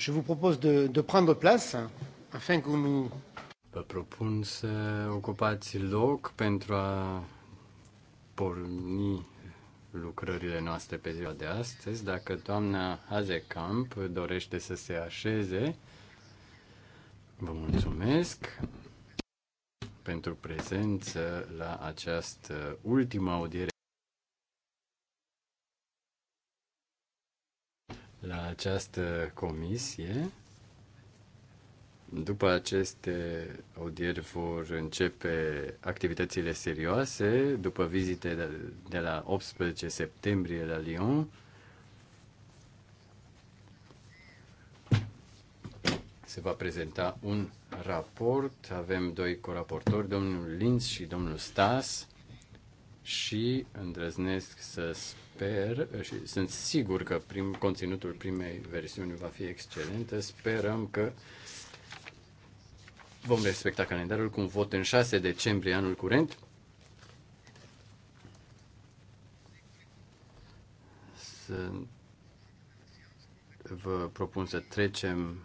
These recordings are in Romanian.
Je vous propose de, de prendre place afin que nous... Vă propun să ocupați loc pentru a porni lucrările noastre pe ziua de astăzi. Dacă doamna Hazekamp dorește să se așeze, vă mulțumesc pentru prezență la această ultimă audiere această comisie. După aceste audieri vor începe activitățile serioase, după vizite de, la 18 septembrie la Lyon. Se va prezenta un raport. Avem doi coraportori, domnul Linz și domnul Stas și îndrăznesc să sper și sunt sigur că prim, conținutul primei versiuni va fi excelent. Sperăm că vom respecta calendarul cu un vot în 6 decembrie anul curent. Să vă propun să trecem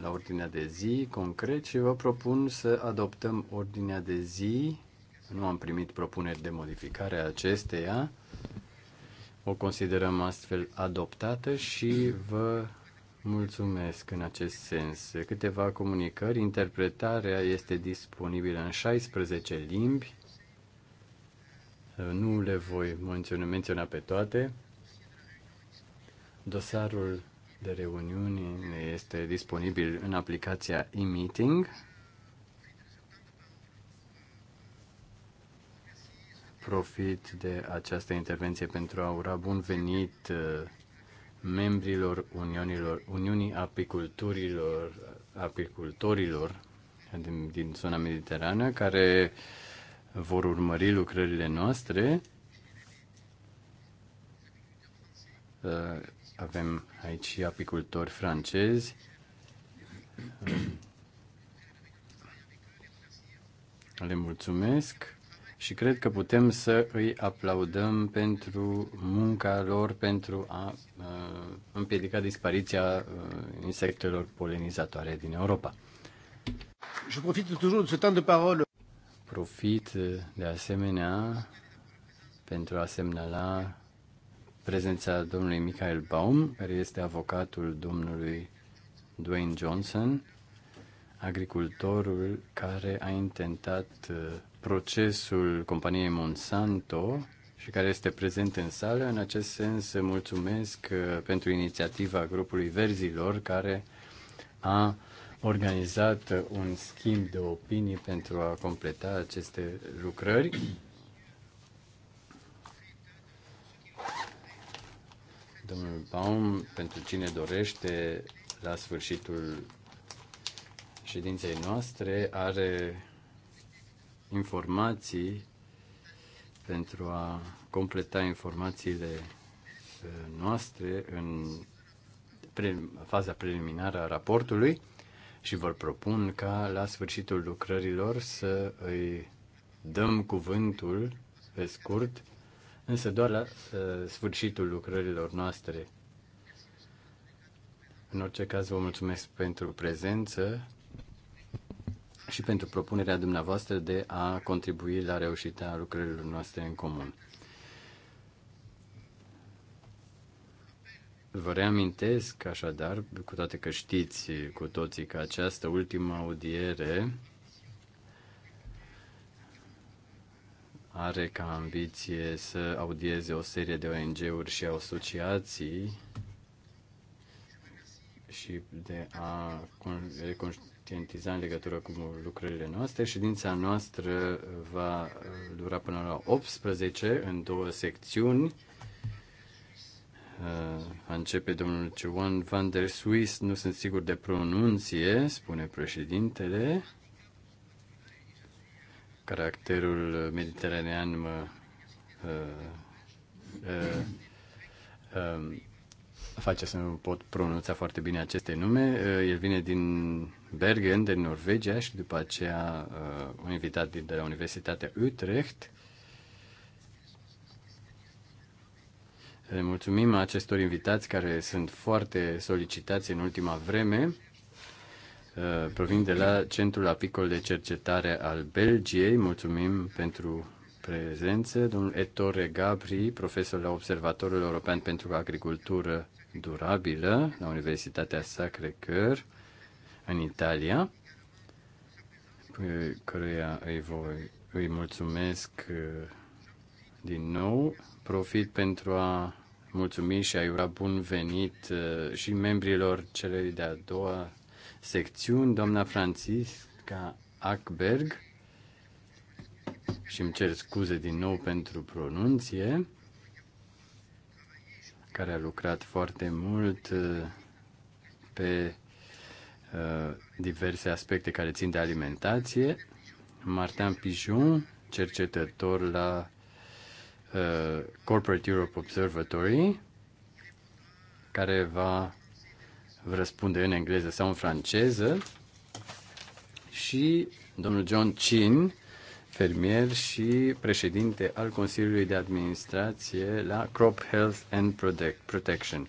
la ordinea de zi concret și vă propun să adoptăm ordinea de zi nu am primit propuneri de modificare a acesteia. O considerăm astfel adoptată și vă mulțumesc în acest sens. Câteva comunicări. Interpretarea este disponibilă în 16 limbi. Nu le voi menționa, menționa pe toate. Dosarul de reuniuni este disponibil în aplicația e-meeting profit de această intervenție pentru a ura bun venit uh, membrilor Uniunilor, Uniunii Apiculturilor, Apicultorilor din, din zona mediterană care vor urmări lucrările noastre. Uh, avem aici apicultori francezi. Um, le mulțumesc și cred că putem să îi aplaudăm pentru munca lor pentru a împiedica dispariția insectelor polenizatoare din Europa. Je profite toujours de ce temps de parole. Profit de asemenea pentru a semnala prezența domnului Michael Baum, care este avocatul domnului Dwayne Johnson, agricultorul care a intentat procesul companiei Monsanto și care este prezent în sală. În acest sens, mulțumesc uh, pentru inițiativa grupului Verzilor care a organizat un schimb de opinii pentru a completa aceste lucrări. Domnul Baum, pentru cine dorește, la sfârșitul ședinței noastre, are informații pentru a completa informațiile uh, noastre în faza preliminară a raportului și vă propun ca la sfârșitul lucrărilor să îi dăm cuvântul pe scurt, însă doar la uh, sfârșitul lucrărilor noastre. În orice caz, vă mulțumesc pentru prezență și pentru propunerea dumneavoastră de a contribui la reușita lucrărilor noastre în comun. Vă reamintesc, așadar, cu toate că știți cu toții că această ultimă audiere are ca ambiție să audieze o serie de ONG-uri și asociații și de a conștientiza în legătură cu lucrurile noastre. Ședința noastră va dura până la 18 în două secțiuni. A uh, începe domnul Cewan van der Suis, nu sunt sigur de pronunție, spune președintele. Caracterul mediteranean mă uh, uh, uh, face să nu pot pronunța foarte bine aceste nume. Uh, el vine din Bergen din Norvegia și după aceea uh, un invitat de la Universitatea Utrecht. Le mulțumim acestor invitați care sunt foarte solicitați în ultima vreme. Uh, provin de la Centrul Apicol de Cercetare al Belgiei. Mulțumim pentru prezență. Domnul Ettore Gabri, profesor la Observatorul European pentru Agricultură Durabilă la Universitatea Sacre-Cœur în Italia, pe căruia îi, voi, îi mulțumesc uh, din nou. Profit pentru a mulțumi și a ura bun venit uh, și membrilor celei de-a doua secțiuni, doamna Francisca Ackberg, și îmi cer scuze din nou pentru pronunție, care a lucrat foarte mult uh, pe Uh, diverse aspecte care țin de alimentație. Martin Pijon, cercetător la uh, Corporate Europe Observatory, care va răspunde în engleză sau în franceză, și domnul John Chin, fermier și președinte al Consiliului de Administrație la Crop Health and Protection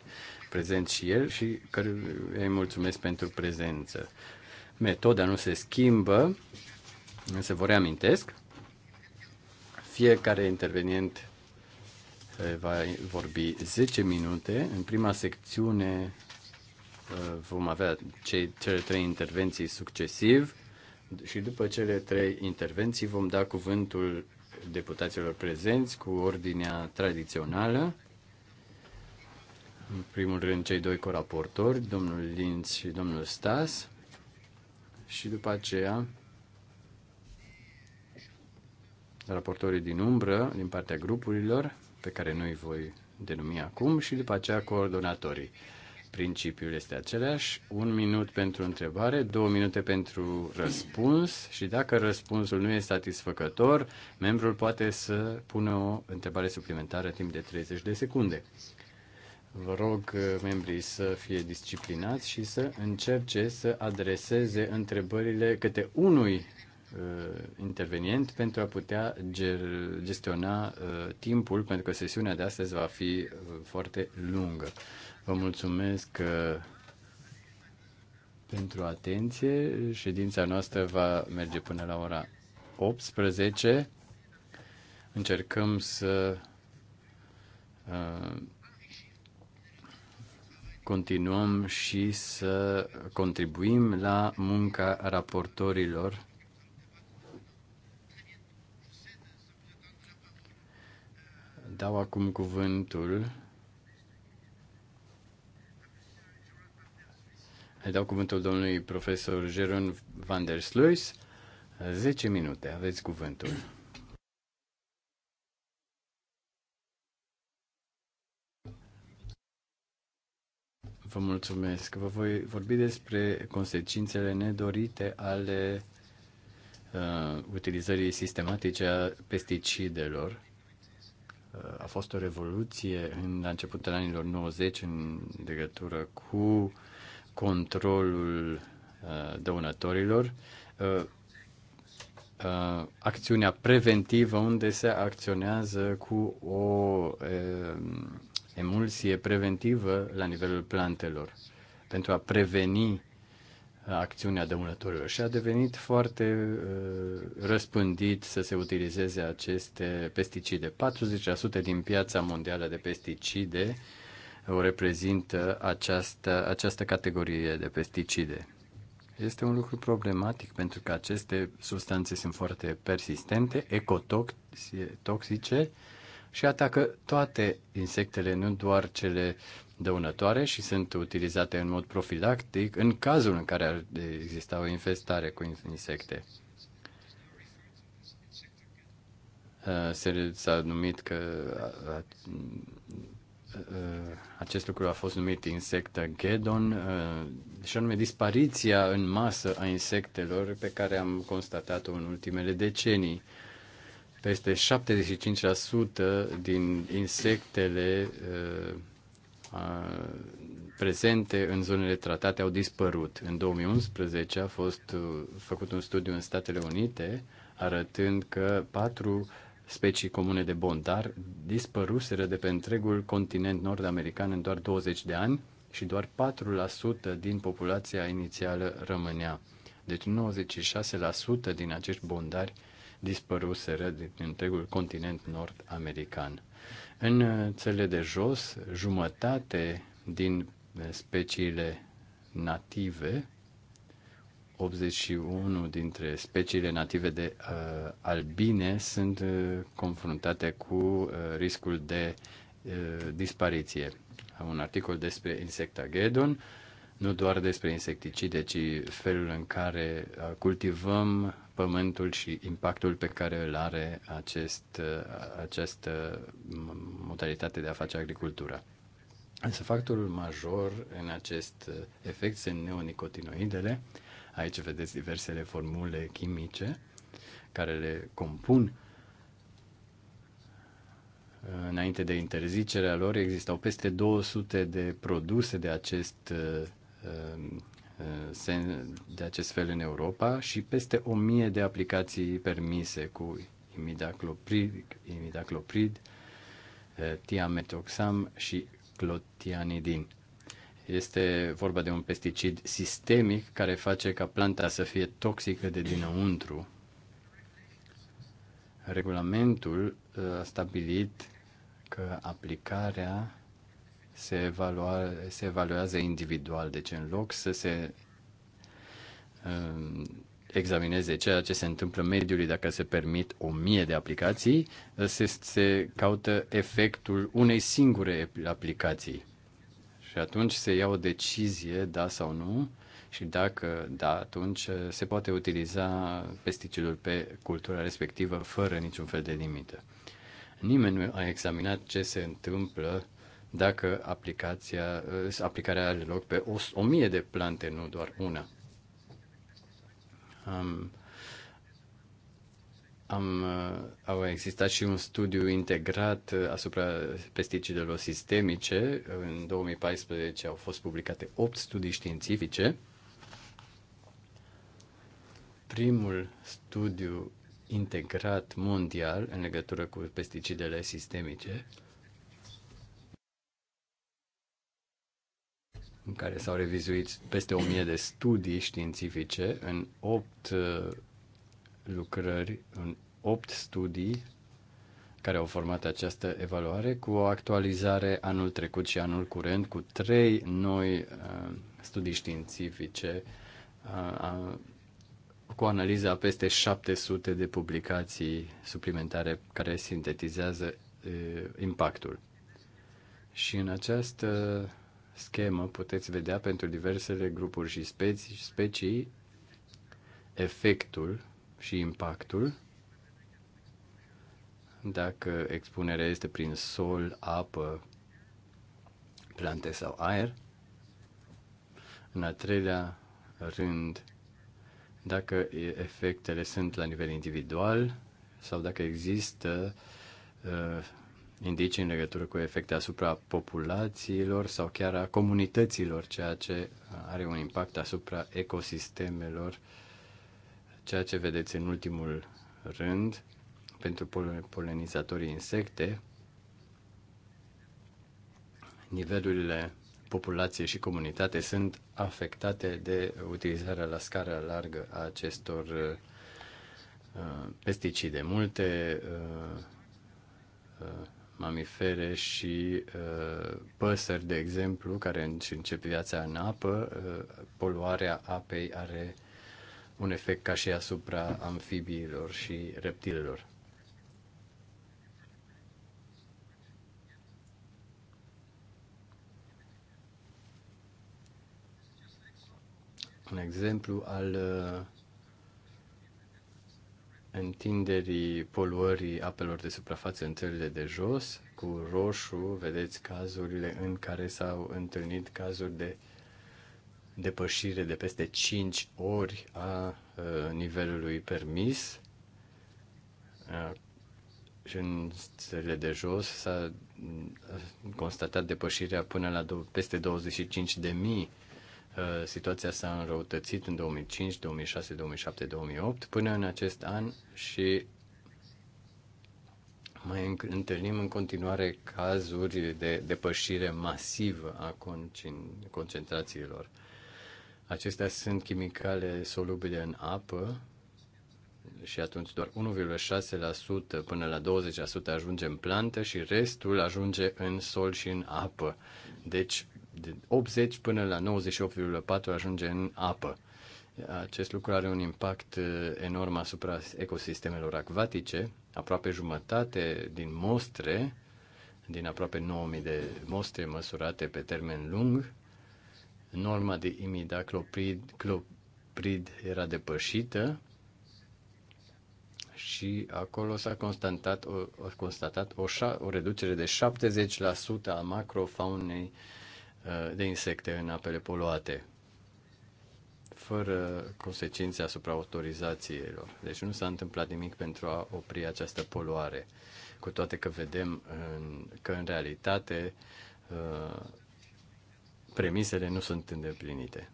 prezent și el și căruia îi mulțumesc pentru prezență. Metoda nu se schimbă, însă vă reamintesc, fiecare intervenient eh, va vorbi 10 minute. În prima secțiune eh, vom avea cei, cele trei intervenții succesiv și după cele trei intervenții vom da cuvântul deputaților prezenți cu ordinea tradițională în primul rând, cei doi coraportori, domnul Linț și domnul Stas. Și după aceea, raportorii din umbră, din partea grupurilor, pe care noi voi denumi acum, și după aceea coordonatorii. Principiul este același, un minut pentru întrebare, două minute pentru răspuns și dacă răspunsul nu este satisfăcător, membrul poate să pună o întrebare suplimentară timp de 30 de secunde. Vă rog uh, membrii să fie disciplinați și să încerce să adreseze întrebările câte unui uh, intervenient pentru a putea gestiona uh, timpul, pentru că sesiunea de astăzi va fi foarte lungă. Vă mulțumesc pentru atenție. Ședința noastră va merge până la ora 18. Încercăm să continuăm și să contribuim la munca raportorilor dau acum cuvântul. Îi dau cuvântul domnului profesor Jeron van der Sluis. 10 minute, aveți cuvântul. Vă mulțumesc. Vă voi vorbi despre consecințele nedorite ale uh, utilizării sistematice a pesticidelor. Uh, a fost o revoluție în, la începutul anilor 90 în legătură cu controlul uh, dăunătorilor. Uh, uh, acțiunea preventivă unde se acționează cu o uh, emulsie preventivă la nivelul plantelor pentru a preveni uh, acțiunea dăunătorilor și a devenit foarte uh, răspândit să se utilizeze aceste pesticide. 40% din piața mondială de pesticide o reprezintă această, această categorie de pesticide. Este un lucru problematic pentru că aceste substanțe sunt foarte persistente, ecotoxice, și atacă toate insectele, nu doar cele dăunătoare și sunt utilizate în mod profilactic în cazul în care ar exista o infestare cu insecte. Uh, s-a numit că uh, acest lucru a fost numit Gedon uh, și anume dispariția în masă a insectelor pe care am constatat-o în ultimele decenii. Peste 75% din insectele uh, prezente în zonele tratate au dispărut. În 2011 a fost uh, făcut un studiu în Statele Unite arătând că patru specii comune de bondar dispăruseră de pe întregul continent nord-american în doar 20 de ani și doar 4% din populația inițială rămânea. Deci 96% din acești bondari dispăruseră din întregul continent nord-american. În uh, țele de jos, jumătate din uh, speciile native, 81 dintre speciile native de uh, albine sunt uh, confruntate cu uh, riscul de uh, dispariție. Am un articol despre insecta Gedon, nu doar despre insecticide, ci felul în care uh, cultivăm pământul și impactul pe care îl are acest, această modalitate de a face agricultura. Însă factorul major în acest efect sunt neonicotinoidele. Aici vedeți diversele formule chimice care le compun. Înainte de interzicerea lor existau peste 200 de produse de acest uh, de acest fel în Europa și peste 1.000 de aplicații permise cu imidacloprid, imidacloprid eh, tiametoxam și clotianidin. Este vorba de un pesticid sistemic care face ca planta să fie toxică de dinăuntru. Regulamentul eh, a stabilit că aplicarea se, evalua, se evaluează individual. Deci, în loc să se um, examineze ceea ce se întâmplă în mediului dacă se permit o mie de aplicații, se, se caută efectul unei singure aplicații. Și atunci se ia o decizie, da sau nu, și dacă da, atunci uh, se poate utiliza pesticidul pe cultura respectivă fără niciun fel de limită. Nimeni nu a examinat ce se întâmplă dacă aplicația, aplicarea are loc pe o, o mie de plante, nu doar una. Am, am, au existat și un studiu integrat asupra pesticidelor sistemice. În 2014 au fost publicate 8 studii științifice. Primul studiu integrat mondial în legătură cu pesticidele sistemice în care s-au revizuit peste 1000 de studii științifice în 8 uh, lucrări, în 8 studii care au format această evaluare cu o actualizare anul trecut și anul curent cu trei noi uh, studii științifice uh, uh, cu analiza peste 700 de publicații suplimentare care sintetizează uh, impactul. Și în această uh, schemă puteți vedea pentru diversele grupuri și specii, specii efectul și impactul dacă expunerea este prin sol, apă, plante sau aer. În al treilea rând, dacă efectele sunt la nivel individual sau dacă există uh, indicii în legătură cu efecte asupra populațiilor sau chiar a comunităților, ceea ce are un impact asupra ecosistemelor, ceea ce vedeți în ultimul rând pentru polenizatorii insecte, nivelurile populație și comunitate sunt afectate de utilizarea la scară largă a acestor uh, pesticide. Multe uh, uh, mamifere și uh, păsări, de exemplu, care își încep viața în apă, uh, poluarea apei are un efect ca și asupra amfibiilor și reptilelor. Un exemplu al uh, întinderii poluării apelor de suprafață în țările de jos. Cu roșu vedeți cazurile în care s-au întâlnit cazuri de depășire de peste 5 ori a nivelului permis. Și în țările de jos s-a constatat depășirea până la peste 25 de mii Uh, situația s-a înrăutățit în 2005, 2006, 2007, 2008 până în acest an și mai întâlnim în continuare cazuri de depășire masivă a concentrațiilor. Acestea sunt chimicale solubile în apă și atunci doar 1,6% până la 20% ajunge în plantă și restul ajunge în sol și în apă. Deci de 80 până la 98,4 ajunge în apă. Acest lucru are un impact uh, enorm asupra ecosistemelor acvatice. Aproape jumătate din mostre, din aproape 9000 de mostre măsurate pe termen lung, norma de imidacloprid cloprid era depășită și acolo s-a constatat, o, constatat o, o reducere de 70% a macrofaunei uh, Uh, de insecte în apele poluate, fără consecințe asupra autorizațiilor. Deci nu s-a întâmplat nimic pentru a opri această poluare, cu toate că vedem în, că în realitate uh, premisele nu sunt îndeplinite.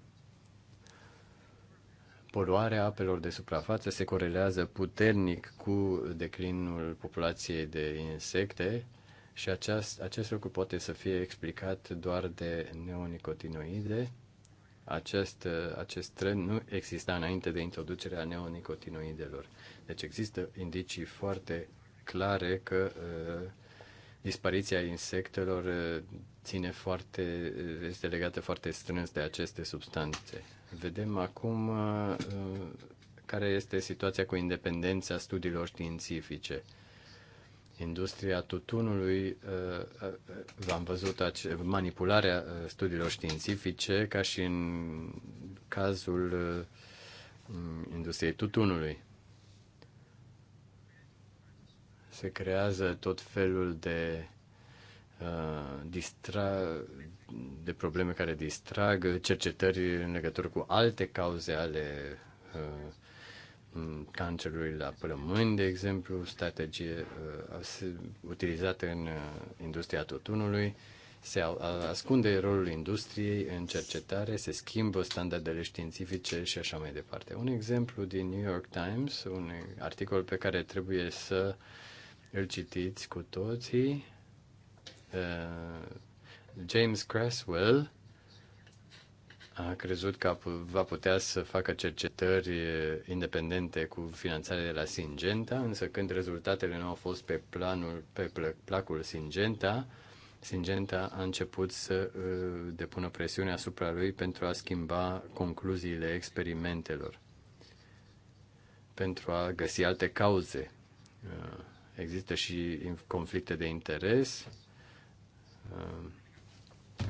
Poluarea apelor de suprafață se corelează puternic cu declinul populației de insecte, și aceast, acest lucru poate să fie explicat doar de neonicotinoide. Acest, acest trend nu exista înainte de introducerea neonicotinoidelor. Deci există indicii foarte clare că uh, dispariția insectelor uh, ține foarte, uh, este legată foarte strâns de aceste substanțe. Vedem acum uh, care este situația cu independența studiilor științifice. Uh, industria tutunului, uh, uh, v-am văzut manipularea uh, studiilor științifice ca și în cazul mm, industriei tutunului. Se creează tot felul de distra- de probleme care distrag cercetări în legătură cu alte cauze ale uh, Mm, cancerului la plămâni, de exemplu, strategie uh, utilizată în uh, industria tutunului, se ascunde rolul industriei în cercetare, se schimbă standardele științifice și așa mai departe. Un exemplu din New York Times, un articol pe care trebuie să îl citiți cu toții, uh, James Creswell, a crezut că va putea să facă cercetări eh, independente cu finanțare de la Singenta, însă când rezultatele nu au fost pe planul pe placul Singenta, Singenta a început să eh, depună presiune asupra lui pentru a schimba concluziile experimentelor, pentru a găsi alte cauze. Eh, există și conflicte de interes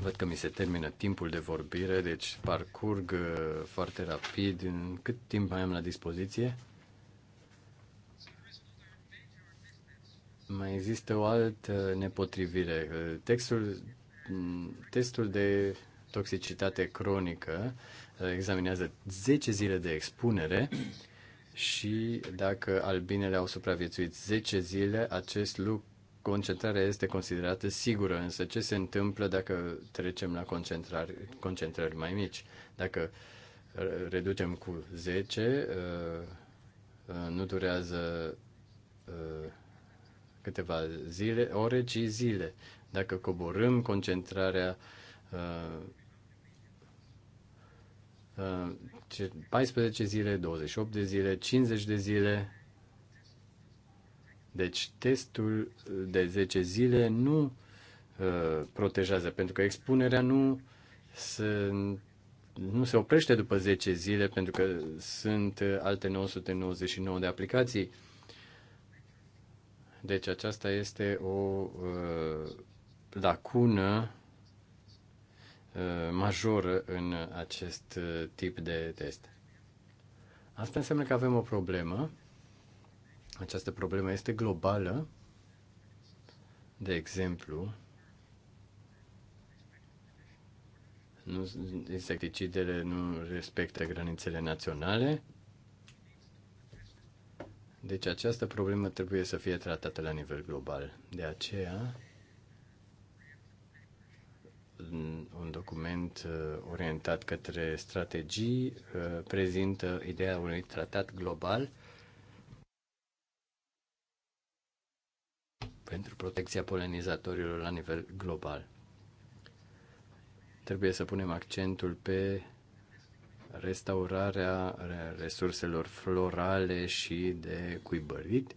Văd că mi se termină timpul de vorbire, deci parcurg uh, foarte rapid în cât timp mai am la dispoziție. Mai există o altă nepotrivire. Uh, textul, mm, testul de toxicitate cronică uh, examinează 10 zile de expunere și dacă albinele au supraviețuit 10 zile, acest lucru concentrarea este considerată sigură, însă ce se întâmplă dacă trecem la concentrări, concentrări mai mici? Dacă reducem cu 10, uh, uh, nu durează uh, câteva zile, ore, ci zile. Dacă coborâm concentrarea 14 zile, 28 de zile, 50 de zile, deci testul de 10 zile nu uh, protejează, pentru că expunerea nu se, nu se oprește după 10 zile, pentru că sunt uh, alte 999 de aplicații. Deci aceasta este o uh, lacună uh, majoră în acest uh, tip de test. Asta înseamnă că avem o problemă această problemă este globală. De exemplu, nu, insecticidele nu respectă granițele naționale. Deci această problemă trebuie să fie tratată la nivel global. De aceea, un document uh, orientat către strategii uh, prezintă ideea unui tratat global pentru protecția polenizatorilor la nivel global. Trebuie să punem accentul pe restaurarea resurselor florale și de cuibărit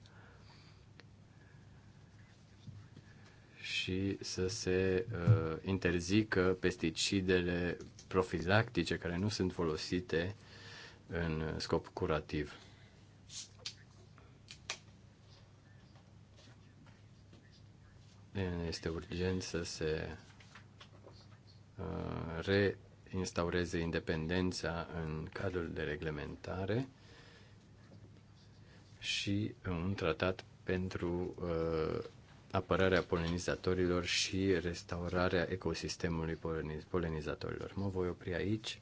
și să se uh, interzică pesticidele profilactice care nu sunt folosite în scop curativ. este urgent să se uh, reinstaureze independența în cadrul de reglementare și uh, un tratat pentru uh, apărarea polenizatorilor și restaurarea ecosistemului polenizatorilor. Mă voi opri aici.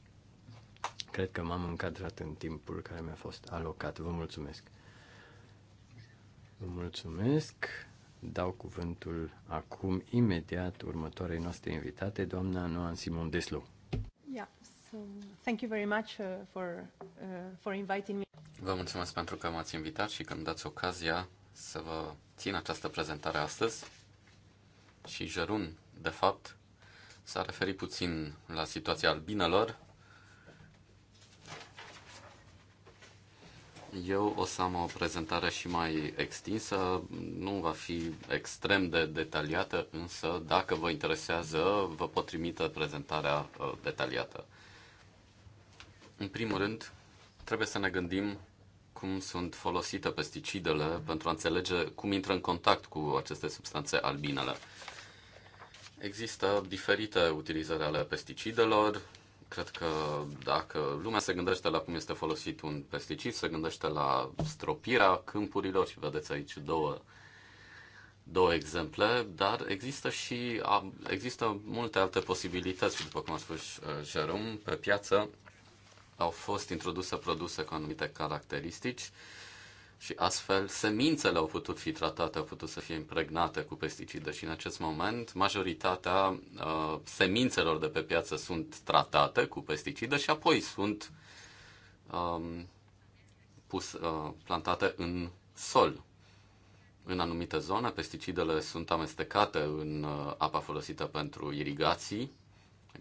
Cred că m-am încadrat în timpul care mi-a fost alocat. Vă mulțumesc! Vă mulțumesc! dau cuvântul acum, imediat, următoarei noastre invitate, doamna Noan Simon Deslu. Yeah, so thank you very much uh, for, uh, for inviting me. Vă mulțumesc pentru că m-ați invitat și că îmi dați ocazia să vă țin această prezentare astăzi. Și Jerun, de fapt, s-a referit puțin la situația albinelor, Eu o să am o prezentare și mai extinsă, nu va fi extrem de detaliată, însă dacă vă interesează, vă pot trimite prezentarea uh, detaliată. În primul rând, trebuie să ne gândim cum sunt folosite pesticidele pentru a înțelege cum intră în contact cu aceste substanțe albinele. Există diferite utilizări ale pesticidelor, Cred că dacă lumea se gândește la cum este folosit un pesticid, se gândește la stropirea câmpurilor și vedeți aici două, două exemple, dar există și există multe alte posibilități și după cum a spus uh, Jerome, pe piață au fost introduse produse cu anumite caracteristici și astfel semințele au putut fi tratate, au putut să fie impregnate cu pesticide și în acest moment majoritatea uh, semințelor de pe piață sunt tratate cu pesticide și apoi sunt um, pus, uh, plantate în sol. În anumite zone, pesticidele sunt amestecate în uh, apa folosită pentru irigații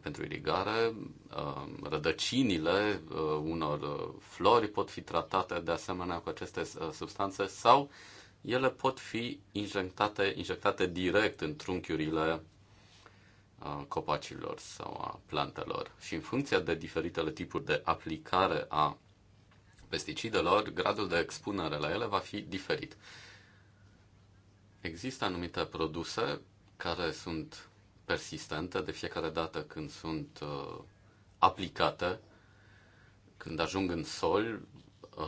pentru irigare, uh, rădăcinile uh, unor uh, flori pot fi tratate de asemenea cu aceste substanțe sau ele pot fi injectate, injectate direct în trunchiurile copacilor sau a plantelor. Și în funcție de diferitele tipuri de aplicare a pesticidelor, gradul de expunere la ele va fi diferit. Există anumite produse care sunt persistente de fiecare dată când sunt uh, aplicate, când ajung în sol,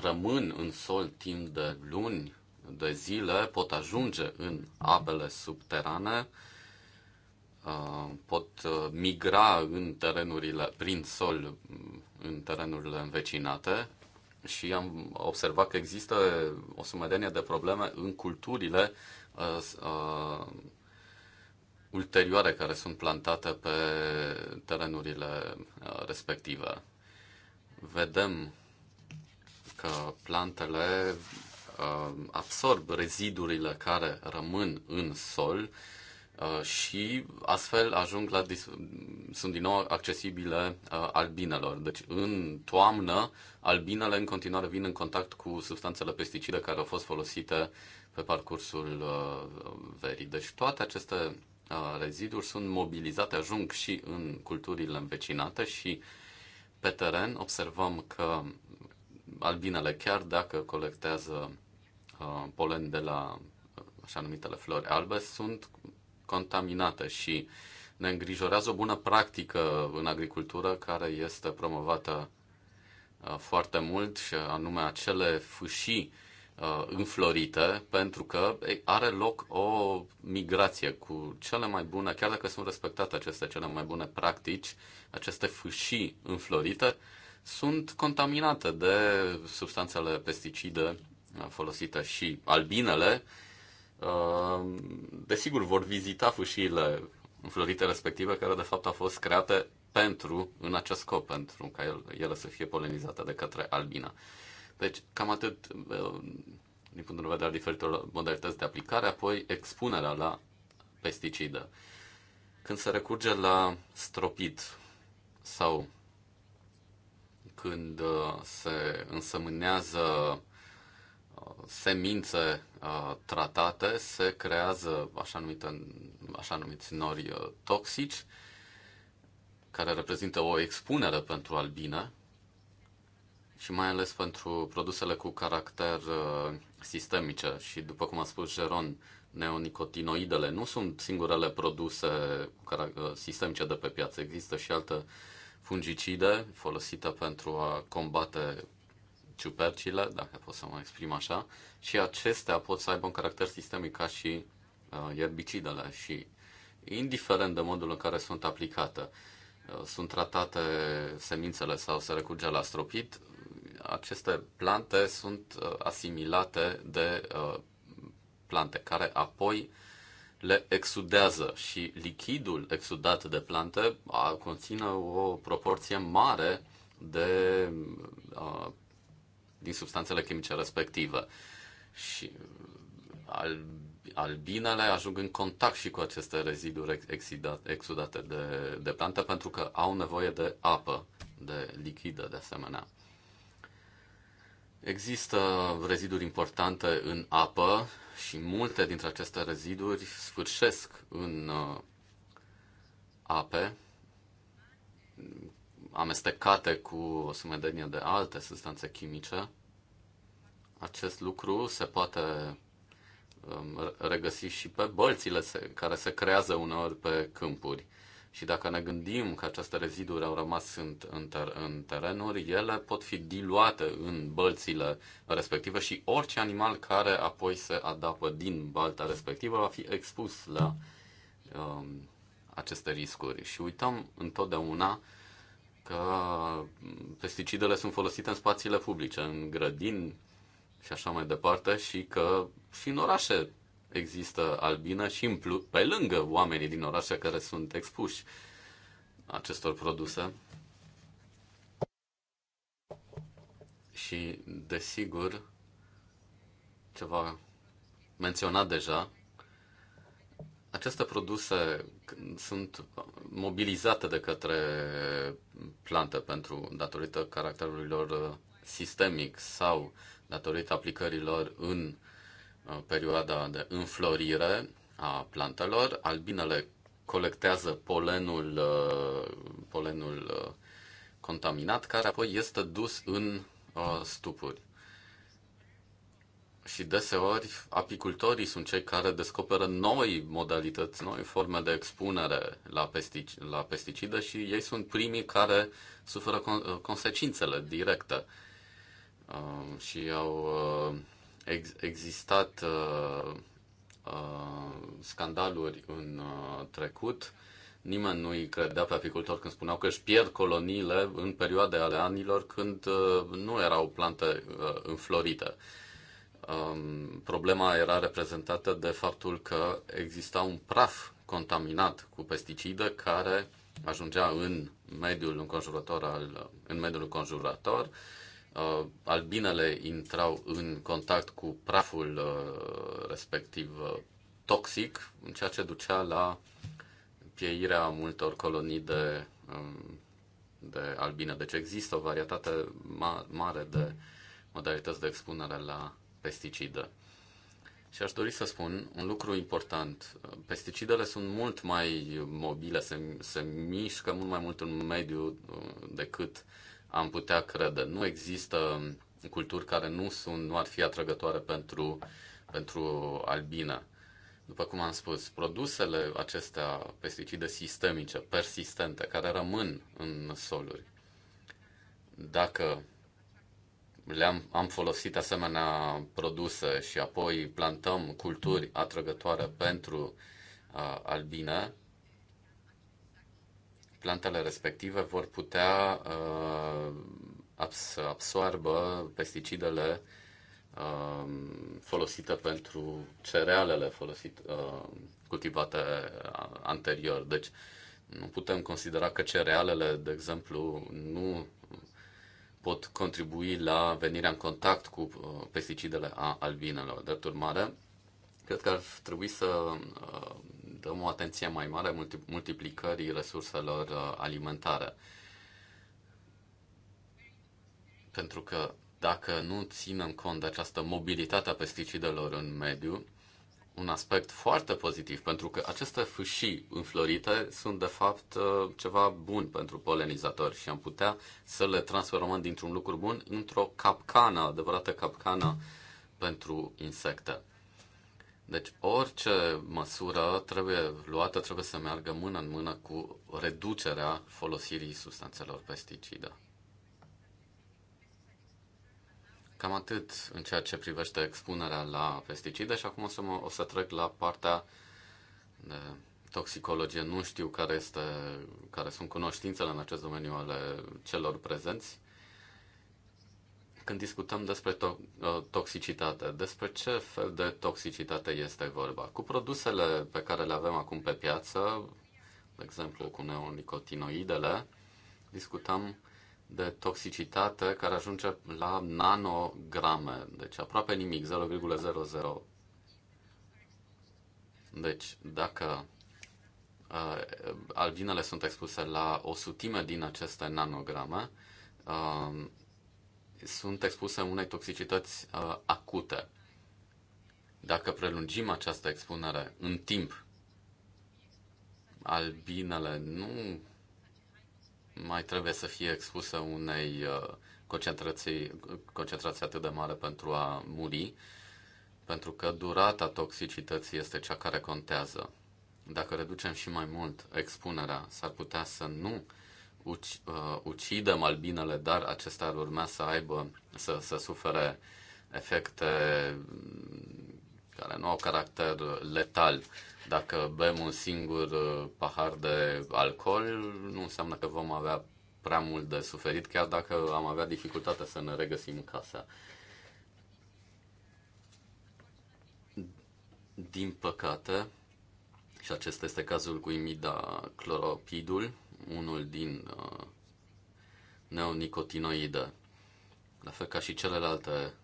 rămân în sol timp de luni, de zile, pot ajunge în apele subterane, uh, pot uh, migra în terenurile, prin sol, în terenurile învecinate și am observat că există o sumedenie de probleme în culturile uh, ulterioare care sunt plantate pe terenurile uh, respective. Vedem că plantele uh, absorb rezidurile care rămân în sol uh, și astfel ajung la sunt din nou accesibile albinelor. Deci în toamnă albinele în continuare vin în contact cu substanțele pesticide care au fost folosite pe parcursul verii. Deci toate aceste Uh, reziduri sunt mobilizate, ajung și în culturile învecinate și pe teren observăm că albinele, chiar dacă colectează uh, polen de la uh, așa numitele flori albe, sunt contaminate și ne îngrijorează o bună practică în agricultură care este promovată foarte mult, și anume acele fâșii Uh, înflorite pentru că are loc o migrație cu cele mai bune, chiar dacă sunt respectate aceste cele mai bune practici, aceste fâșii înflorite sunt contaminate de substanțele pesticide uh, folosite și albinele. Uh, desigur, vor vizita fâșiile înflorite respective, care de fapt au fost create pentru, în acest scop, pentru ca ele să fie polenizate de către albina. Deci, cam atât uh, din punctul de vedere al diferitelor modalități de aplicare, apoi expunerea la pesticidă. Când se recurge la stropit sau când uh, se însămânează uh, semințe tratate, se creează așa, numită așa numiți nori toxici, care reprezintă o expunere pentru albine și mai ales pentru produsele cu caracter uh, sistemice. Și după cum a spus Geron, neonicotinoidele nu sunt singurele produse uh, sistemice de pe piață. Există și alte fungicide folosite pentru a combate ciupercile, dacă pot să mă exprim așa, și acestea pot să aibă un caracter sistemic ca și uh, erbicidele și indiferent de modul în care sunt aplicate, sunt tratate semințele sau se recurge la stropit, aceste plante sunt uh, asimilate de uh, plante care apoi le exudează și lichidul exudat de plante conține o proporție mare de, uh, din substanțele chimice respective. Și albinele ajung în contact și cu aceste reziduri exudate de, de plante pentru că au nevoie de apă, de lichidă de asemenea. Există reziduri importante în apă și multe dintre aceste reziduri sfârșesc în uh, ape amestecate cu o sumedenie de alte substanțe chimice. Acest lucru se poate um, regăsi și pe bălțile care se creează uneori pe câmpuri. Și dacă ne gândim că aceste reziduri au rămas în, în, ter- în terenuri, ele pot fi diluate în bălțile respective și orice animal care apoi se adapă din balta respectivă va fi expus la um, aceste riscuri. Și uităm întotdeauna că pesticidele sunt folosite în spațiile publice, în grădini și așa mai departe, și că și în orașe există albină și în plus, pe lângă oamenii din orașe care sunt expuși acestor produse. Și, desigur, ceva menționat deja, aceste produse sunt mobilizate de către plante pentru datorită caracterului lor uh, sistemic sau datorită aplicărilor în uh, Uh, perioada de înflorire a plantelor. Albinele colectează polenul, uh, polenul uh, contaminat, care apoi este dus în stupuri. Și deseori apicultorii sunt cei care descoperă noi modalități, noi forme de expunere la, pestic- la pesticide și ei sunt primii care suferă con- consecințele directe. Uh, și au uh, ex- existat uh, uh, scandaluri în uh, trecut. Nimeni nu îi credea pe apicultori când spuneau că își pierd coloniile în perioade ale anilor când uh, nu erau plante uh, înflorite. Um, problema era reprezentată de faptul că exista un praf contaminat cu pesticide care ajungea în mediul înconjurător al, în mediul înconjurător uh, albinele intrau în contact cu praful uh, respectiv uh, toxic, ceea ce ducea la pieirea multor colonii de, um, de albine. Deci există o varietate ma- mare de modalități de expunere la pesticide. Și aș dori să spun un lucru important. Pesticidele sunt mult mai mobile, se, se mișcă mult mai mult în mediu uh, decât uh, am putea crede. Nu există culturi care nu, sunt, nu ar fi atrăgătoare pentru, pentru albină. După cum am spus, produsele acestea, pesticide sistemice, persistente, care rămân în soluri, dacă le-am am folosit asemenea produse și apoi plantăm culturi atrăgătoare pentru uh, albine, plantele respective vor putea uh, să absoarbă pesticidele um, folosite pentru cerealele folosite, uh, cultivate uh, anterior. Deci nu putem considera că cerealele, de exemplu, nu pot contribui la venirea în contact cu pesticidele a albinelor. Drept urmare, cred că ar trebui să dăm o atenție mai mare multiplicării resurselor uh, alimentare. Pentru că dacă nu ținem cont de această mobilitate a pesticidelor în mediu, un aspect foarte pozitiv, pentru că aceste fâșii înflorite sunt de fapt uh, ceva bun pentru polenizatori și am putea să le transformăm dintr-un lucru bun într-o capcană, adevărată capcană pentru insecte. Deci orice măsură trebuie luată, trebuie să meargă mână în mână cu reducerea folosirii substanțelor pesticide. Cam atât în ceea ce privește expunerea la pesticide și acum o să, mă, o să trec la partea de toxicologie. Nu știu care, este, care sunt cunoștințele în acest domeniu ale celor prezenți când discutăm despre to- ă, toxicitate, despre ce fel de toxicitate este vorba. Cu produsele pe care le avem acum pe piață, de exemplu cu neonicotinoidele, discutăm de toxicitate care ajunge la nanograme, deci aproape nimic, 0,00. Deci, dacă uh, albinele sunt expuse la o sutime din aceste nanograme, uh, sunt expuse unei toxicități uh, acute. Dacă prelungim această expunere în timp, albinele nu mai trebuie să fie expuse unei uh, concentrații, concentrații atât de mare pentru a muri, pentru că durata toxicității este cea care contează. Dacă reducem și mai mult expunerea, s-ar putea să nu uh, uci, uh, ucidem albinele, dar acestea ar urma să aibă, să, să sufere efecte mm, care nu au caracter letal. Dacă bem un singur uh, pahar de alcool, nu înseamnă că vom avea prea mult de suferit, chiar dacă am avea dificultate să ne regăsim în casa. Din păcate, și acesta este cazul cu imida cloropidul, unul din uh, neonicotinoide, la fel ca și celelalte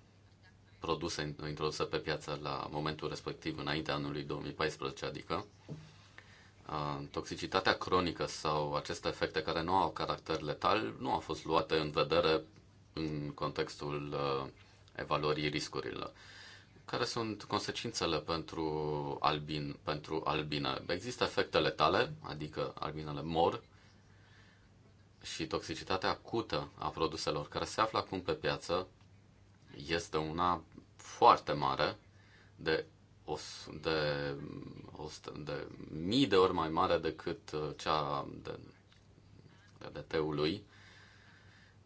produse introduse pe piață la momentul respectiv, înaintea anului 2014, adică uh, toxicitatea cronică sau aceste efecte care nu au caracter letal nu au fost luate în vedere în contextul uh, evaluării riscurilor. Care sunt consecințele pentru albin, pentru albine? Există efecte letale, adică albinele mor, și toxicitatea acută a produselor care se află acum pe piață este una foarte mare, de, o, de, o, de mii de ori mai mare decât uh, cea de, de, de teului.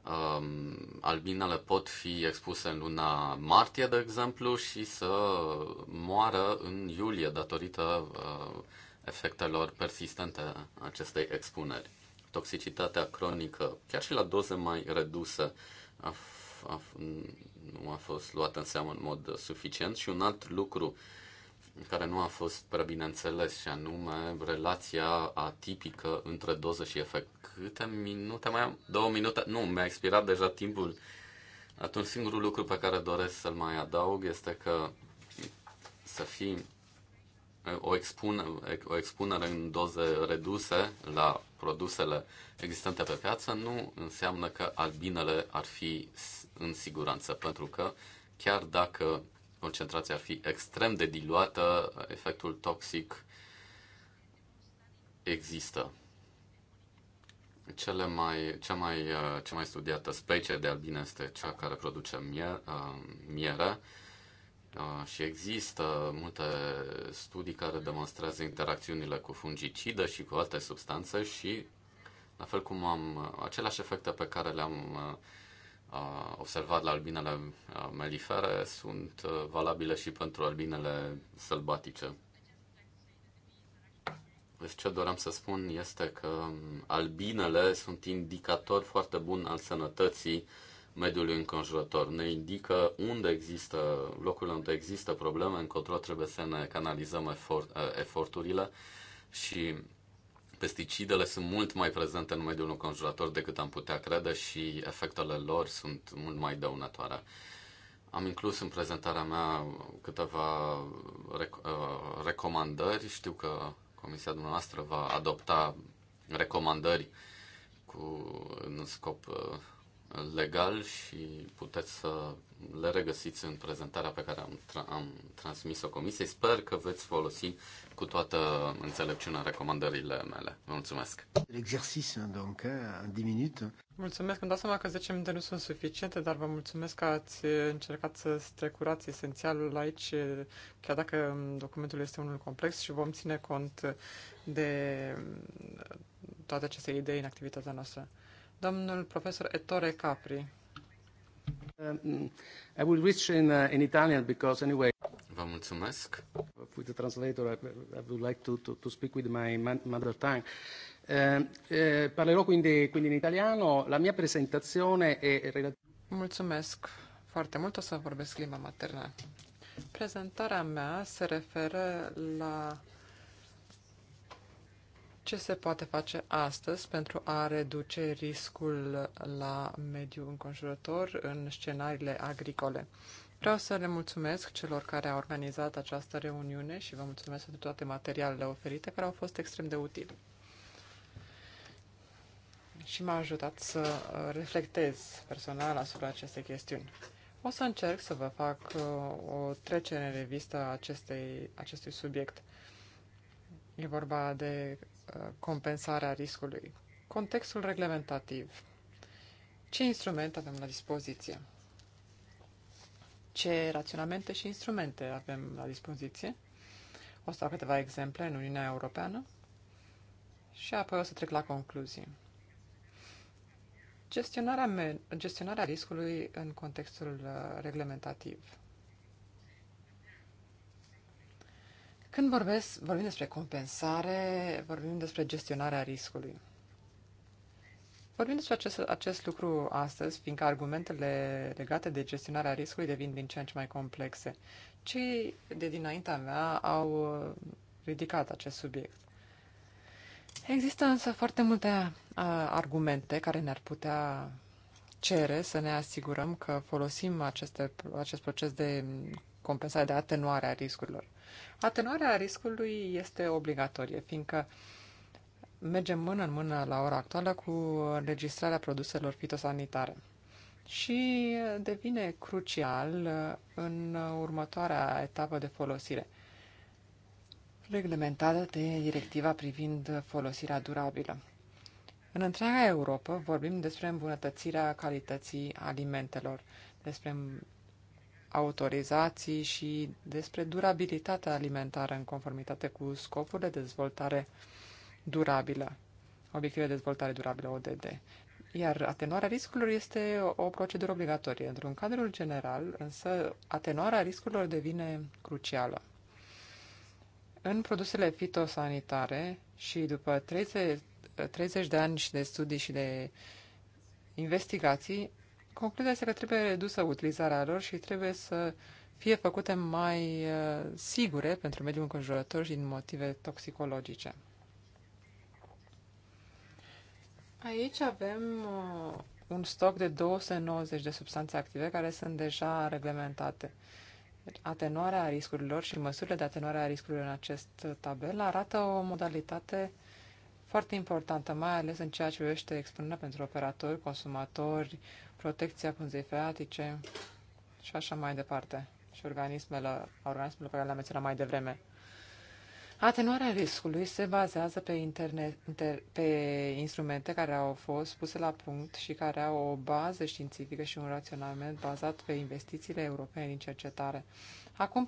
Um, albinele pot fi expuse în luna martie, de exemplu, și să moară în iulie datorită uh, efectelor persistente acestei expuneri toxicitatea cronică, chiar și la doze mai reduse, a, a, nu a fost luată în seamă în mod suficient. Și un alt lucru care nu a fost prea bine înțeles, și anume relația atipică între doză și efect. Câte minute mai am? Două minute? Nu, mi-a expirat deja timpul. Atunci singurul lucru pe care doresc să-l mai adaug este că să fii o, expun, o expunere în doze reduse la produsele existente pe piață nu înseamnă că albinele ar fi în siguranță, pentru că chiar dacă concentrația ar fi extrem de diluată, efectul toxic există. Cele mai, cea, mai, cea mai studiată specie de albine este cea care produce uh, miere, miere și există multe studii care demonstrează interacțiunile cu fungicidă și cu alte substanțe și la fel cum am aceleași efecte pe care le-am observat la albinele melifere sunt valabile și pentru albinele sălbatice. Deci ce doream să spun este că albinele sunt indicator foarte bun al sănătății uh, mediului înconjurător. Ne indică unde există, locurile unde există probleme, încotro trebuie să ne canalizăm efort, eh, eforturile și pesticidele sunt mult mai prezente în mediul înconjurător decât am putea crede și efectele lor sunt mult mai dăunătoare. Am inclus în prezentarea mea câteva rec- eh, recomandări. Știu că Comisia dumneavoastră va adopta recomandări cu, în scop eh, legal și puteți să le regăsiți în prezentarea pe care am, tra- am transmis-o comisiei. Sper că veți folosi cu toată înțelepciunea recomandările mele. Vă mulțumesc! L'exercice, donc, în 10 minute. Mulțumesc, îmi dau seama că 10 minute nu sunt suficiente, dar vă mulțumesc că ați încercat să strecurați esențialul aici, chiar dacă documentul este unul complex și vom ține cont de toate aceste idei în activitatea noastră domnul profesor Ettore Capri. Um, I will reach in, uh, in Italian because anyway. Vă mulțumesc. With the translator, I, I would like to, to, to speak with my mother tongue. Uh, uh, parlerò quindi, quindi in italiano. La mia presentazione è relativa. Mulțumesc foarte mult. O să vorbesc limba maternă. Prezentarea mea se referă la ce se poate face astăzi pentru a reduce riscul la mediul înconjurător în scenariile agricole. Vreau să le mulțumesc celor care au organizat această reuniune și vă mulțumesc pentru toate materialele oferite care au fost extrem de utile. Și m-a ajutat să uh, reflectez personal asupra acestei chestiuni. O să încerc să vă fac uh, o trecere în revistă acestei, acestui subiect. E vorba de compensarea riscului. Contextul reglementativ. Ce instrumente avem la dispoziție? Ce raționamente și instrumente avem la dispoziție? O să dau câteva exemple în Uniunea Europeană și apoi o să trec la concluzii. Gestionarea, gestionarea riscului în contextul uh, reglementativ. Când vorbesc, vorbim despre compensare, vorbim despre gestionarea riscului. Vorbim despre acest, acest lucru astăzi, fiindcă argumentele legate de gestionarea riscului devin din ce în ce mai complexe. Cei de dinaintea mea au uh, ridicat acest subiect. Există însă foarte multe uh, argumente care ne-ar putea cere să ne asigurăm că folosim aceste, acest proces de compensare, de atenuare a riscurilor. Atenuarea riscului este obligatorie, fiindcă mergem mână în mână la ora actuală cu registrarea produselor fitosanitare și devine crucial în următoarea etapă de folosire, reglementată de directiva privind folosirea durabilă. În întreaga Europa vorbim despre îmbunătățirea calității alimentelor, despre autorizații și despre durabilitatea alimentară în conformitate cu scopul de dezvoltare durabilă, obiective de dezvoltare durabilă ODD. Iar atenuarea riscurilor este o procedură obligatorie. Într-un cadrul general, însă, atenuarea riscurilor devine crucială. În produsele fitosanitare și după 30, 30 de ani și de studii și de investigații, Concluzia este că trebuie redusă utilizarea lor și trebuie să fie făcute mai uh, sigure pentru mediul înconjurător și din motive toxicologice. Aici avem uh, un stoc de 290 de substanțe active care sunt deja reglementate. Deci, atenuarea riscurilor și măsurile de atenuare a riscurilor în acest uh, tabel arată o modalitate foarte importantă, mai ales în ceea ce privește expunerea pentru operatori, consumatori, protecția pânzei freatice și așa mai departe, și organismele, organismele pe care le-am menționat mai devreme. Atenuarea riscului se bazează pe, internet, inter, pe instrumente care au fost puse la punct și care au o bază științifică și un raționament bazat pe investițiile europene în cercetare. Acum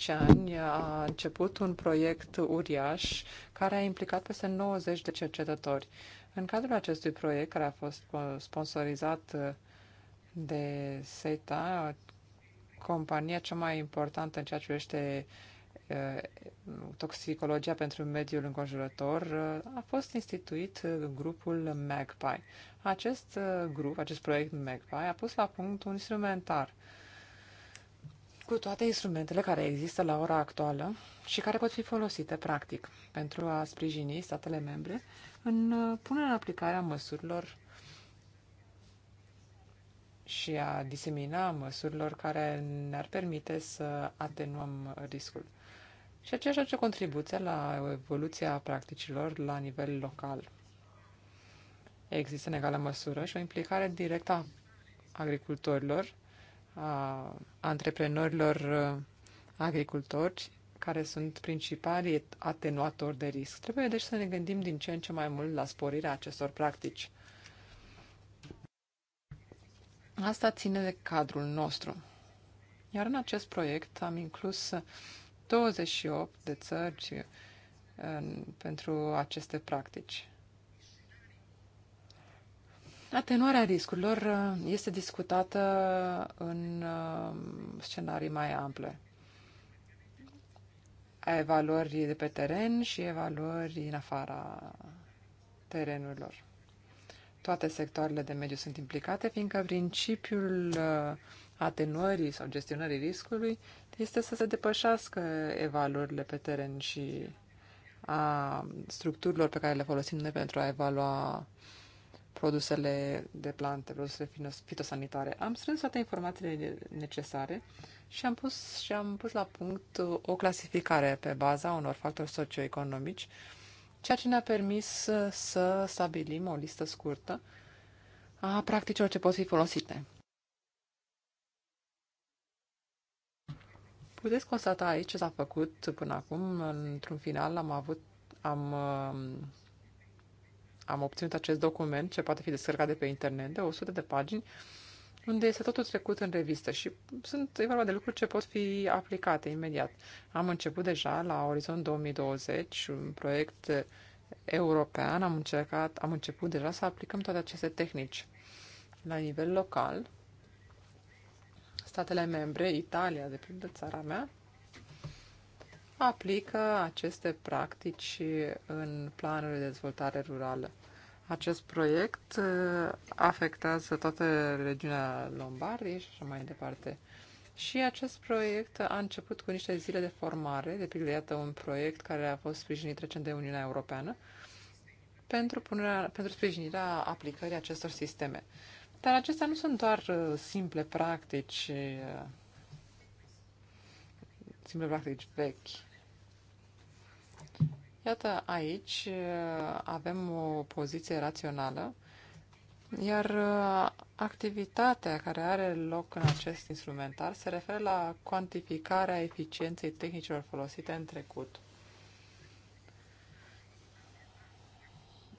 4-5 ani a început un proiect uriaș care a implicat peste 90 de cercetători. În cadrul acestui proiect, care a fost sponsorizat de SETA, compania cea mai importantă în ceea ce privește uh, toxicologia pentru mediul înconjurător, uh, a fost instituit grupul MAGPIE. Acest uh, grup, acest proiect MAGPIE, a pus la punct un instrumentar cu toate instrumentele care există la ora actuală și care pot fi folosite practic pentru a sprijini statele membre în punerea în aplicare a măsurilor și a disemina măsurilor care ne-ar permite să atenuăm riscul. Și aceeași ce contribuție la evoluția practicilor la nivel local. Există în egală măsură și o implicare directă a agricultorilor, a antreprenorilor uh, agricultori, care sunt principalii atenuatori de risc. Trebuie deci să ne gândim din ce în ce mai mult la sporirea acestor practici. Asta ține de cadrul nostru. Iar în acest proiect am inclus 28 de țări uh, pentru aceste practici. Atenuarea riscurilor uh, este discutată în uh, scenarii mai ample. evaluării de pe teren și evaluării în afara terenurilor. Toate sectoarele de mediu sunt implicate, fiindcă principiul uh, atenuării sau gestionării riscului este să se depășească evaluările pe teren și a structurilor pe care le folosim noi pentru a evalua produsele de plante, produsele fitosanitare. Am strâns toate informațiile necesare și am pus, și am pus la punct o clasificare pe baza unor factori socioeconomici ceea ce ne-a permis uh, să stabilim o listă scurtă a practicilor ce pot fi folosite. Puteți constata aici ce s-a făcut până acum. Într-un final am avut, am, um, am obținut acest document ce poate fi descărcat de pe internet de 100 de pagini unde este totul trecut în revistă și sunt, e vorba de lucruri ce pot fi aplicate imediat. Am început deja la Orizont 2020 un proiect european, am, încercat, am început deja să aplicăm toate aceste tehnici. La nivel local, statele membre, Italia, de pildă țara mea, aplică aceste practici în planurile de dezvoltare rurală. Acest proiect uh, afectează toată regiunea Lombardiei și așa mai departe. Și acest proiect a început cu niște zile de formare, de pildă, iată un proiect care a fost sprijinit recent de Uniunea Europeană pentru, punerea, pentru sprijinirea aplicării acestor sisteme. Dar acestea nu sunt doar uh, simple practici, uh, simple practici vechi. Iată, aici uh, avem o poziție rațională, iar uh, activitatea care are loc în acest instrumentar se referă la cuantificarea eficienței tehnicilor folosite în trecut.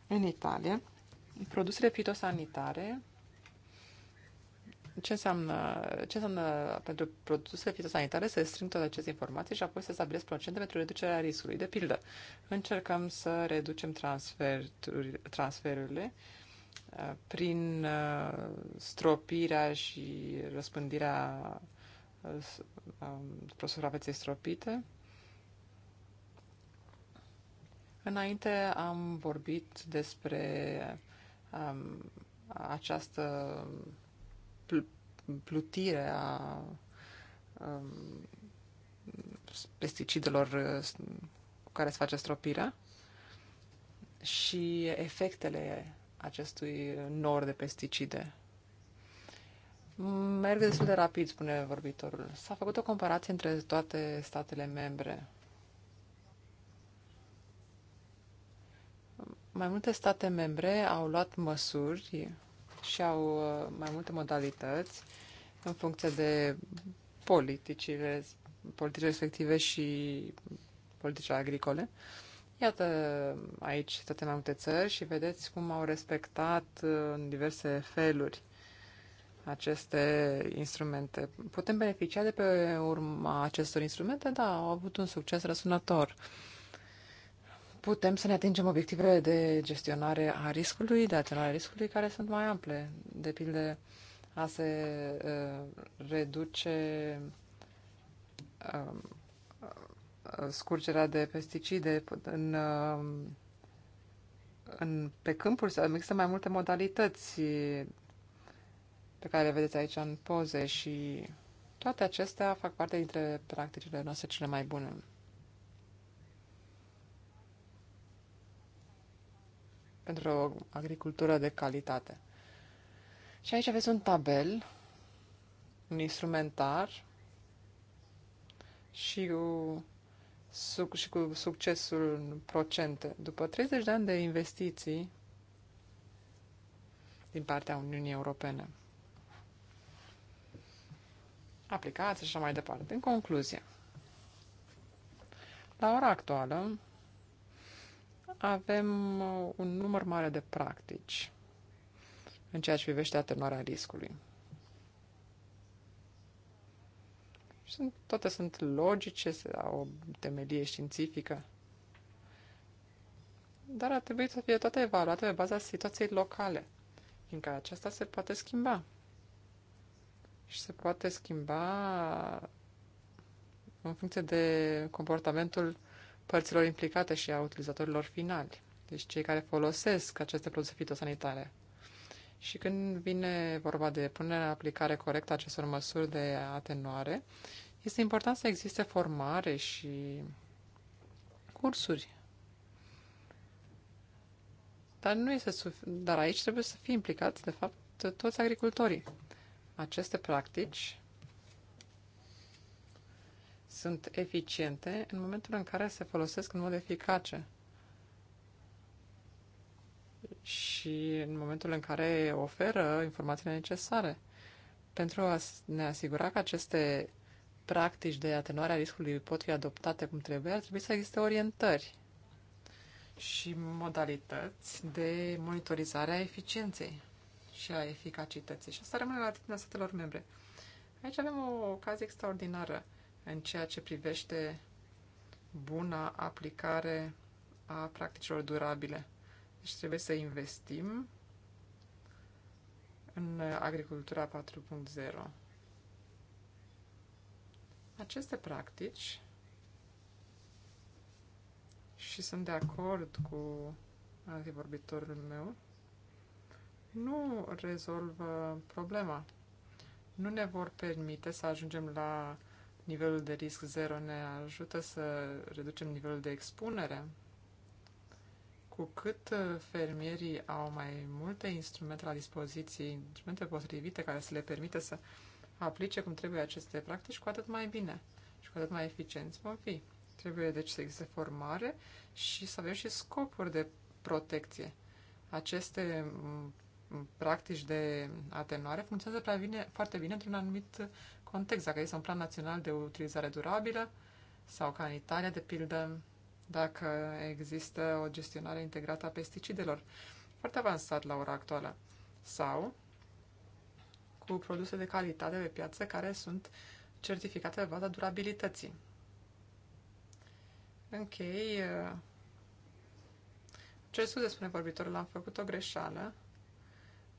În Italia, produsele fitosanitare ce înseamnă, ce înseamnă pentru produsele fitosanitare să strâng toate aceste informații și apoi să stabilesc procente pentru reducerea riscului. De pildă, încercăm să reducem transferurile, transferurile uh, prin uh, stropirea și răspândirea uh, um, suprafeței stropite. Înainte am vorbit despre um, această plutire a um, pesticidelor uh, cu care se face stropirea și efectele acestui nor de pesticide. Merg destul de rapid, spune vorbitorul. S-a făcut o comparație între toate statele membre. Mai multe state membre au luat măsuri și au uh, mai multe modalități în funcție de politicile, politicile respective și politicile agricole. Iată aici toate mai multe țări și vedeți cum au respectat uh, în diverse feluri aceste instrumente. Putem beneficia de pe urma acestor instrumente? Da, au avut un succes răsunător putem să ne atingem obiectivele de gestionare a riscului, de atenuare riscului, care sunt mai ample. De pildă, a se uh, reduce um, uh, scurgerea de pesticide în, uh, în, pe câmpuri. Există mai multe modalități pe care le vedeți aici în poze și toate acestea fac parte dintre practicile noastre cele mai bune. pentru o agricultură de calitate. Și aici aveți un tabel, un instrumentar și cu, și cu succesul în procente. După 30 de ani de investiții din partea Uniunii Europene, aplicați și așa mai departe. În concluzie, la ora actuală, avem uh, un număr mare de practici în ceea ce privește atenuarea riscului. Sunt, toate sunt logice, au o temelie științifică. Dar ar trebui să fie toate evaluate pe baza situației locale, fiindcă aceasta se poate schimba. Și se poate schimba în funcție de comportamentul părților implicate și a utilizatorilor finali, deci cei care folosesc aceste produse fitosanitare. Și când vine vorba de punerea în aplicare corectă a acestor măsuri de atenuare, este important să existe formare și cursuri. Dar, nu este suf- dar aici trebuie să fie implicați, de fapt, toți agricultorii. Aceste practici sunt eficiente în momentul în care se folosesc în mod eficace și în momentul în care oferă informațiile necesare pentru a ne asigura că aceste practici de atenuare a riscului pot fi adoptate cum trebuie, ar trebui să existe orientări și modalități de monitorizare a eficienței și a eficacității. Și asta rămâne la atitudinea statelor membre. Aici avem o ocazie extraordinară în ceea ce privește buna aplicare a practicilor durabile. Deci trebuie să investim în agricultura 4.0. Aceste practici și sunt de acord cu antivorbitorul meu, nu rezolvă problema. Nu ne vor permite să ajungem la Nivelul de risc zero ne ajută să reducem nivelul de expunere. Cu cât uh, fermierii au mai multe instrumente la dispoziție, instrumente potrivite care să le permită să aplice cum trebuie aceste practici, cu atât mai bine și cu atât mai eficienți vom fi. Trebuie deci să existe formare și să avem și scopuri de protecție. Aceste practici de atenuare funcționează prea bine, foarte bine într-un anumit context, dacă este un plan național de utilizare durabilă sau ca în Italia, de pildă, dacă există o gestionare integrată a pesticidelor, foarte avansat la ora actuală, sau cu produse de calitate pe piață care sunt certificate pe baza durabilității. Închei. Uh, ce scuze, spune vorbitorul, am făcut o greșeală.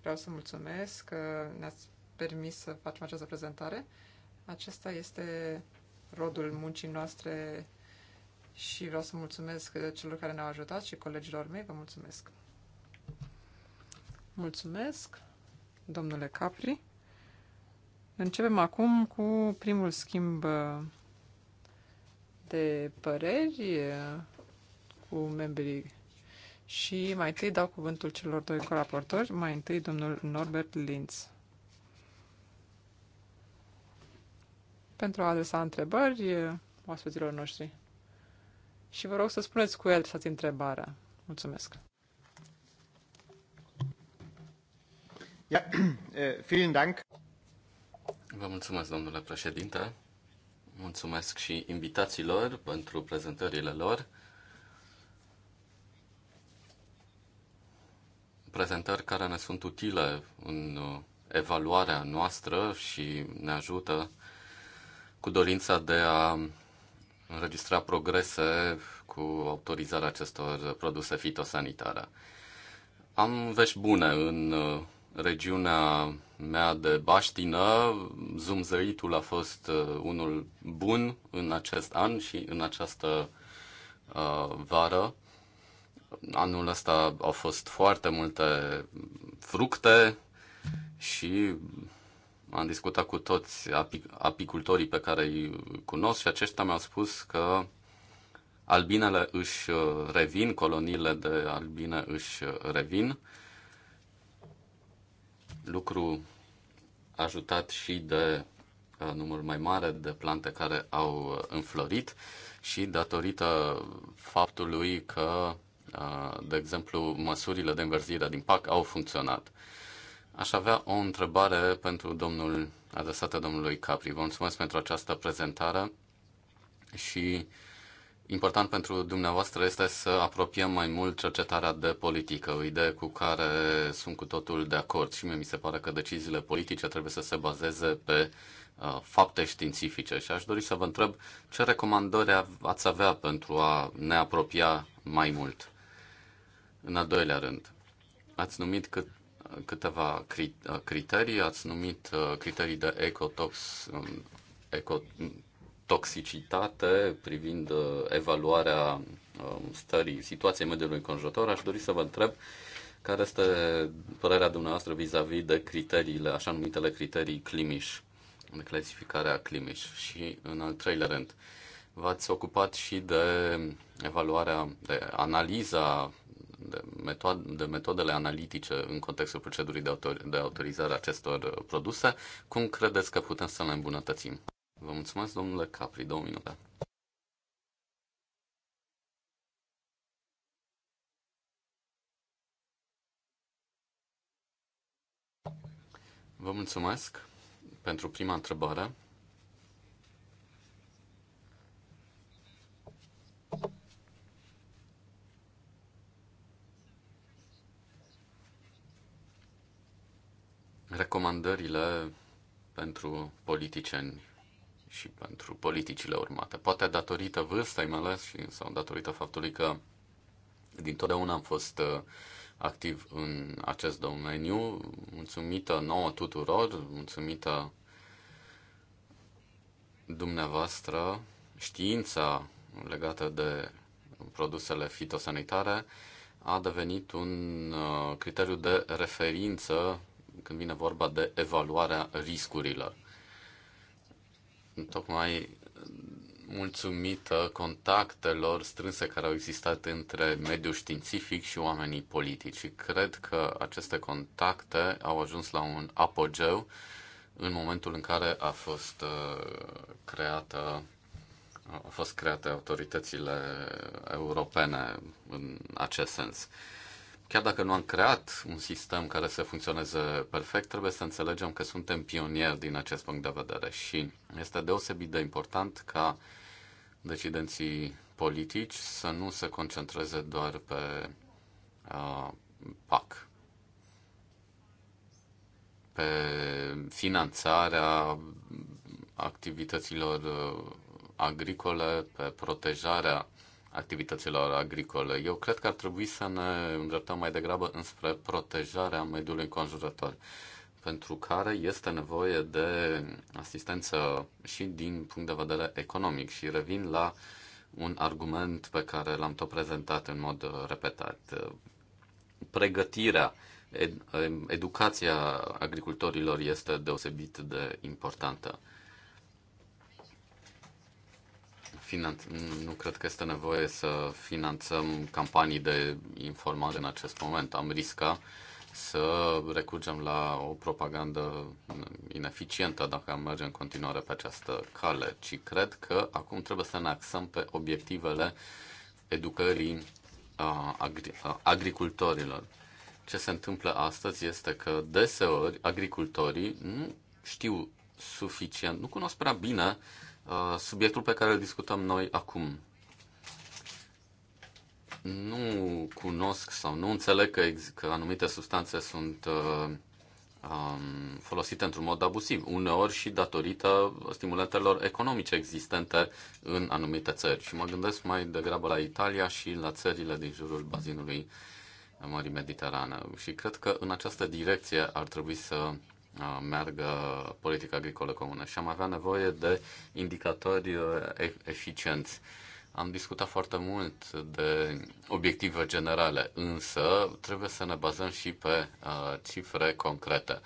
Vreau să mulțumesc că uh, ne-ați permis să facem această prezentare. Acesta este rodul muncii noastre și vreau să mulțumesc celor care ne-au ajutat și colegilor mei. Vă mulțumesc! Mulțumesc, domnule Capri. Începem acum cu primul schimb de păreri cu membrii și mai întâi dau cuvântul celor doi colaboratori. mai întâi domnul Norbert Linz. pentru a adresa întrebări oaspeților noștri. Și vă rog să spuneți cu el să-ți întrebarea. Mulțumesc! Ja, eh, vielen Dank. Vă mulțumesc, domnule președinte. Mulțumesc și invitațiilor pentru prezentările lor. Prezentări care ne sunt utile în eh, evaluarea noastră și ne ajută cu dorința de a înregistra progrese cu autorizarea acestor produse fitosanitare. Am vești bune în uh, regiunea mea de baștină. Zumzăitul a fost uh, unul bun în acest an și în această uh, vară. Anul ăsta au fost foarte multe fructe și am discutat cu toți apicultorii pe care îi cunosc și aceștia mi-au spus că albinele își uh, revin, coloniile de albine își uh, revin. Lucru ajutat și de uh, numărul mai mare de plante care au înflorit și datorită faptului că, de exemplu, măsurile de înverzire din PAC au funcționat. Aș avea o întrebare pentru domnul, adresată domnului Capri. Vă mulțumesc pentru această prezentare și important pentru dumneavoastră este să apropiem mai mult cercetarea de politică, o idee cu care sunt cu totul de acord și mie mi se pare că deciziile politice trebuie să se bazeze pe uh, fapte științifice și aș dori să vă întreb ce recomandări ați avea pentru a ne apropia mai mult. În al doilea rând, ați numit cât câteva criterii, ați numit uh, criterii de ecotox, um, ecotoxicitate privind uh, evaluarea um, stării situației mediului înconjurător. Aș dori să vă întreb care este părerea dumneavoastră vis-a-vis -vis de criteriile, așa numitele criterii climiș, de clasificarea climiș. Și în al treilea rând, v-ați ocupat și de evaluarea, de analiza de, metod, de metodele analitice în contextul procedurii de, autor, de autorizare a acestor uh, produse, cum credeți că putem să le îmbunătățim? Vă mulțumesc, domnule Capri, două minute. Vă mulțumesc pentru prima întrebare. recomandările pentru politicieni și pentru politicile urmate. Poate datorită vârstei mele și, sau datorită faptului că dintotdeauna am fost uh, activ în acest domeniu, mulțumită nouă tuturor, mulțumită dumneavoastră, știința legată de produsele fitosanitare a devenit un uh, criteriu de referință când vine vorba de evaluarea riscurilor. Tocmai mulțumită contactelor strânse care au existat între mediul științific și oamenii politici. cred că aceste contacte au ajuns la un apogeu în momentul în care a fost uh, creată au fost create autoritățile europene în acest sens. Chiar dacă nu am creat un sistem care să funcționeze perfect, trebuie să înțelegem că suntem pionieri din acest punct de vedere și este deosebit de important ca decidenții politici să nu se concentreze doar pe uh, PAC, pe finanțarea activităților uh, agricole, pe protejarea activităților agricole. Eu cred că ar trebui să ne îndreptăm mai degrabă înspre protejarea mediului înconjurător, pentru care este nevoie de asistență și din punct de vedere economic. Și revin la un argument pe care l-am tot prezentat în mod repetat. Pregătirea, educația agricultorilor este deosebit de importantă finanț- nu cred că este nevoie să finanțăm campanii de informare în acest moment. Am risca să recurgem la o propagandă ineficientă dacă am merge în continuare pe această cale, ci cred că acum trebuie să ne axăm pe obiectivele educării agri- agricultorilor. Ce se întâmplă astăzi este că deseori agricultorii nu știu suficient, nu cunosc prea bine uh, Uh, subiectul pe care îl discutăm noi acum. Nu cunosc sau nu înțeleg că, că anumite substanțe sunt uh, um, folosite într-un mod abusiv, uneori și datorită stimulantelor economice existente în anumite țări. Și mă gândesc mai degrabă la Italia și la țările din jurul bazinului Mării Mediterane. Și cred că în această direcție ar trebui să meargă politica agricolă comună și am avea nevoie de indicatori uh, eficienți. Am discutat foarte mult de obiective generale, însă trebuie să ne bazăm și pe cifre concrete.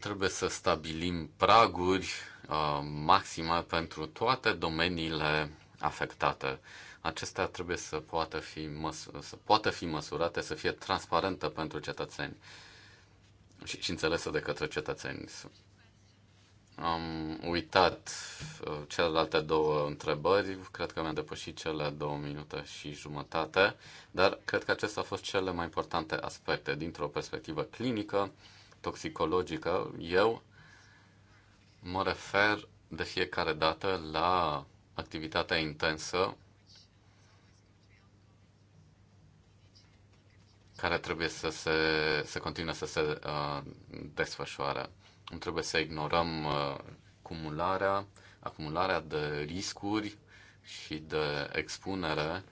Trebuie să stabilim praguri maxime pentru toate domeniile afectate acestea trebuie să poată fi, măs- să poată fi măsurate, să fie transparente pentru cetățeni și, și înțelesă de către cetățeni. Am uitat uh, celelalte două întrebări, cred că mi-am depășit cele două minute și jumătate, dar cred că acestea au fost cele mai importante aspecte. Dintr-o perspectivă clinică, toxicologică, eu mă refer de fiecare dată la activitatea intensă care trebuie să, se, să continue să se uh, desfășoare. Nu trebuie să ignorăm uh, cumularea, acumularea de riscuri și de expunere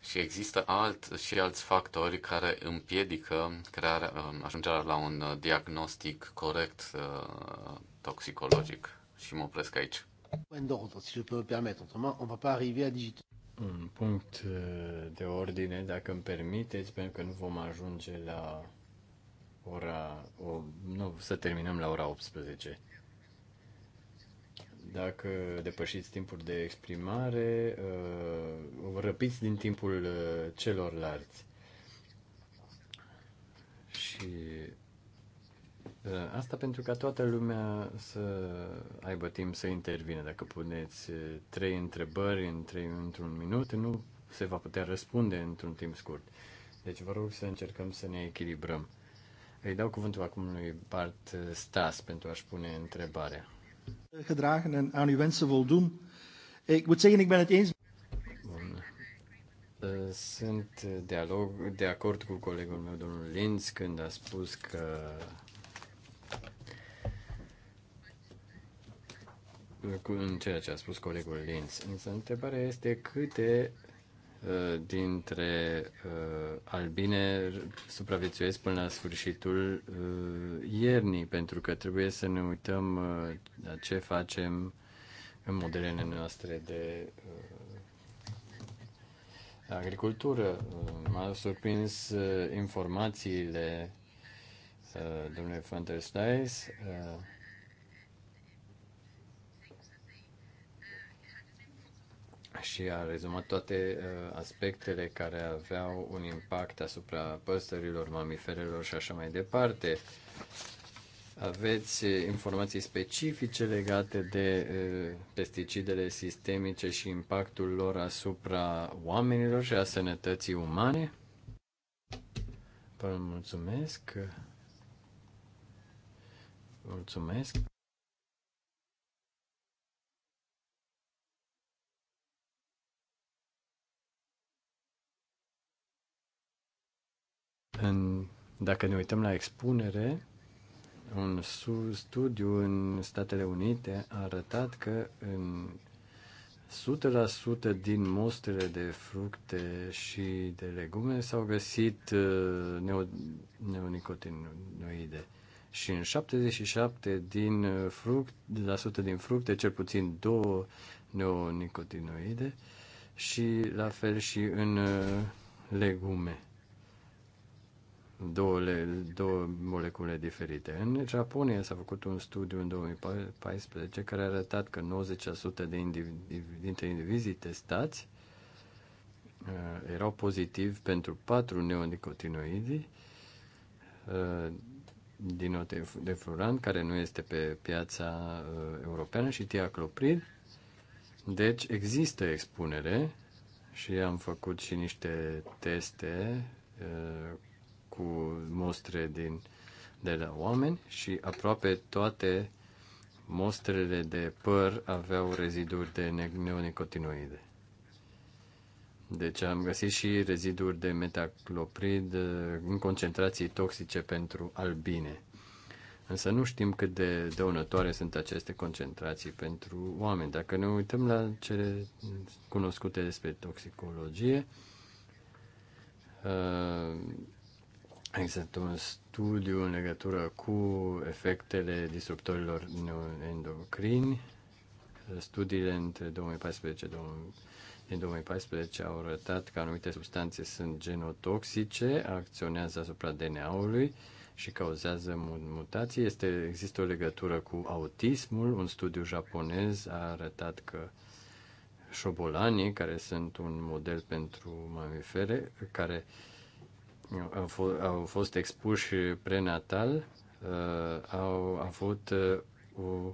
și există alt, și alți factori care împiedică crearea, uh, ajungerea la un diagnostic corect uh, toxicologic. Și mă opresc aici. si je peux me permettre. Autrement, on va pas arriver à digital un punct uh, de ordine, dacă îmi permiteți, pentru că nu vom ajunge la ora... O, nu, să terminăm la ora 18. Dacă depășiți timpul de exprimare, uh, răpiți din timpul uh, celorlalți. Și Uh, asta pentru ca toată lumea să aibă timp să intervine. Dacă puneți uh, trei întrebări în trei, într-un minut, nu se va putea răspunde într-un timp scurt. Deci vă rog să încercăm să ne echilibrăm. Îi dau cuvântul acum lui Bart uh, Stas pentru a-și pune întrebarea. Gedragen en aan uw wensen voldoen. Ik moet zeggen, ik ben het eens. Sunt de, alog, de acord cu colegul meu, domnul Linz, când a spus că în ceea ce a spus colegul Linz. Însă întrebarea este câte uh, dintre uh, albine supraviețuiesc până la sfârșitul uh, iernii, pentru că trebuie să ne uităm uh, la ce facem în modelele noastre de uh, agricultură. M-a surprins uh, informațiile uh, domnului Fantersteis și a rezumat toate uh, aspectele care aveau un impact asupra păsărilor, mamiferelor și așa mai departe. Aveți informații specifice legate de uh, pesticidele sistemice și impactul lor asupra oamenilor și a sănătății umane? Vă mulțumesc. Mulțumesc. În, dacă ne uităm la expunere, un studiu în Statele Unite a arătat că în 100% din mostrele de fructe și de legume s-au găsit uh, neo- neonicotinoide și în 77 din uh, fruct, la sută din fructe, cel puțin două neonicotinoide și la fel și în uh, legume două, două molecule diferite. În Japonia s-a făcut un studiu în 2014 care a arătat că 90% de indivizi, dintre indivizii testați uh, erau pozitivi pentru patru neonicotinoidi uh, din furan, care nu este pe piața uh, europeană, și tiacloprid. Deci există expunere și am făcut și niște teste uh, cu mostre din, de la oameni și aproape toate mostrele de păr aveau reziduri de neonicotinoide. Deci am găsit și reziduri de metacloprid uh, în concentrații toxice pentru albine. Însă nu știm cât de dăunătoare sunt aceste concentrații pentru oameni. Dacă ne uităm la cele cunoscute despre toxicologie, uh, Există un studiu în legătură cu efectele disruptorilor endocrini. Studiile între 2014 din 2014 au arătat că anumite substanțe sunt genotoxice, acționează asupra DNA-ului și cauzează mutații. Este, există o legătură cu autismul. Un studiu japonez a arătat că șobolanii, care sunt un model pentru mamifere, care uh, au, f- au fost expuși prenatal, uh, au avut uh, o,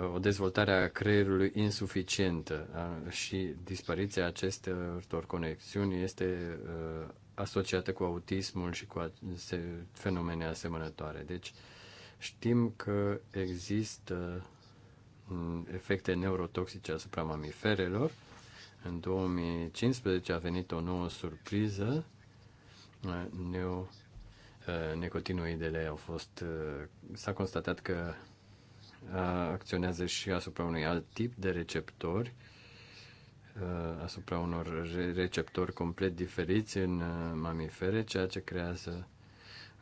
uh, o dezvoltare a creierului insuficientă și dispariția acestor conexiuni este asociată cu autismul și cu fenomene asemănătoare. Deci știm că există mm, efecte neurotoxice asupra mamiferelor. În 2015 a venit o nouă surpriză neo, uh, nicotinoidele au fost, uh, s-a constatat că uh, acționează și asupra unui alt tip de receptori, asupra unor receptori complet diferiți în mamifere, ceea ce creează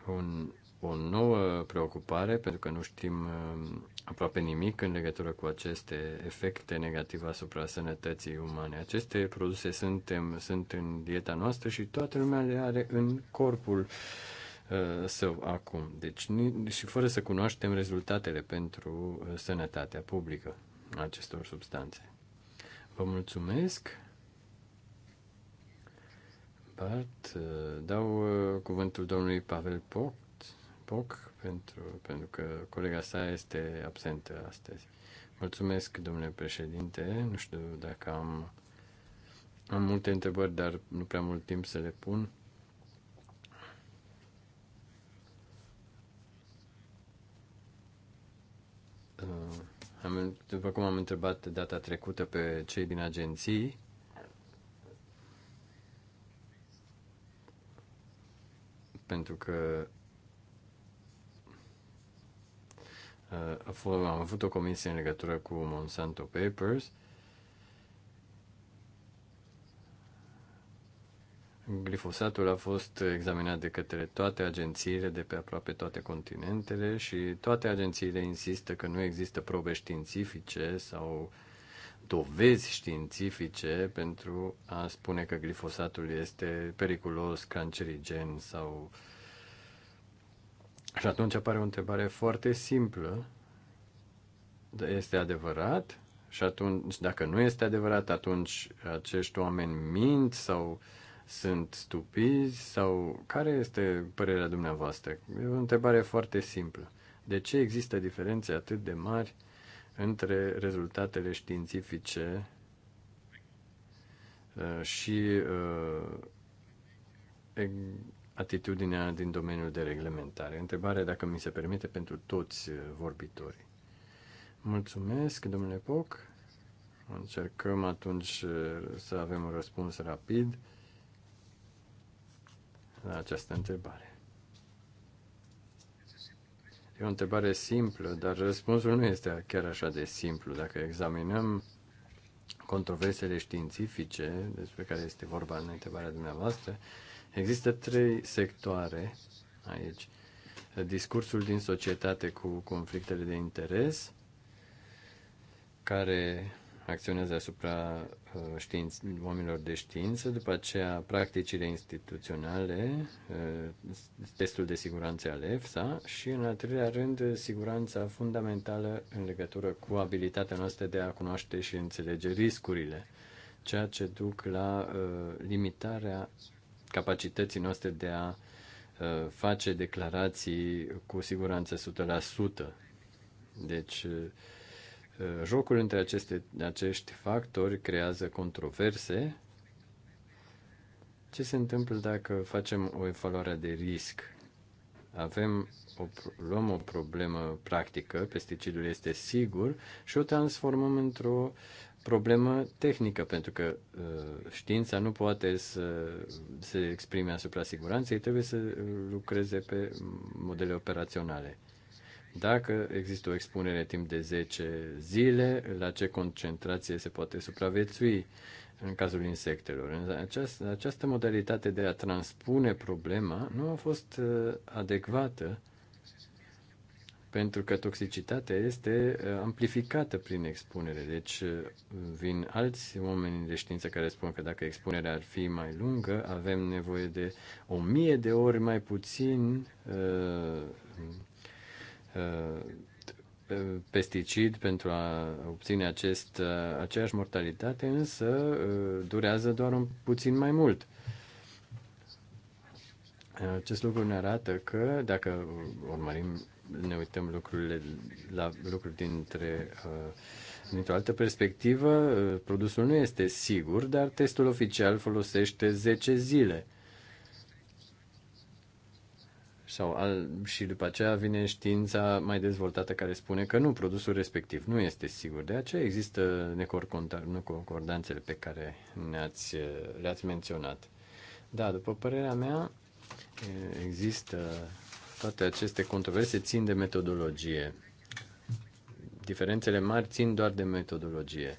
un o nouă preocupare, pentru că nu știm um, aproape nimic în legătură cu aceste efecte negative asupra sănătății umane. Aceste produse suntem, sunt în dieta noastră și toată lumea le are în corpul uh, său acum. Deci, și fără să cunoaștem rezultatele pentru uh, sănătatea publică a acestor substanțe. Vă mulțumesc! Bart, uh, dau cuvântul domnului Pavel Poc Poc, pentru, pentru că colega sa este absentă astăzi. Mulțumesc, domnule președinte. Nu știu dacă am, am multe întrebări, dar nu prea mult timp să le pun. Uh, am, după cum am întrebat data trecută pe cei din agenții, pentru că am avut o comisie în legătură cu Monsanto Papers. Glifosatul a fost examinat de către toate agențiile de pe aproape toate continentele și toate agențiile insistă că nu există probe științifice sau dovezi științifice pentru a spune că glifosatul este periculos, cancerigen sau uh, și atunci apare o întrebare foarte simplă. Da, este adevărat? Și atunci, dacă nu este adevărat, atunci acești oameni mint sau sunt stupizi sau care este părerea dumneavoastră? E o întrebare foarte simplă. De ce există diferențe atât de mari între rezultatele științifice uh, și uh, atitudinea din domeniul de reglementare. Întrebare dacă mi se permite pentru toți uh, vorbitorii. Mulțumesc, domnule Poc. Încercăm atunci uh, să avem un răspuns rapid la această întrebare. E o întrebare simplă, dar răspunsul nu este chiar așa de simplu. Dacă examinăm controversele științifice despre care este vorba în întrebarea dumneavoastră, Există trei sectoare aici. Discursul din societate cu conflictele de interes, care acționează asupra uh, științ, oamenilor de știință, după aceea practicile instituționale, uh, testul de siguranță al EFSA și, în al treilea rând, siguranța fundamentală în legătură cu abilitatea noastră de a cunoaște și înțelege riscurile, ceea ce duc la uh, limitarea capacității noastre de a uh, face declarații cu siguranță 100%. Deci, uh, uh, jocul între aceste, acești factori creează controverse. Ce se întâmplă dacă facem o evaluare de risc? Avem o, luăm o problemă practică, pesticidul este sigur și o transformăm într-o problemă tehnică, pentru că uh, știința nu poate să se exprime asupra siguranței, trebuie să lucreze pe modele operaționale. Dacă există o expunere timp de 10 zile, la ce concentrație se poate supraviețui în cazul insectelor. În această, această modalitate de a transpune problema nu a fost uh, adecvată pentru că toxicitatea este uh, amplificată prin expunere. Deci uh, vin alți oameni de știință care spun că dacă expunerea ar fi mai lungă, avem nevoie de o mie de ori mai puțin uh, uh, pesticid pentru a obține acest, uh, aceeași mortalitate, însă uh, durează doar un puțin mai mult. Acest lucru ne arată că dacă urmărim ne uităm lucrurile la lucruri dintre, uh, dintr-o altă perspectivă, uh, produsul nu este sigur, dar testul oficial folosește 10 zile. Sau al, și după aceea vine știința mai dezvoltată care spune că nu, produsul respectiv nu este sigur. De aceea există necordanțele pe care ne-ați, uh, le-ați menționat. Da, după părerea mea, există toate aceste controverse țin de metodologie. Diferențele mari țin doar de metodologie.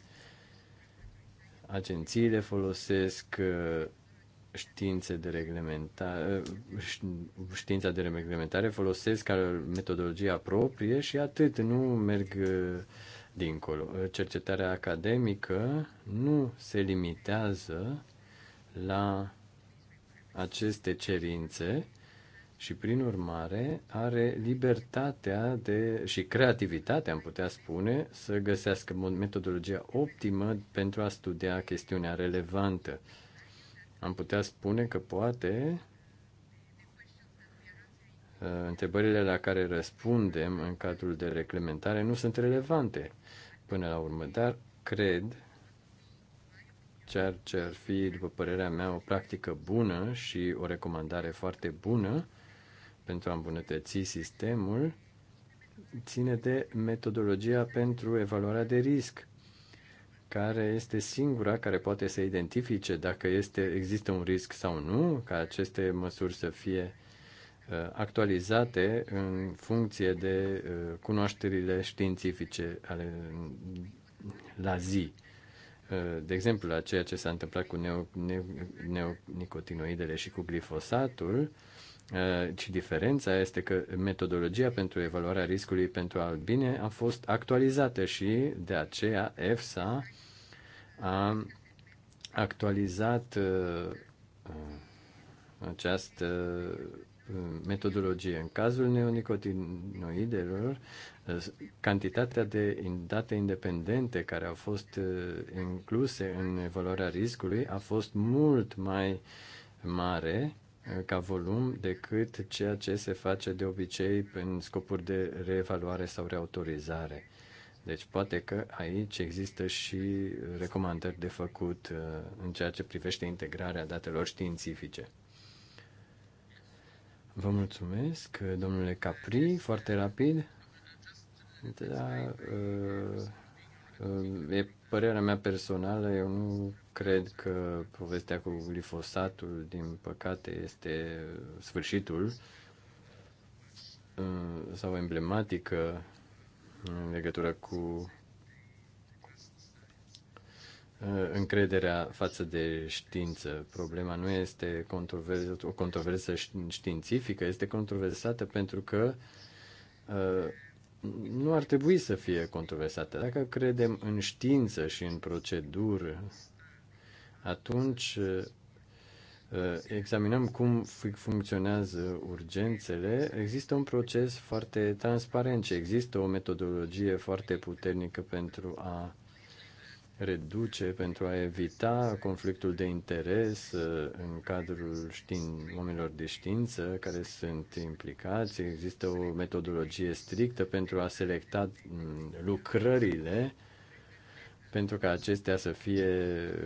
Agențiile folosesc uh, științe de reglementare, uh, știința de reglementare, folosesc metodologia proprie și atât, nu merg uh, dincolo. Cercetarea academică nu se limitează la aceste cerințe, și prin urmare are libertatea de, și creativitatea, am putea spune, să găsească metodologia optimă pentru a studia chestiunea relevantă. Am putea spune că poate ă, întrebările la care răspundem în cadrul de reglementare nu sunt relevante până la urmă, dar cred ceea ce ar fi, după părerea mea, o practică bună și o recomandare foarte bună pentru a îmbunătăți sistemul ține de metodologia pentru evaluarea de risc, care este singura care poate să identifice dacă este, există un risc sau nu, ca aceste măsuri să fie uh, actualizate în funcție de uh, cunoașterile științifice ale, mm, la zi. Uh, de exemplu, la ceea ce s-a întâmplat cu neo, neo, și cu glifosatul, Uh, ci diferența este că metodologia pentru evaluarea riscului pentru albine a fost actualizată și de aceea EFSA a actualizat uh, această uh, metodologie. În cazul neonicotinoidelor, cantitatea de date independente care au fost incluse în evaluarea riscului a fost mult mai mare ca volum decât ceea ce se face de obicei în scopuri de reevaluare sau reautorizare. Deci poate că aici există și recomandări de făcut uh, în ceea ce privește integrarea datelor științifice. Vă mulțumesc, domnule Capri, foarte rapid. Da, uh, uh, e părerea mea personală, eu nu Cred că povestea cu glifosatul, din păcate, este sfârșitul uh, sau emblematică în legătură cu uh, încrederea față de știință. Problema nu este o controversă științifică, este controversată pentru că uh, nu ar trebui să fie controversată. Dacă credem în știință și în procedură, atunci uh, uh, examinăm cum funcționează urgențele, există un proces foarte transparent și există o metodologie foarte puternică pentru a reduce, pentru a evita conflictul de interes uh, în cadrul știin, oamenilor de știință care sunt implicați. Există o metodologie strictă pentru a selecta mm, lucrările pentru ca acestea să fie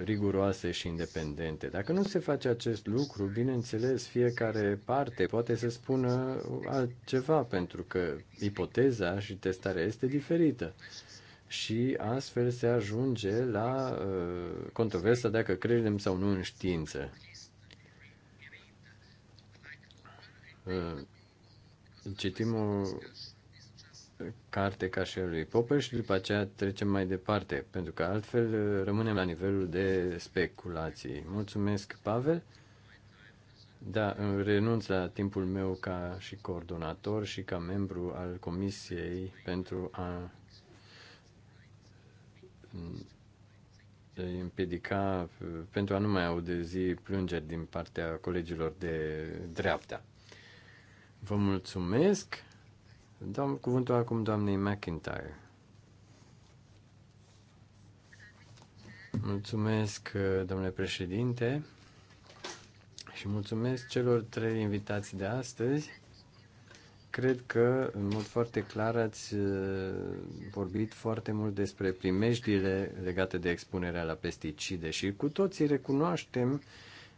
riguroase și independente. Dacă nu se face acest lucru, bineînțeles, fiecare parte poate să spună altceva, pentru că ipoteza și testarea este diferită. Și astfel se ajunge la uh, controversa dacă credem sau nu în știință. Uh, citim o carte ca și lui Popper și după aceea trecem mai departe, pentru că altfel uh, rămânem la nivelul de speculații. Mulțumesc, Pavel. Da, renunț la timpul meu ca și coordonator și ca membru al comisiei pentru a împiedica, pentru a nu mai audezi plângeri din partea colegilor de dreapta. Vă mulțumesc! Dăm cuvântul acum doamnei McIntyre. Mulțumesc, domnule președinte, și mulțumesc celor trei invitați de astăzi. Cred că, în mod foarte clar, ați uh, vorbit foarte mult despre primejdile legate de expunerea la pesticide și cu toții recunoaștem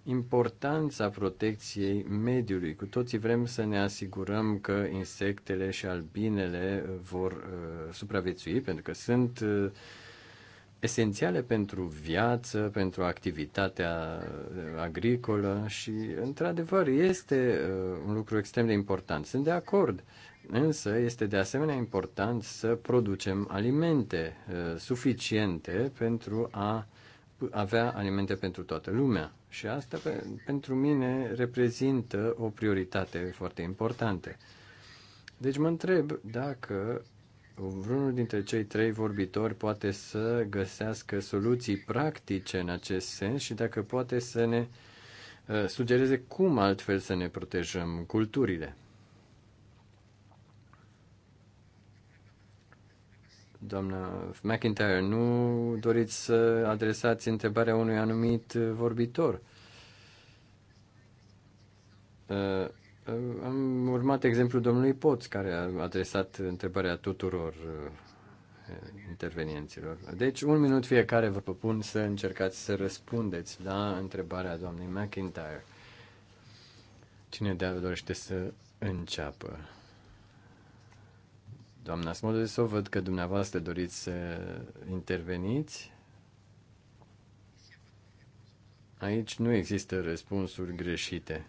importanța protecției mediului. Cu toții vrem să ne asigurăm că insectele și albinele uh, vor uh, supraviețui, pentru că sunt uh, esențiale pentru viață, pentru activitatea uh, agricolă și, într-adevăr, este uh, un lucru extrem de important. Sunt de acord, însă este de asemenea important să producem alimente suficiente pentru a avea alimente pentru toată lumea. Și asta pe, pentru mine reprezintă o prioritate foarte importantă. Deci mă întreb dacă vreunul dintre cei trei vorbitori poate să găsească soluții practice în acest sens și dacă poate să ne uh, sugereze cum altfel să ne protejăm culturile. Doamna McIntyre, nu doriți să adresați întrebarea unui anumit vorbitor. Uh, uh, am urmat exemplul domnului Poț, care a adresat întrebarea tuturor uh, intervenienților. Deci, un minut fiecare vă propun să încercați să răspundeți la întrebarea doamnei McIntyre. Cine de dorește să înceapă? Doamna Smolescu, văd că dumneavoastră doriți să interveniți. Aici nu există răspunsuri greșite.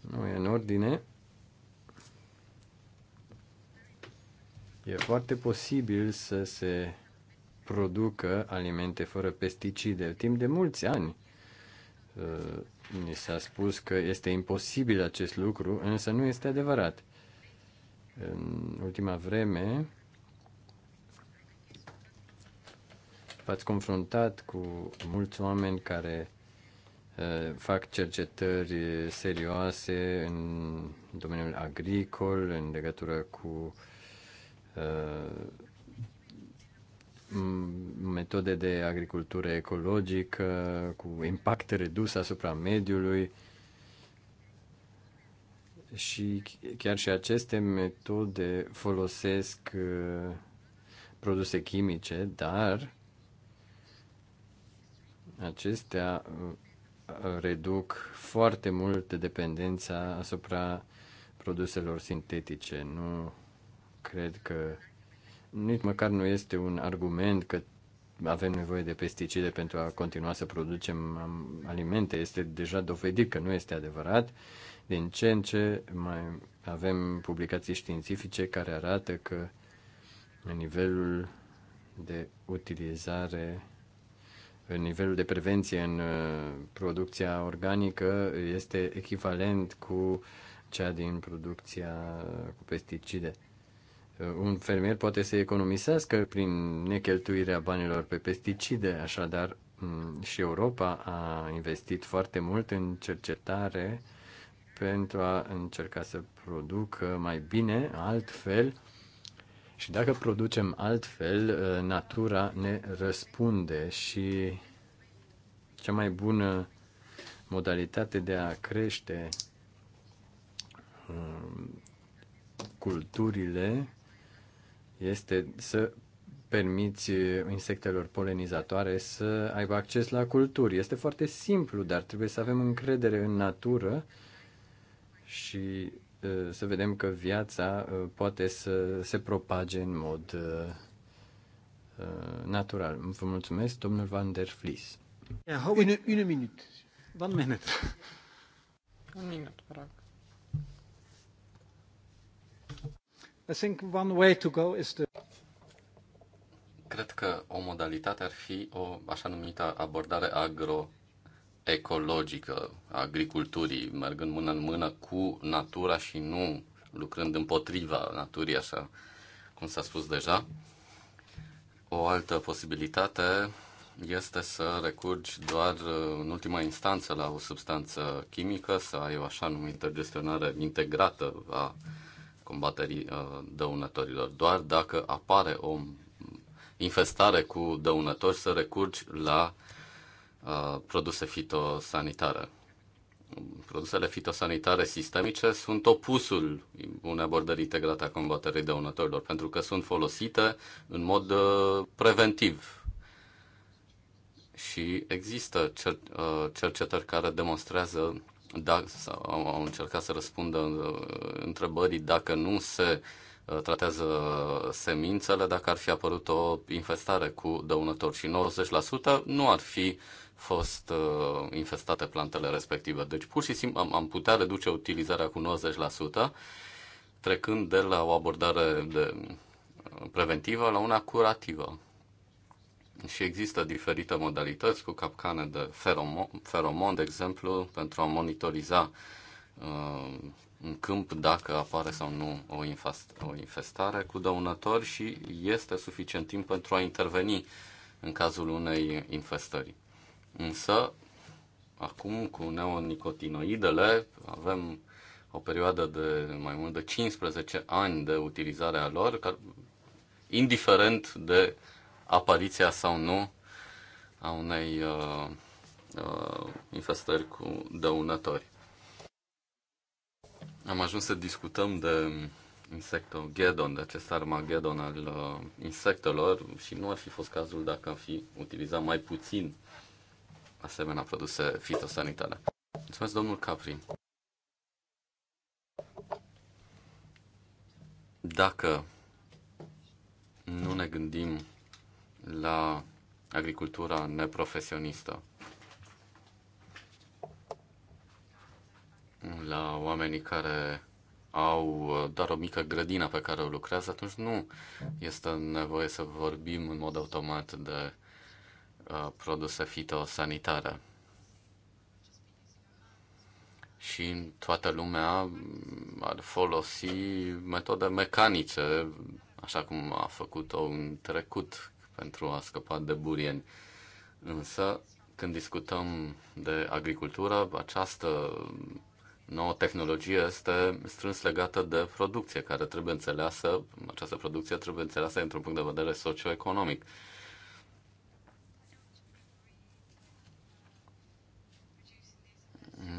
Nu e în ordine. E foarte posibil să se producă alimente fără pesticide. Timp de mulți ani uh, ni s-a spus că este imposibil acest lucru, însă nu este adevărat în ultima vreme v-ați confruntat cu mulți oameni care uh, fac cercetări serioase în domeniul agricol, în legătură cu uh, metode de agricultură ecologică, cu impact redus asupra mediului și chiar și aceste metode folosesc uh, produse chimice, dar acestea uh, reduc foarte mult dependența asupra produselor sintetice. Nu cred că nici măcar nu este un argument că avem nevoie de pesticide pentru a continua să producem alimente. Este deja dovedit că nu este adevărat din ce în ce mai avem publicații științifice care arată că nivelul de utilizare, nivelul de prevenție în uh, producția organică este echivalent cu cea din producția cu pesticide uh, un fermier poate să economisească prin necheltuirea banilor pe pesticide, așadar mm, și Europa a investit foarte mult în cercetare pentru a încerca să producă mai bine, altfel, și dacă producem altfel, ă, natura ne răspunde și cea mai bună modalitate de a crește ă, culturile este să permiți insectelor polenizatoare să aibă acces la culturi. Este foarte simplu, dar trebuie să avem încredere în natură și să vedem că viața poate să se propage în mod natural. Vă mulțumesc, domnul Van der Vlies. Un, un minut. Un minut, vă rog. I think one way to go is to... Cred că o modalitate ar fi o așa numită abordare agro ecologică a agriculturii, mergând mână în mână cu natura și nu lucrând împotriva naturii, așa cum s-a spus deja. O altă posibilitate este să recurgi doar în ultima instanță la o substanță chimică, să ai o așa numită gestionare integrată a combaterii dăunătorilor. Doar dacă apare o infestare cu dăunători, să recurgi la uh, Uh, produse fitosanitare. Produsele fitosanitare sistemice sunt opusul unei abordări integrate a combaterii dăunătorilor, pentru că sunt folosite în mod uh, preventiv. Și există uh, cercetări care demonstrează dacă, sau au încercat să răspundă întrebării dacă nu se tratează semințele, dacă ar fi apărut o infestare cu dăunători și 90% nu ar fi uh, fost uh, infestate plantele respective. Deci pur și simplu am, am putea reduce utilizarea cu 90%, trecând de la o abordare de uh, preventivă la una curativă. Și există diferite modalități cu capcane de feromon, feromon de exemplu, pentru a monitoriza uh, în câmp dacă apare sau nu o, infest, o infestare cu dăunători și este suficient timp pentru a interveni în cazul unei infestări. Însă, acum cu neonicotinoidele avem o perioadă de mai mult de 15 ani de utilizare a lor, indiferent de apariția sau nu a unei uh, uh, infestări cu dăunători. Am ajuns să discutăm de insectogedon, de acest armagedon al uh, insectelor și nu ar fi fost cazul dacă am fi utilizat mai puțin uh, asemenea produse fitosanitare. Mulțumesc, domnul Capri. Dacă nu ne gândim la agricultura neprofesionistă, la oamenii care au doar o mică grădină pe care o lucrează, atunci nu este nevoie să vorbim în mod automat de Uh, produse fitosanitare. Și toată lumea ar folosi metode mecanice, așa cum a făcut-o în trecut, pentru a scăpa de burieni. Însă, când discutăm de agricultură, această nouă tehnologie este strâns legată de producție, care trebuie înțeleasă, această producție trebuie înțeleasă într-un punct de vedere socioeconomic. economic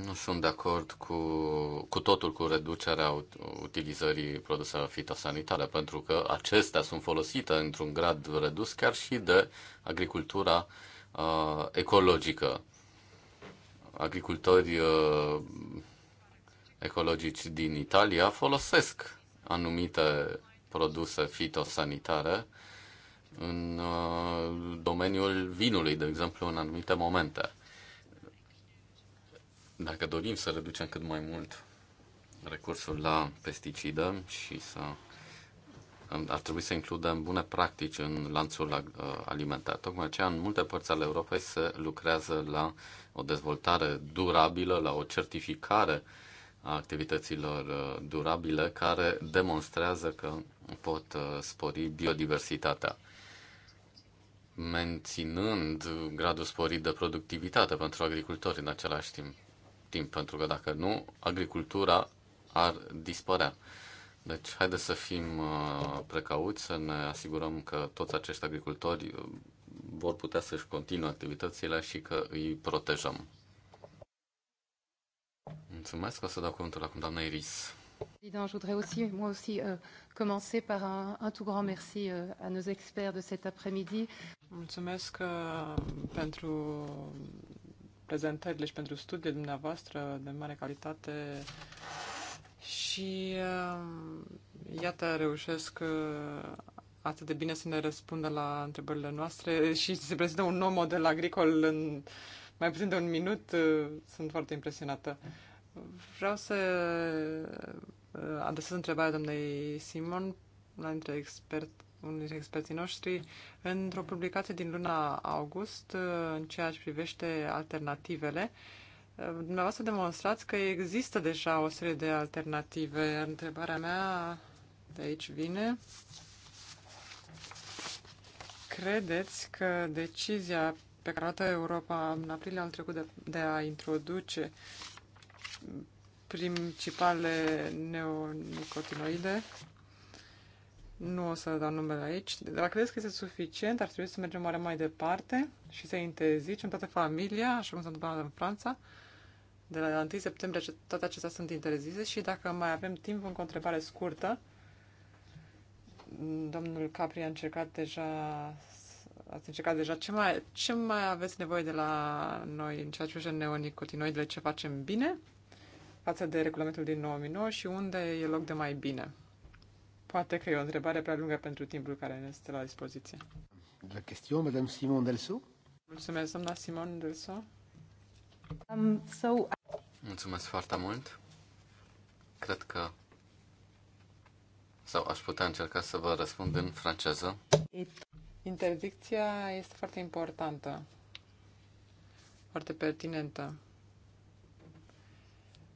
Nu sunt de acord cu, cu totul cu reducerea utilizării produselor fitosanitare, pentru că acestea sunt folosite într-un grad redus chiar și de agricultura uh, ecologică. Agricultori uh, ecologici din Italia folosesc anumite produse fitosanitare în uh, domeniul vinului, de exemplu, în anumite momente. Dacă dorim să reducem cât mai mult recursul la pesticide și să ar trebui să includem bune practici în lanțul uh, alimentar. Tocmai aceea, în multe părți ale Europei se lucrează la o dezvoltare durabilă, la o certificare a activităților uh, durabile care demonstrează că pot uh, spori biodiversitatea menținând gradul sporit de productivitate pentru agricultori în același timp timp, pentru că dacă nu, agricultura ar dispărea. Deci, haideți să fim uh, precauți, să ne asigurăm că toți acești agricultori uh, vor putea să-și continue activitățile și că îi protejăm. Mulțumesc, o să dau cuvântul la doamna Iris. Président, je voudrais aussi, moi aussi, euh, commencer par un, un tout grand merci euh, à nos experts de cet après-midi. Mulțumesc euh, pentru prezentările și pentru studiile dumneavoastră de mare calitate și um, iată, reușesc uh, atât de bine să ne răspundă la întrebările noastre și se prezintă un nou model agricol în mai puțin de un minut. Uh, sunt foarte impresionată. Vreau să uh, adresez întrebarea doamnei Simon, una dintre expert, unul dintre experții noștri, într-o publicație din luna august, uh, în ceea ce privește alternativele, uh, dumneavoastră demonstrați că există deja o serie de alternative. Întrebarea mea de aici vine. Credeți că decizia pe care a luat Europa în aprilie anul trecut de, de a introduce principalele neonicotinoide nu o să dau numele aici. Dacă credeți că este suficient, ar trebui să mergem oare mai departe și să interzicem toată familia, așa cum s-a întâmplat în Franța. De la 1 septembrie toate acestea sunt interzise și dacă mai avem timp, o întrebare scurtă. Domnul Capri a încercat deja ați încercat deja ce mai, ce mai aveți nevoie de la noi în ceea ce privește neonicotinoidele, ce facem bine față de regulamentul din 2009 și unde e loc de mai bine. Poate că e o întrebare prea lungă pentru timpul care ne este la dispoziție. La question, Madame Simon Delso. Mulțumesc, doamna Simon Delso. Um, so... Mulțumesc foarte mult. Cred că sau aș putea încerca să vă răspund în franceză. Interdicția este foarte importantă, foarte pertinentă.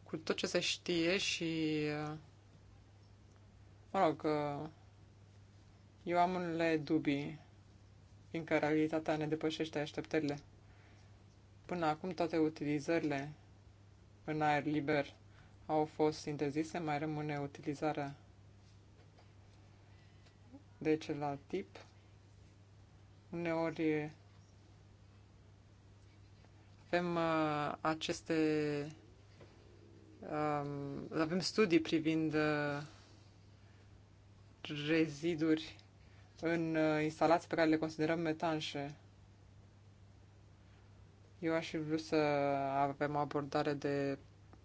Cu tot ce se știe și uh, Mă rog, eu am unele dubii, fiindcă realitatea ne depășește așteptările. Până acum toate utilizările în aer liber au fost interzise, mai rămâne utilizarea de celălalt tip. Uneori avem uh, aceste um, avem studii privind uh, reziduri în uh, instalații pe care le considerăm metanșe. Eu aș fi vrut să avem o abordare de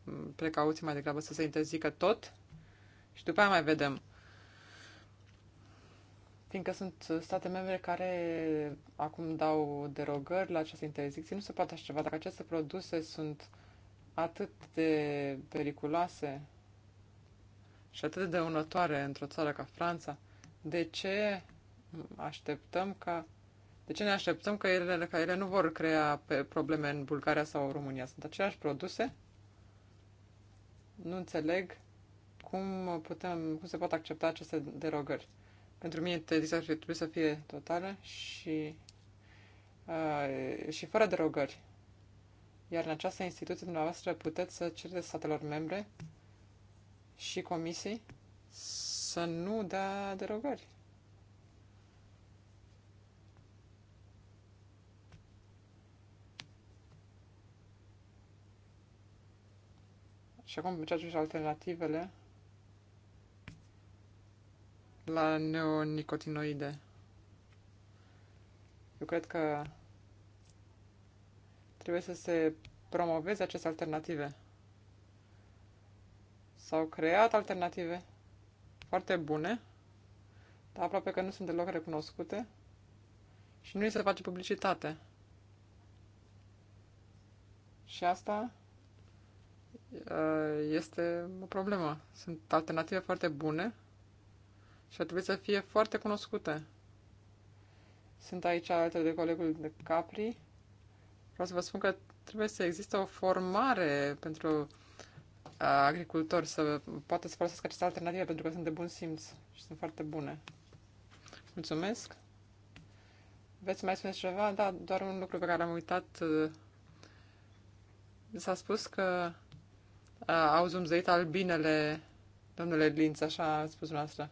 mm, precauții mai degrabă să se interzică tot și după aia mai vedem. Fiindcă sunt state membre care acum dau derogări la această interzicție, nu se poate așa ceva. Dacă aceste produse sunt atât de periculoase, și atât de dăunătoare într-o țară ca Franța, de ce așteptăm ca de ce ne așteptăm că ele, că ele nu vor crea pe probleme în Bulgaria sau în România? Sunt aceleași produse? Nu înțeleg cum, putem, cum se pot accepta aceste derogări. Pentru mine trebuie să fie totală și, uh, și fără derogări. Iar în această instituție dumneavoastră puteți să cereți statelor membre și comisiei să nu dea derogări. Și acum, ce ceea alternativele la neonicotinoide. Eu cred că trebuie să se promoveze aceste alternative. S-au creat alternative foarte bune, dar aproape că nu sunt deloc recunoscute și nu li se face publicitate. Și asta uh, este o problemă. Sunt alternative foarte bune și ar trebui să fie foarte cunoscute. Sunt aici alături de colegul de Capri. Vreau să vă spun că trebuie să existe o formare pentru agricultori să poată să folosească aceste alternative pentru că sunt de bun simț și sunt foarte bune. Mulțumesc! Veți mai spune ceva? Da, doar un lucru pe care l-am uitat. S-a spus că au zumzăit albinele domnule Linț, așa a spus dumneavoastră.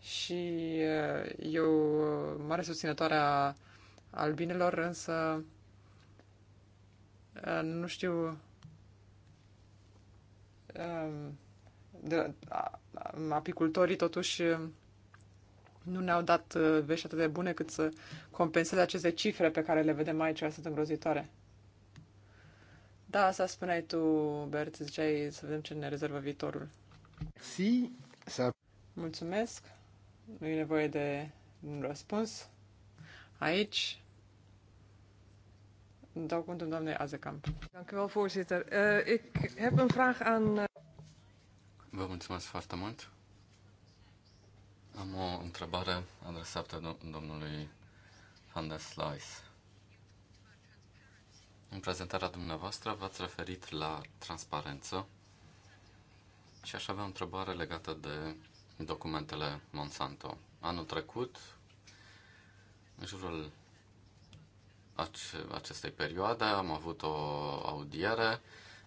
Și eu, mare susținătoare a albinelor, însă nu știu Um, de, apicultorii totuși um, nu ne-au dat uh, vești atât de bune cât să compenseze aceste cifre pe care le vedem aici, care sunt îngrozitoare. Da, asta spuneai tu, Bert, ziceai să vedem ce ne rezervă viitorul. Si, sa... Mulțumesc. Nu e nevoie de un răspuns. Aici Dank u wel, voorzitter. Uh, ik heb een vraag aan... Eh, Vă mulțumesc foarte mult. Am o întrebare adresată domnului Van der Slice. În prezentarea dumneavoastră v-ați referit la transparență și aș avea o întrebare legată de documentele Monsanto. Anul trecut, în jurul acestei perioade. Am avut o audiere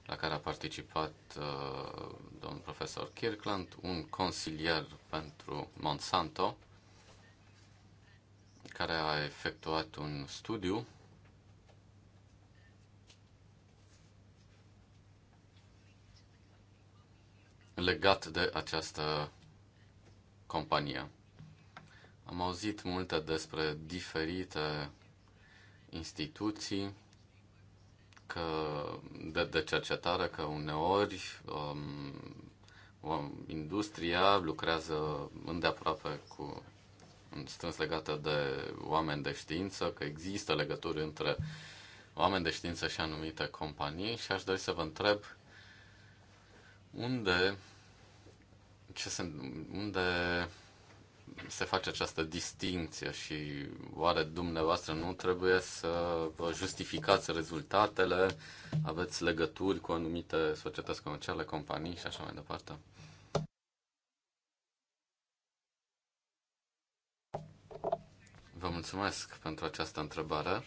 la care a participat uh, domnul profesor Kirkland, un consilier pentru Monsanto, care a efectuat un studiu legat de această companie. Am auzit multe despre diferite instituții că de, de cercetare, că uneori um, um industria lucrează îndeaproape cu strâns legată de oameni de știință, că există legături între oameni de știință și anumite companii și aș dori să vă întreb unde ce se, unde se face această distinție și oare dumneavoastră nu trebuie să vă justificați rezultatele, aveți legături cu anumite societăți comerciale, companii și așa mai departe? Vă mulțumesc pentru această întrebare.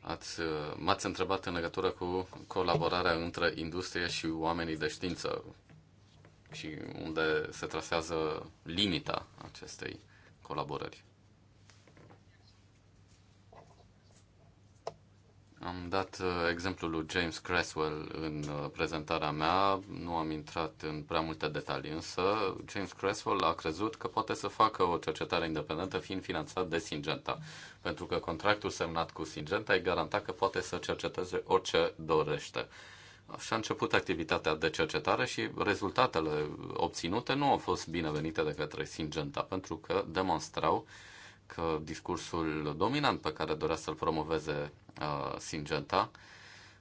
Ați, m-ați întrebat în legătură cu colaborarea între industrie și oamenii de știință, și unde se trasează limita acestei colaborări. Am dat uh, exemplul lui James Creswell în uh, prezentarea mea, nu am intrat în prea multe detalii, însă James Creswell a crezut că poate să facă o cercetare independentă fiind finanțat de Singenta, pentru că contractul semnat cu Singenta îi garanta că poate să cerceteze orice dorește și-a început activitatea de cercetare și rezultatele obținute nu au fost binevenite de către Singenta pentru că demonstrau că discursul dominant pe care dorea să-l promoveze uh, Singenta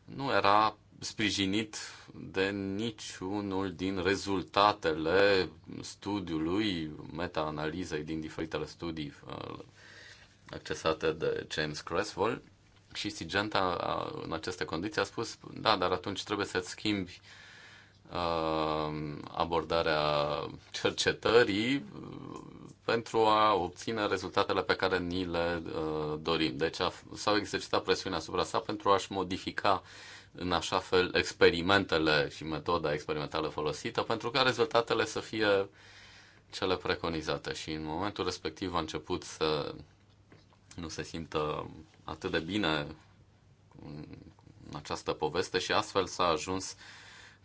nu era sprijinit de niciunul din rezultatele studiului, meta-analizei din diferitele studii uh, accesate de James Creswell și Sigenta, în aceste condiții, a spus, da, dar atunci trebuie să-ți schimbi uh, abordarea cercetării pentru a obține rezultatele pe care ni le uh, dorim. Deci a, s-au exercitat presiunea asupra sa pentru a-și modifica în așa fel experimentele și metoda experimentală folosită pentru ca rezultatele să fie cele preconizate. Și în momentul respectiv a început să nu se simtă atât de bine în această poveste și astfel s-a ajuns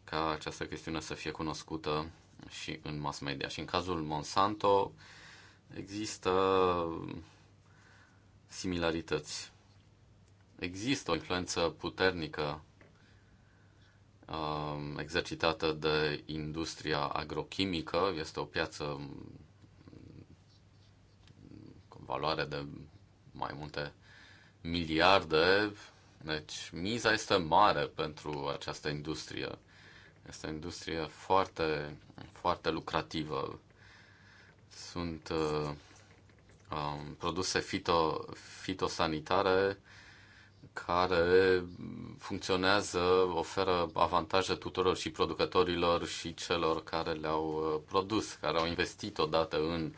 ca această chestiune să fie cunoscută și în mass media. Și în cazul Monsanto există similarități. Există o influență puternică um, exercitată de industria agrochimică, este o piață um, cu valoare de mai multe miliarde. Deci miza este mare pentru această industrie. Este o industrie foarte, foarte lucrativă. Sunt uh, um, produse fito, fitosanitare care funcționează, oferă avantaje tuturor și producătorilor și celor care le-au uh, produs, care au investit odată în uh,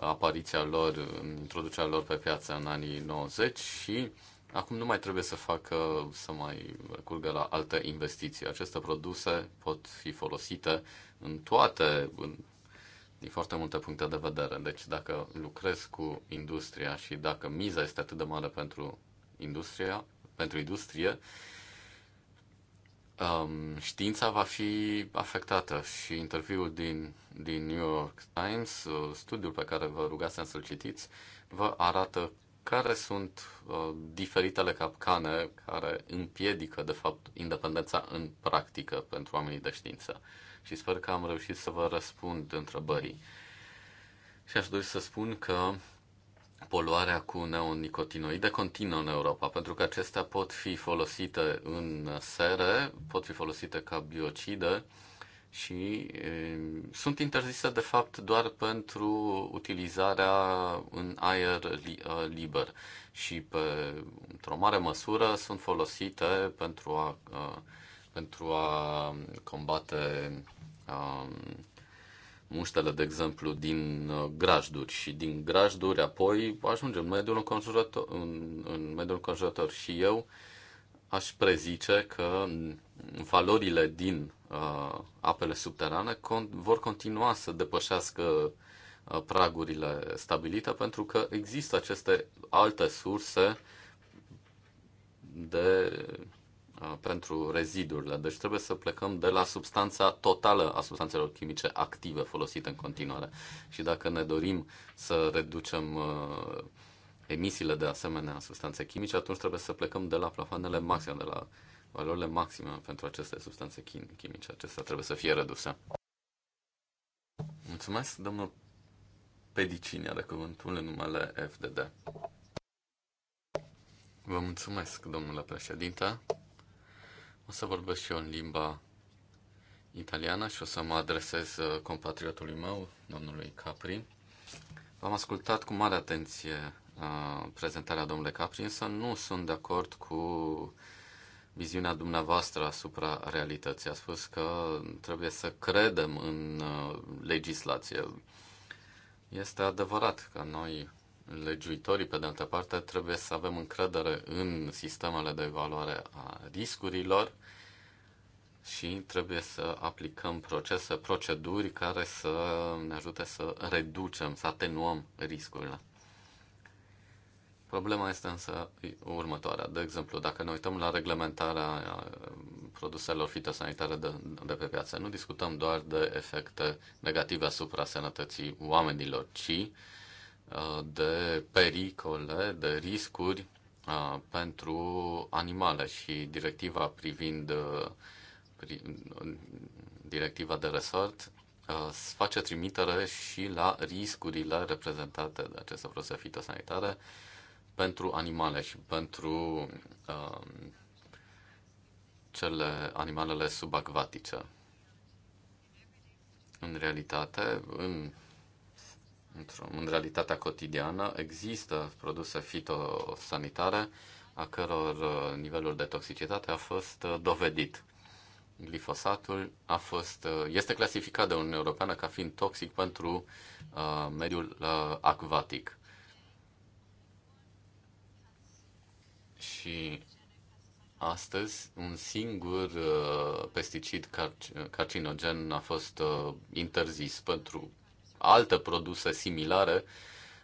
apariția lor, introducerea lor pe piață în anii 90 și acum nu mai trebuie să facă, să mai recurgă la alte investiții. Aceste produse pot fi folosite în toate, în, din foarte multe puncte de vedere. Deci dacă lucrez cu industria și dacă miza este atât de mare pentru industria, pentru industrie, um, știința va fi afectată și interviul din, din New York Times, uh, studiul pe care vă rugați să-l citiți, vă arată care sunt uh, diferitele capcane care împiedică, de fapt, independența în practică pentru oamenii de știință. Și sper că am reușit să vă răspund întrebării. Și aș dori să spun că poluarea cu neonicotinoide continuă în Europa, pentru că acestea pot fi folosite în sere, pot fi folosite ca biocide și e, sunt interzise de fapt doar pentru utilizarea în aer li, liber și pe, într-o mare măsură sunt folosite pentru a, a pentru a combate A, muștele, de exemplu, din uh, grajduri și din grajduri apoi ajungem în mediul înconjurător, în, în mediul înconjurător. și eu aș prezice că mm, valorile din uh, apele subterane con- vor continua să depășească uh, pragurile stabilite pentru că există aceste alte surse de pentru rezidurile. Deci trebuie să plecăm de la substanța totală a substanțelor chimice active folosite în continuare. Și dacă ne dorim să reducem emisiile de asemenea substanțe chimice, atunci trebuie să plecăm de la plafanele maxime, de la valorile maxime pentru aceste substanțe chimice. Acestea trebuie să fie reduse. Mulțumesc, domnul Pedicini are cuvântul în numele FDD. Vă mulțumesc, domnule președinte. O să vorbesc și eu în limba italiană și o să mă adresez uh, compatriotului meu, domnului Capri. V-am ascultat cu mare atenție uh, prezentarea domnului Capri, însă nu sunt de acord cu viziunea dumneavoastră asupra realității. A spus că trebuie să credem în uh, legislație. Este adevărat că noi legiuitorii, pe de altă parte, trebuie să avem încredere în sistemele de evaluare a riscurilor și trebuie să aplicăm procese, proceduri care să ne ajute să reducem, să atenuăm riscurile. Problema este însă următoarea. De exemplu, dacă ne uităm la reglementarea uh, produselor fitosanitare de, de pe piață, nu discutăm doar de efecte negative asupra sănătății oamenilor, ci de pericole, de riscuri pentru animale și directiva privind directiva de resort face trimitere și la riscurile reprezentate de aceste produse fitosanitare pentru animale și pentru cele animalele subacvatice. În realitate, în în realitatea cotidiană, există produse fitosanitare a căror uh, nivelul de toxicitate a fost uh, dovedit. Glifosatul a fost, uh, este clasificat de Uniunea Europeană ca fiind toxic pentru uh, mediul uh, acvatic. Și astăzi un singur uh, pesticid car- carcinogen a fost uh, interzis pentru alte produse similare,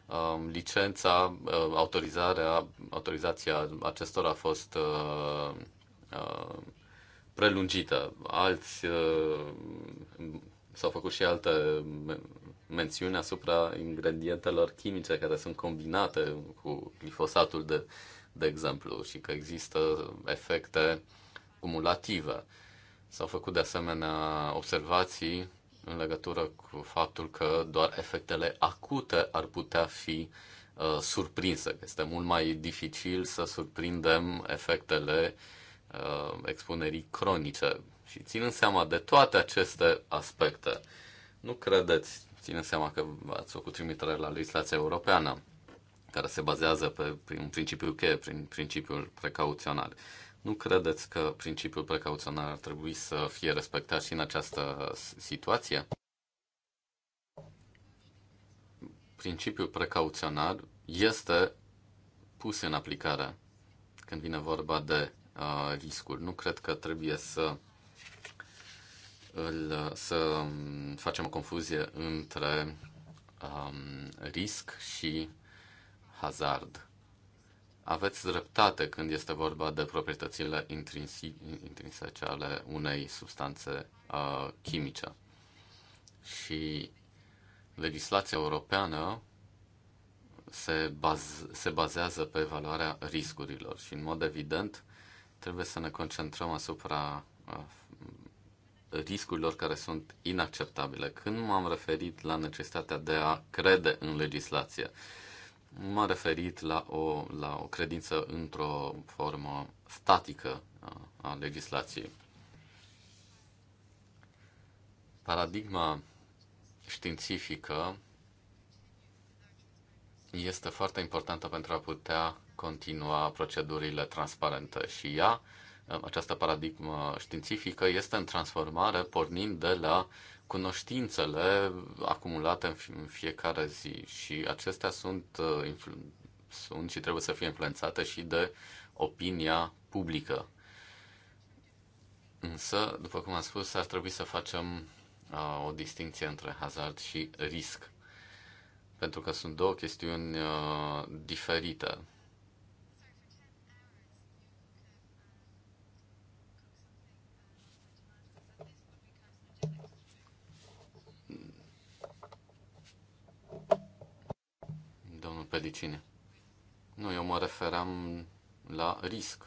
um, licența, uh, autorizarea, autorizația acestora a fost uh, uh, prelungită. Alți s-au făcut și alte mențiuni asupra ingredientelor chimice care sunt combinate cu glifosatul, de, de exemplu, și că există efecte cumulative. S-au făcut de asemenea observații în legătură cu faptul că doar efectele acute ar putea fi uh, surprinse. Este mult mai dificil să surprindem efectele uh, expunerii cronice. Și ținând seama de toate aceste aspecte, nu credeți, ținând seama că ați făcut trimitere la legislația europeană, care se bazează pe un principiu cheie, prin principiul precauțional. Uh, nu credeți că principiul precauțional ar trebui să fie respectat și în această situație? Principiul precauțional este pus în aplicare când vine vorba de uh, riscuri. Nu cred că trebuie să îl, să um, facem o confuzie între um, risc și hazard. Aveți dreptate când este vorba de proprietățile intrinsece ale unei substanțe uh, chimice. Și legislația europeană se, baz- se bazează pe evaluarea riscurilor și, în mod evident, trebuie să ne concentrăm asupra uh, riscurilor care sunt inacceptabile. Când m-am referit la necesitatea de a crede în legislație, uh, m-a referit la o, la o credință într-o formă statică a legislației. Paradigma științifică este foarte importantă pentru a putea continua procedurile transparente și ea, această paradigmă științifică, este în transformare pornind de la cunoștințele acumulate în fiecare zi și acestea sunt, uh, sunt și trebuie să fie influențate și de opinia publică. Însă, după cum am spus, ar trebui să facem uh, o distinție între hazard și risc, pentru că sunt două chestiuni uh, diferite Pedicini. Nu, eu mă referam la risc.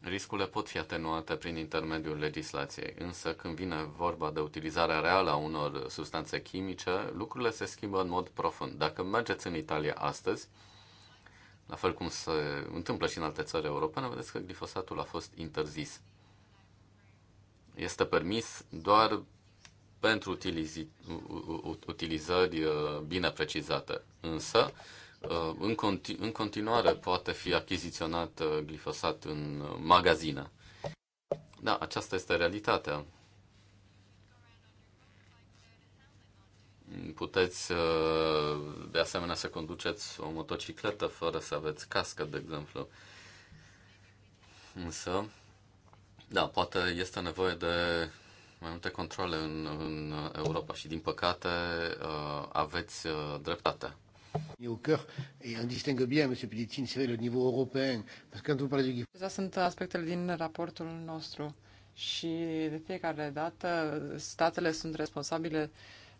Riscurile pot fi atenuate prin intermediul legislației, însă când vine vorba de utilizarea reală a unor substanțe chimice, lucrurile se schimbă în mod profund. Dacă mergeți în Italia astăzi, la fel cum se întâmplă și în alte țări europene, vedeți că glifosatul a fost interzis este permis doar pentru utilizări uh, bine precizate. Însă, uh, în, continu- în continuare poate fi achiziționat uh, glifosat în magazine. Da, aceasta este realitatea. Puteți, de asemenea, să conduceți o motocicletă fără să aveți cască, de exemplu. Însă, da, poate este nevoie de mai multe controle în, în Europa și, din păcate, uh, aveți uh, dreptate. Au cœur, et on distingue bien, M. Pelletin, c'est vrai, le niveau européen, parce que quand vous parlez du Acestea sunt aspectele din raportul nostru și de fiecare dată statele sunt responsabile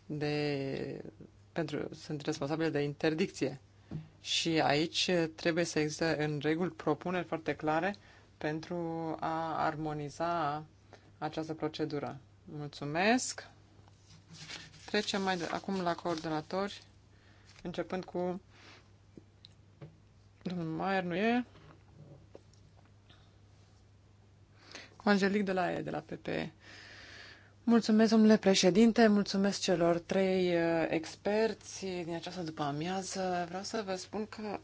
de, pentru, sunt responsabile de interdicție. Și aici trebuie să existe în reguli propuneri foarte clare pentru a armoniza această procedură. Mulțumesc! Trecem mai de, acum la coordonatori, începând cu domnul Maier, nu e? Cu Angelic de la E, de la PPE. Mulțumesc, domnule președinte, mulțumesc celor trei uh, experți din această după amiază. Vreau să vă spun că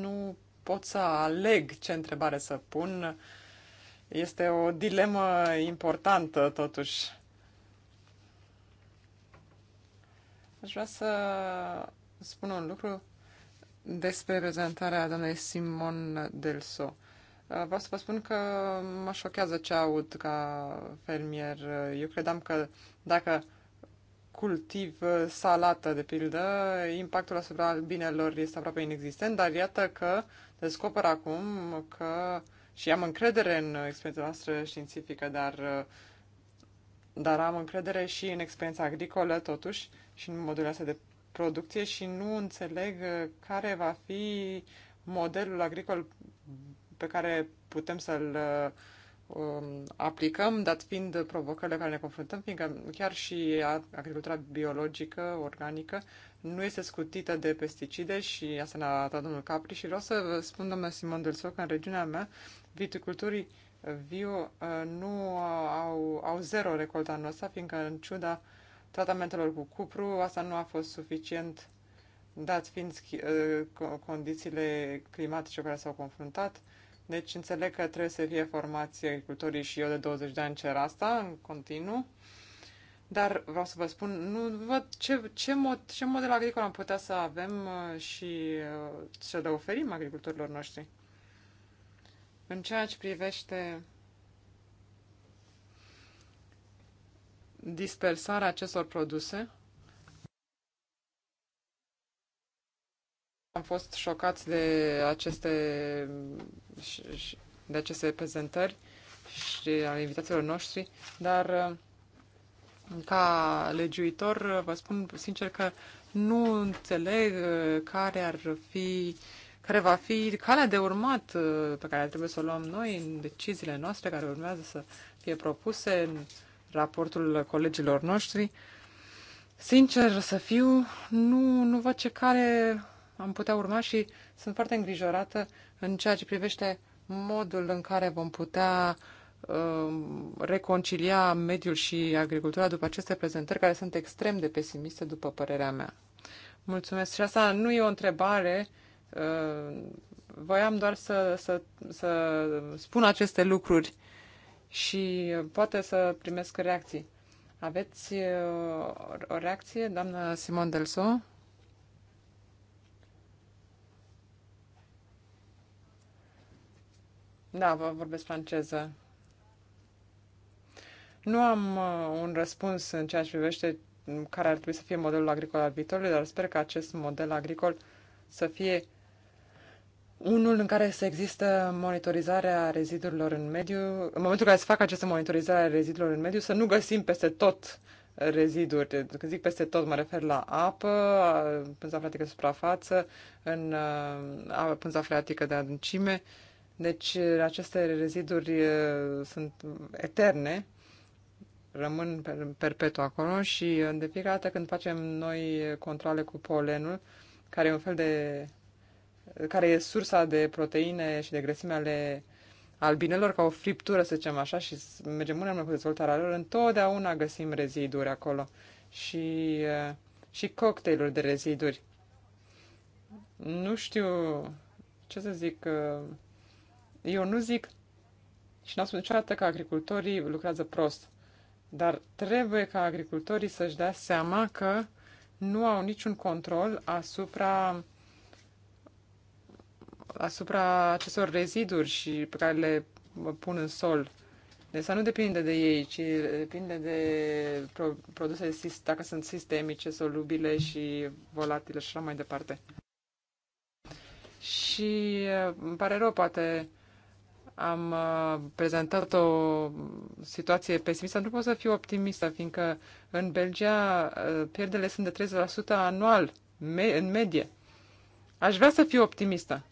nu pot să aleg ce întrebare să pun. Este o dilemă importantă, totuși. Aș vrea să spun un lucru despre prezentarea doamnei Simon Delso. Vreau să vă spun că mă șochează ce aud ca fermier. Eu credeam că dacă cultiv salată, de pildă, impactul asupra albinelor este aproape inexistent, dar iată că descoper acum că și am încredere în experiența noastră științifică, dar, dar am încredere și în experiența agricolă, totuși, și în modul ăsta de producție și nu înțeleg care va fi modelul agricol pe care putem să-l um, aplicăm, dat fiind provocările care ne confruntăm, fiindcă chiar și agricultura biologică, organică, nu este scutită de pesticide și asta ne-a arătat domnul Capri și vreau să vă spun, domnul Simon Delso, că în regiunea mea viticulturii viu uh, nu au, au zero recolta anul ăsta, fiindcă în ciuda tratamentelor cu cupru, asta nu a fost suficient dat fiind uh, condițiile climatice cu care s-au confruntat. Deci înțeleg că trebuie să fie formați agricultorii și eu de 20 de ani cer asta în continuu. Dar vreau să vă spun, nu văd ce, ce, mod, ce model agricol am putea să avem uh, și uh, să le oferim agricultorilor noștri. În ceea ce privește dispersarea acestor produse, am fost șocați de aceste, de aceste prezentări și ale invitațiilor noștri, dar uh, ca legiuitor, vă spun sincer că nu înțeleg uh, care ar fi care va fi calea de urmat uh, pe care trebuie să o luăm noi în deciziile noastre care urmează să fie propuse în raportul colegilor noștri. Sincer să fiu, nu, nu văd ce care am putea urma și sunt foarte îngrijorată în ceea ce privește modul în care vom putea uh, Um, reconcilia mediul și agricultura după aceste prezentări care sunt extrem de pesimiste, după părerea mea. Mulțumesc. Și asta nu e o întrebare. Uh, voiam doar să, să, să spun aceste lucruri și poate să primesc reacții. Aveți uh, o reacție, doamna Simon Delso? Da, vă vorbesc franceză. Nu am uh, un răspuns în ceea ce privește care ar trebui să fie modelul agricol al viitorului, dar sper că acest model agricol să fie unul în care să există monitorizarea rezidurilor în mediu. În momentul în care se fac această monitorizare a rezidurilor în mediu, să nu găsim peste tot reziduri. Când zic peste tot, mă refer la apă, pânza freatică suprafață, în uh, pânza freatică de adâncime. Deci uh, aceste reziduri sunt eterne rămân perpetu acolo și uh, de fiecare dată când facem noi controle cu polenul, care e un fel de care e sursa de proteine și de grăsime ale albinelor, ca o friptură, să zicem așa, și mergem mână mână cu dezvoltarea lor, întotdeauna găsim reziduri acolo și, uh, și cocktailuri de reziduri. Nu știu ce să zic, uh, eu nu zic și n-am spus niciodată că agricultorii lucrează prost. Dar trebuie ca agricultorii să-și dea seama că nu au niciun control asupra asupra acestor reziduri și pe care le pun în sol. Deci să nu depinde de ei, ci depinde de pro- produse, dacă sunt sistemice, solubile și volatile și așa mai departe. Și eh, îmi pare rău, poate am uh, prezentat o situație pesimistă, nu pot să fiu optimistă, fiindcă în Belgia uh, pierderile sunt de 30% anual, me- în medie. Aș vrea să fiu optimistă.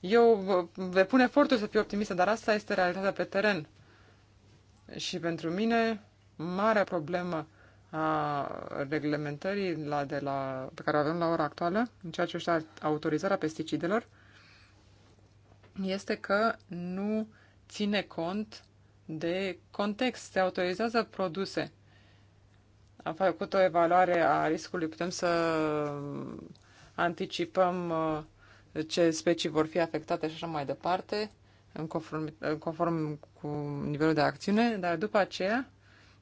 Eu vă pun efortul să fiu optimistă, dar asta este realitatea pe teren. Și pentru mine, marea problemă a reglementării la, de la, pe care o avem la ora actuală, în ceea ce este autorizarea pesticidelor, este că nu ține cont de context. Se autorizează produse. Am făcut o evaluare a riscului. Putem să anticipăm uh, ce specii vor fi afectate și așa mai departe, în conform, în conform cu nivelul de acțiune, dar după aceea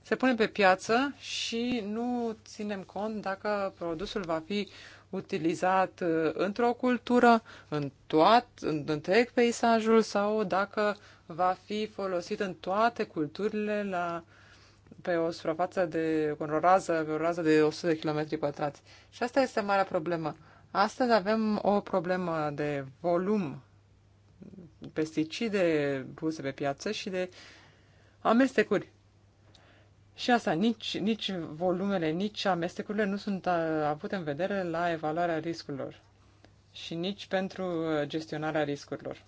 se pune pe piață și nu ținem cont dacă produsul va fi utilizat uh, într-o cultură, în, toat, în întreg peisajul sau dacă va fi folosit în toate culturile la, pe o suprafață de, cu o rază, pe o rază de 100 de km pătrați. Și asta este marea problemă. Astăzi avem o problemă de volum, pesticide puse pe piață și de amestecuri și asta, nici, nici volumele, nici amestecurile nu sunt uh, avute în vedere la evaluarea riscurilor și nici pentru uh, gestionarea riscurilor.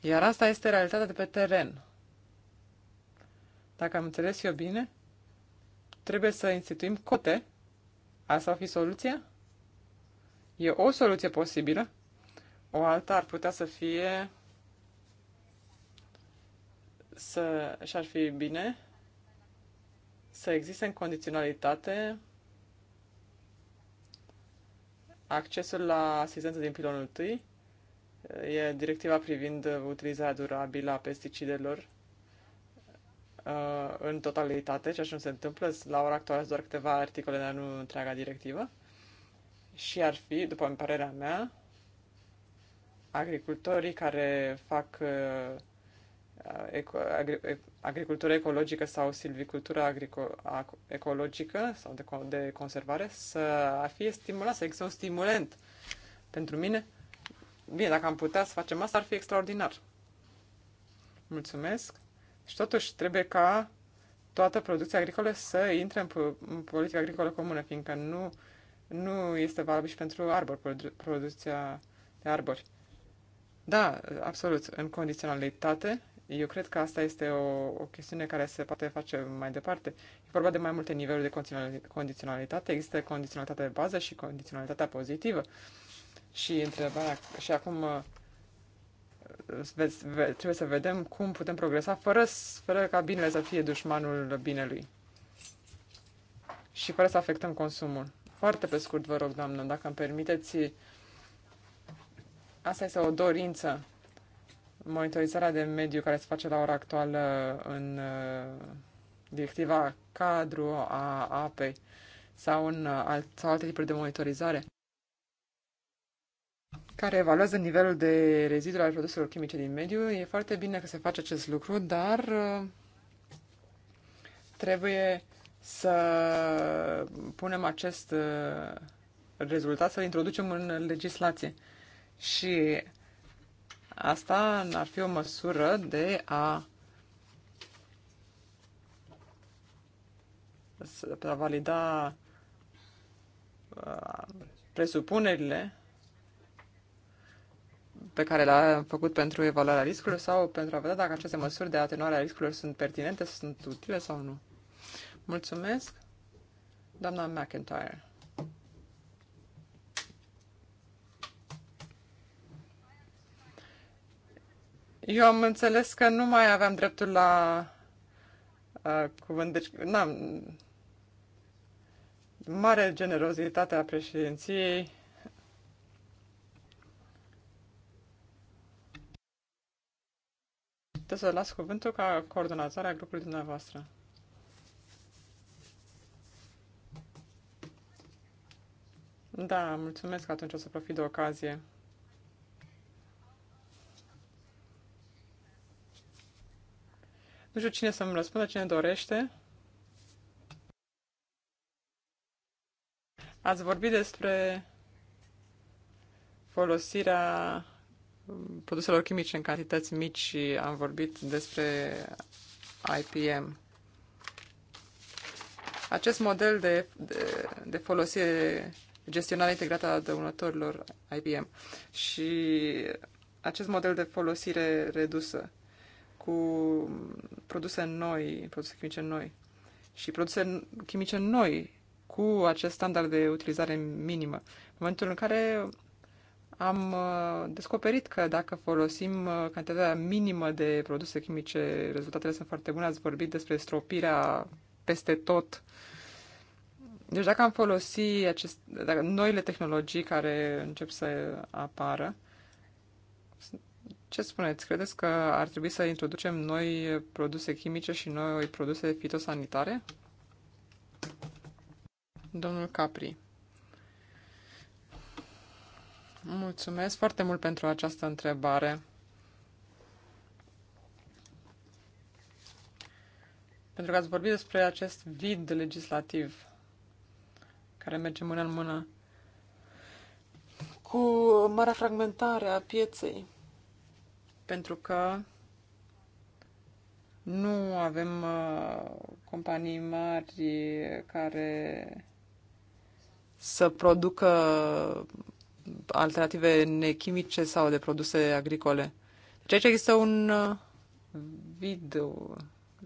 Iar asta este realitatea de pe teren. Dacă am înțeles eu bine, trebuie să instituim cote. Asta ar fi soluția? E o soluție posibilă. O altă ar putea să fie să și-ar fi bine să existe în condiționalitate accesul la asistență din pilonul 1 e directiva privind utilizarea durabilă a pesticidelor uh, în totalitate, ceea ce nu se întâmplă. La ora actuală sunt doar câteva articole, dar nu întreaga directivă. Și ar fi, după părerea mea, agricultorii care fac uh, Uh, agricultura ecologică sau silvicultura agrico- ecologică sau de, de conservare să fie stimulat, să există un stimulant pentru mine. Bine, dacă am putea să facem asta, ar fi extraordinar. Mulțumesc. Și totuși trebuie ca toată producția agricolă să intre în, în politica agricolă comună, fiindcă nu, nu este valabil și pentru arbori, produ producția de arbori. Da, absolut, în condiționalitate eu cred că asta este o, o chestiune care se poate face mai departe. E vorba de mai multe niveluri de condiționalitate. Există condiționalitatea de bază și condiționalitatea pozitivă. Și întrebarea, și acum uh, trebuie să vedem cum putem progresa fără, fără ca binele să fie dușmanul binelui. Și fără să afectăm consumul. Foarte pe scurt, vă rog, doamnă, dacă îmi permiteți. Asta este o dorință monitorizarea de mediu care se face la ora actuală în uh, directiva cadru a apei sau, în uh, alt, sau alte tipuri de monitorizare care evaluează nivelul de reziduri al produselor chimice din mediu. E foarte bine că se face acest lucru, dar uh, trebuie să punem acest rezultat, să-l introducem în legislație. Și Asta ar fi o măsură de a de a valida uh, presupunerile pe care le-a făcut pentru evaluarea riscurilor sau pentru a vedea dacă aceste măsuri de atenuare a riscurilor sunt pertinente, sunt utile sau nu. Mulțumesc, doamna McIntyre. Eu am înțeles că nu mai aveam dreptul la uh, cuvânt, deci n-am... Mare generozitate a președinției. Trebuie să las cuvântul ca coordonatoarea grupului dumneavoastră. Da, mulțumesc, atunci o să profit de ocazie. Nu știu cine să-mi răspundă, cine dorește. Ați vorbit despre folosirea produselor chimice în cantități mici și am vorbit despre IPM. Acest model de, de, de folosire, gestionare integrată a dăunătorilor IPM și acest model de folosire redusă cu produse noi, produse chimice noi și produse chimice noi cu acest standard de utilizare minimă. În momentul în care am uh, descoperit că dacă folosim uh, cantitatea minimă de produse chimice, rezultatele sunt foarte bune. Ați vorbit despre stropirea peste tot. Deci dacă am folosit acest, dacă, noile tehnologii care încep să apară, ce spuneți? Credeți că ar trebui să introducem noi produse chimice și noi produse fitosanitare? Domnul Capri. Mulțumesc foarte mult pentru această întrebare. Pentru că ați vorbit despre acest vid legislativ care merge mână în mână cu marea fragmentare a pieței pentru că nu avem uh, companii mari care să producă alternative nechimice sau de produse agricole. Deci aici există un uh, vid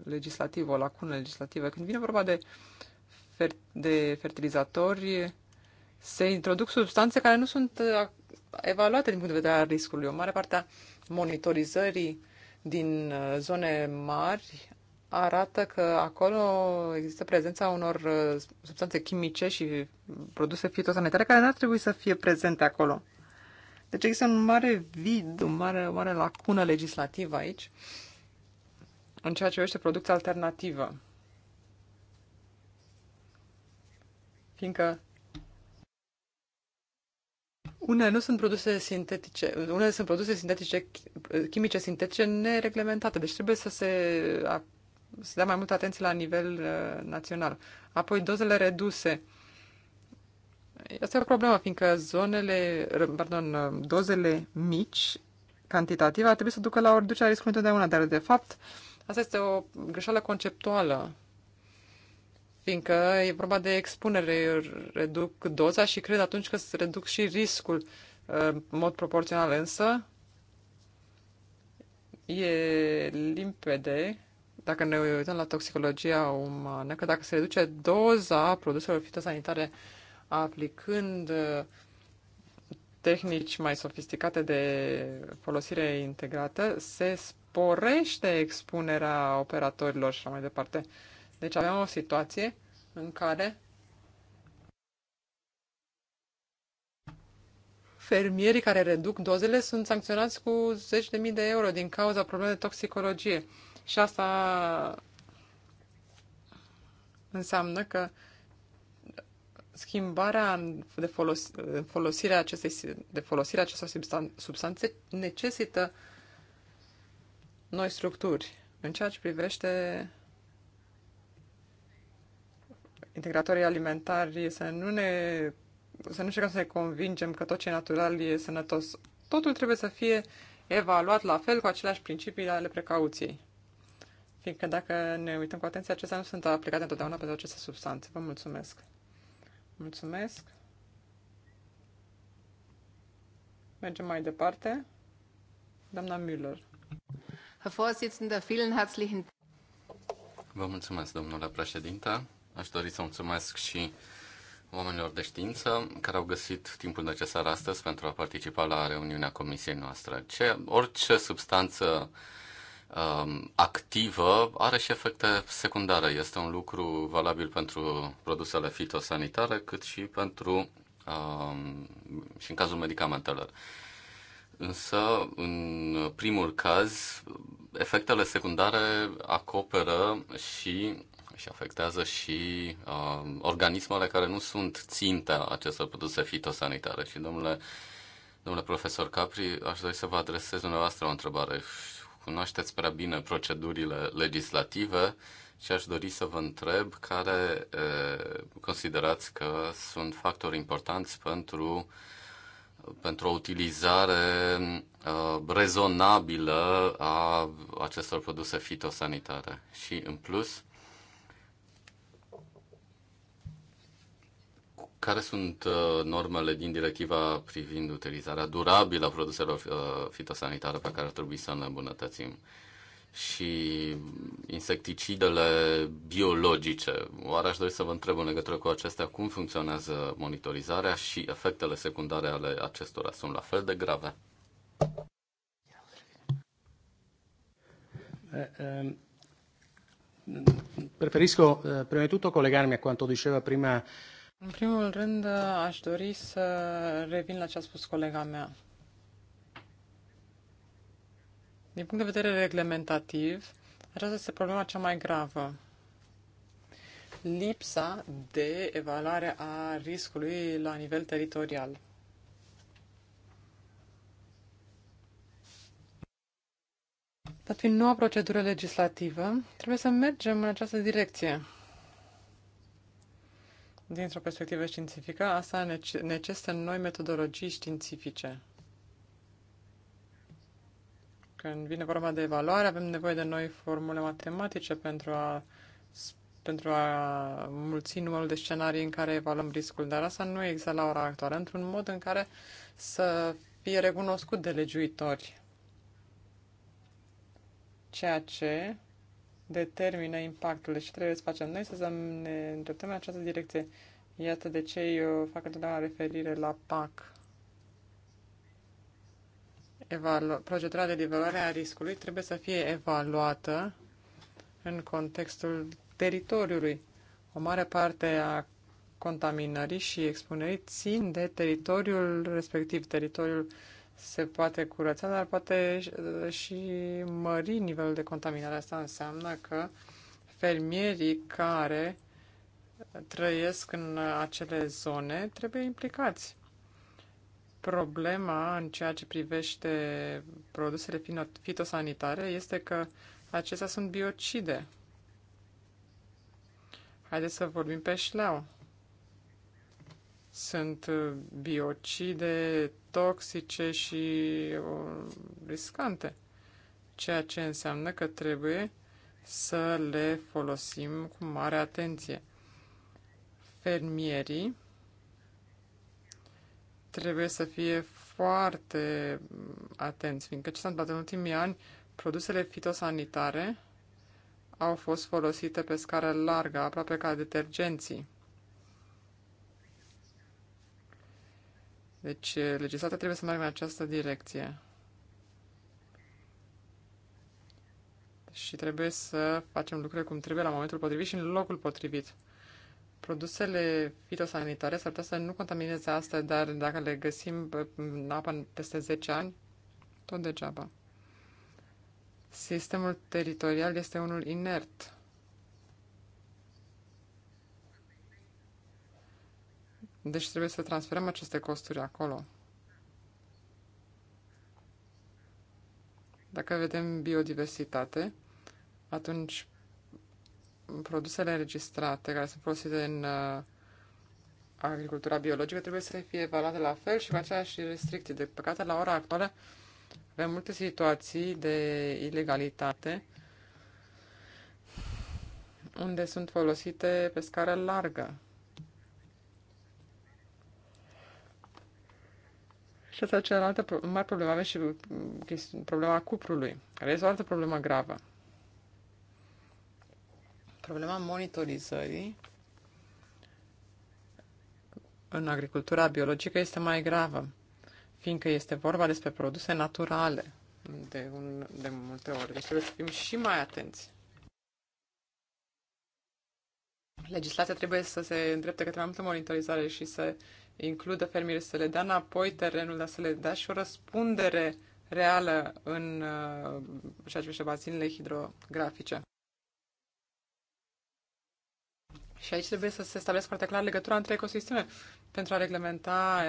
legislativ, o lacună legislativă. Când vine vorba de, fer- de fertilizatori, se introduc substanțe care nu sunt uh, evaluate din punct de vedere al riscului. O mare parte a monitorizării din uh, zone mari arată că acolo există prezența unor uh, substanțe chimice și produse fitosanitare care n-ar trebui să fie prezente acolo. Deci există un mare vid, un mare, o mare lacună legislativă aici în ceea ce este producția alternativă. Fiindcă unele nu sunt produse sintetice, unele sunt produse sintetice, chimice sintetice nereglementate, deci trebuie să se, a, să dea mai multă atenție la nivel uh, național. Apoi dozele reduse. Asta e o problemă, fiindcă zonele, pardon, dozele mici, cantitative, ar trebui să ducă la o reducere a riscului întotdeauna, dar de fapt asta este o greșeală conceptuală fiindcă e vorba de expunere. Eu reduc doza și cred atunci că se reduc și riscul uh, în mod proporțional, însă e limpede dacă ne uităm la toxicologia umană, că dacă se reduce doza produselor fitosanitare aplicând uh, tehnici mai sofisticate de folosire integrată, se sporește expunerea operatorilor și așa mai departe. Deci avem o situație în care fermierii care reduc dozele sunt sancționați cu zeci de mii de euro din cauza problemei de toxicologie. Și asta înseamnă că schimbarea de folos, folosirea acestei, de folosirea acestor substanțe necesită noi structuri. În ceea ce privește integratorii alimentari să nu ne să nu încercăm să ne convingem că tot ce e natural e sănătos. Totul trebuie să fie evaluat la fel cu aceleași principii ale precauției. Fiindcă dacă ne uităm cu atenție, acestea nu sunt aplicate întotdeauna pentru aceste substanțe. Vă mulțumesc! Mulțumesc! Mergem mai departe. Doamna Müller. Vă mulțumesc, domnule președinte. Aș dori să mulțumesc și oamenilor de știință care au găsit timpul necesar astăzi pentru a participa la reuniunea comisiei noastre. Ce, orice substanță um, activă are și efecte secundare. Este un lucru valabil pentru produsele fitosanitare, cât și pentru um, și în cazul medicamentelor. Însă, în primul caz, efectele secundare acoperă și și afectează și uh, organismele care nu sunt ținta acestor produse fitosanitare. Și, domnule, domnule profesor Capri, aș dori să vă adresez dumneavoastră o întrebare. Cunoașteți prea bine procedurile legislative și aș dori să vă întreb care uh, considerați că sunt factori importanți pentru pentru o utilizare uh, rezonabilă a acestor produse fitosanitare. Și în plus, Care sunt uh, normele din directiva privind utilizarea durabilă a produselor uh, fitosanitare pe care ar trebui să le îmbunătățim? și insecticidele biologice. Oare aș dori să vă întreb în legătură cu acestea cum funcționează monitorizarea și efectele secundare ale acestora sunt la fel de grave? Preferisco eh, prima di tutto collegarmi a quanto diceva prima în primul rând, aș dori să revin la ce a spus colega mea. Din punct de vedere reglementativ, aceasta este problema cea mai gravă. Lipsa de evaluare a riscului la nivel teritorial. Dat fiind noua procedură legislativă, trebuie să mergem în această direcție dintr-o perspectivă științifică, asta necesită noi metodologii științifice. Când vine vorba de evaluare, avem nevoie de noi formule matematice pentru a, pentru a mulți numărul de scenarii în care evaluăm riscul, dar asta nu există la ora actuală, într-un mod în care să fie recunoscut de legiuitori. Ceea ce determină impactul. Deci trebuie să facem noi să ne îndreptăm în această direcție. Iată de ce eu fac întotdeauna referire la PAC. Evalu- procedura de evaluare a riscului trebuie să fie evaluată în contextul teritoriului. O mare parte a contaminării și expunerii țin de teritoriul respectiv, teritoriul uh, se poate curăța, dar poate și mări nivelul de contaminare. Asta înseamnă că fermierii care trăiesc în acele zone trebuie implicați. Problema în ceea ce privește produsele fitosanitare este că acestea sunt biocide. Haideți să vorbim pe șleau. Sunt biocide toxice și um, riscante, ceea ce înseamnă că trebuie să le folosim cu mare atenție. Fermierii trebuie să fie foarte mm, atenți, fiindcă ce s-a întâmplat în ultimii ani, produsele fitosanitare au fost folosite pe scară largă, aproape ca detergenții. Deci, eh, legislația trebuie să meargă în această direcție. Și trebuie să facem lucrurile cum trebuie, la momentul potrivit și în locul potrivit. Produsele fitosanitare s-ar putea să nu contamineze asta, dar dacă le găsim în eh, apă peste 10 ani, tot degeaba. Sistemul teritorial este unul inert. Deci trebuie să transferăm aceste costuri acolo. Dacă vedem biodiversitate, atunci produsele înregistrate care sunt folosite în uh, agricultura biologică trebuie să fie evaluate la fel și cu aceleași restricții. De păcate, la ora actuală avem multe situații de ilegalitate unde sunt folosite pe scară largă Și asta altă mare problemă avem și mm, problema cuprului, care este o altă problemă gravă. Problema monitorizării în agricultura biologică este mai gravă, fiindcă este vorba despre produse naturale de, un, de multe ori. Deci trebuie să fim și mai atenți. Legislația trebuie să se îndrepte către mai multă monitorizare și să includă fermierii, să le dea înapoi terenul, dar să le dea și o răspundere reală în uh, ceea ce privește bazinele hidrografice. Și aici trebuie să se stabilească foarte clar legătura între ecosisteme pentru a reglementa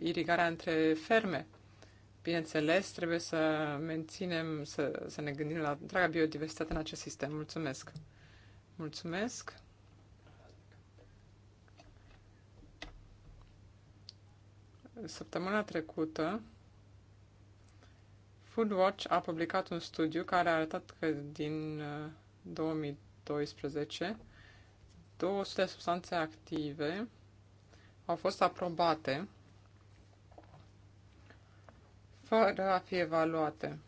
irigarea între ferme. Bineînțeles, trebuie să menținem, să, să ne gândim la întreaga biodiversitate în acest sistem. Mulțumesc! Mulțumesc! Săptămâna trecută, Foodwatch a publicat un studiu care a arătat că din 2012 200 de substanțe active au fost aprobate fără a fi evaluate.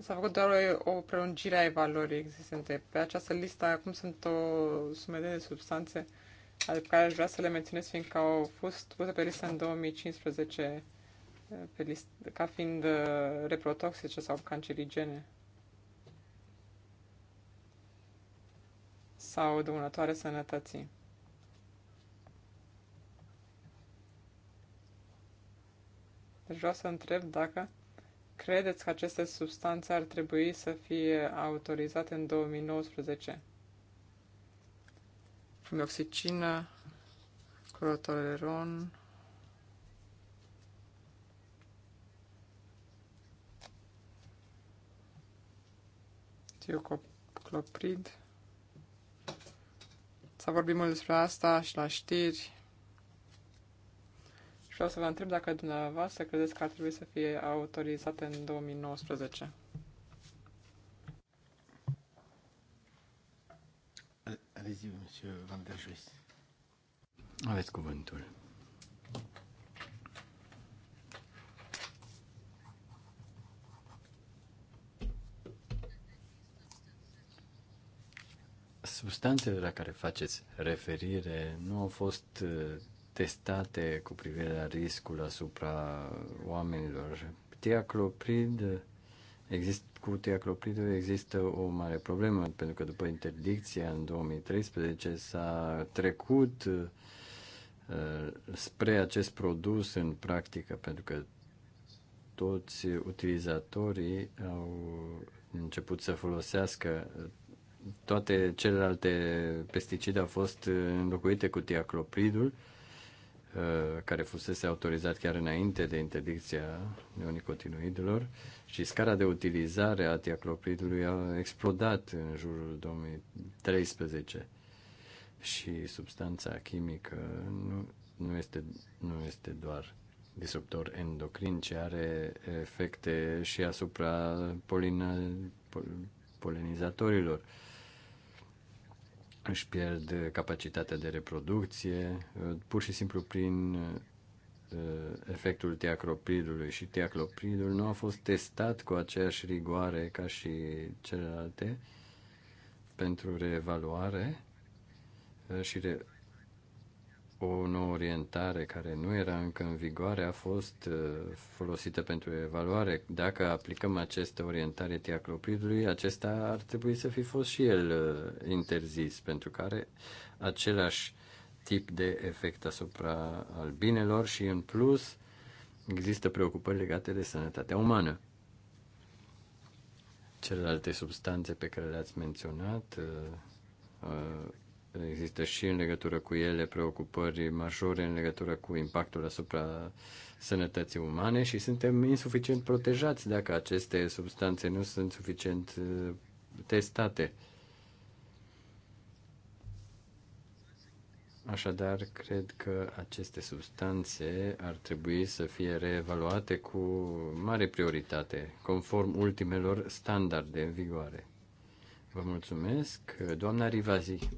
S-a făcut doar o, o prelungire a evaluării existente. Pe această listă acum sunt o sumedenie de substanțe uh, pe care aș vrea să le menționez, fiindcă au fost puse pe listă în 2015 eh, pe list, ca fiind eh, reprotoxice sau cancerigene sau dăunătoare sănătății. Deci vreau să întreb dacă credeți că aceste substanțe ar trebui să fie autorizate în 2019 mioxicină, crotoleron, tiocloprid. S-a vorbit mult despre asta și la știri. Și vreau să vă întreb dacă dumneavoastră credeți că ar trebui să fie autorizate în 2019. Allez-y, monsieur Van der Juis. Aveți cuvântul. Substanțele la care faceți referire nu au fost uh, testate cu privire la riscul asupra oamenilor. Tiacloprid Există, cu teacloplidul există o mare problemă, pentru că după interdicția în 2013 s-a trecut uh, spre acest produs în practică, pentru că toți utilizatorii au început să folosească toate celelalte pesticide au fost înlocuite cu tiaclopridul Uh, care fusese autorizat chiar înainte de interdicția neonicotinoidelor și scara de utilizare a tiaclopridului a explodat în jurul 2013 și substanța chimică nu, nu, este, nu este doar disruptor endocrin, ci are efecte și asupra polina, pol, polinizatorilor. Uh, își pierd capacitatea de reproducție uh, pur și simplu prin uh, efectul teacropridului și teacropridul nu a fost testat cu aceeași rigoare ca și celelalte pentru reevaluare uh, și re- o nouă orientare care nu era încă în vigoare a fost uh, folosită pentru evaluare. Dacă aplicăm această orientare tiaclopridului, acesta ar trebui să fi fost și el uh, interzis, pentru că are același tip de efect asupra albinelor și, în plus, există preocupări legate de sănătatea umană. Celelalte substanțe pe care le-ați menționat uh, Există și în legătură cu ele preocupări majore în legătură cu impactul asupra sănătății umane și suntem insuficient protejați dacă aceste substanțe nu sunt suficient uh, testate. Așadar, cred că aceste substanțe ar trebui să fie reevaluate cu mare prioritate, conform ultimelor standarde în vigoare. Vă mulțumesc, doamna Rivazi.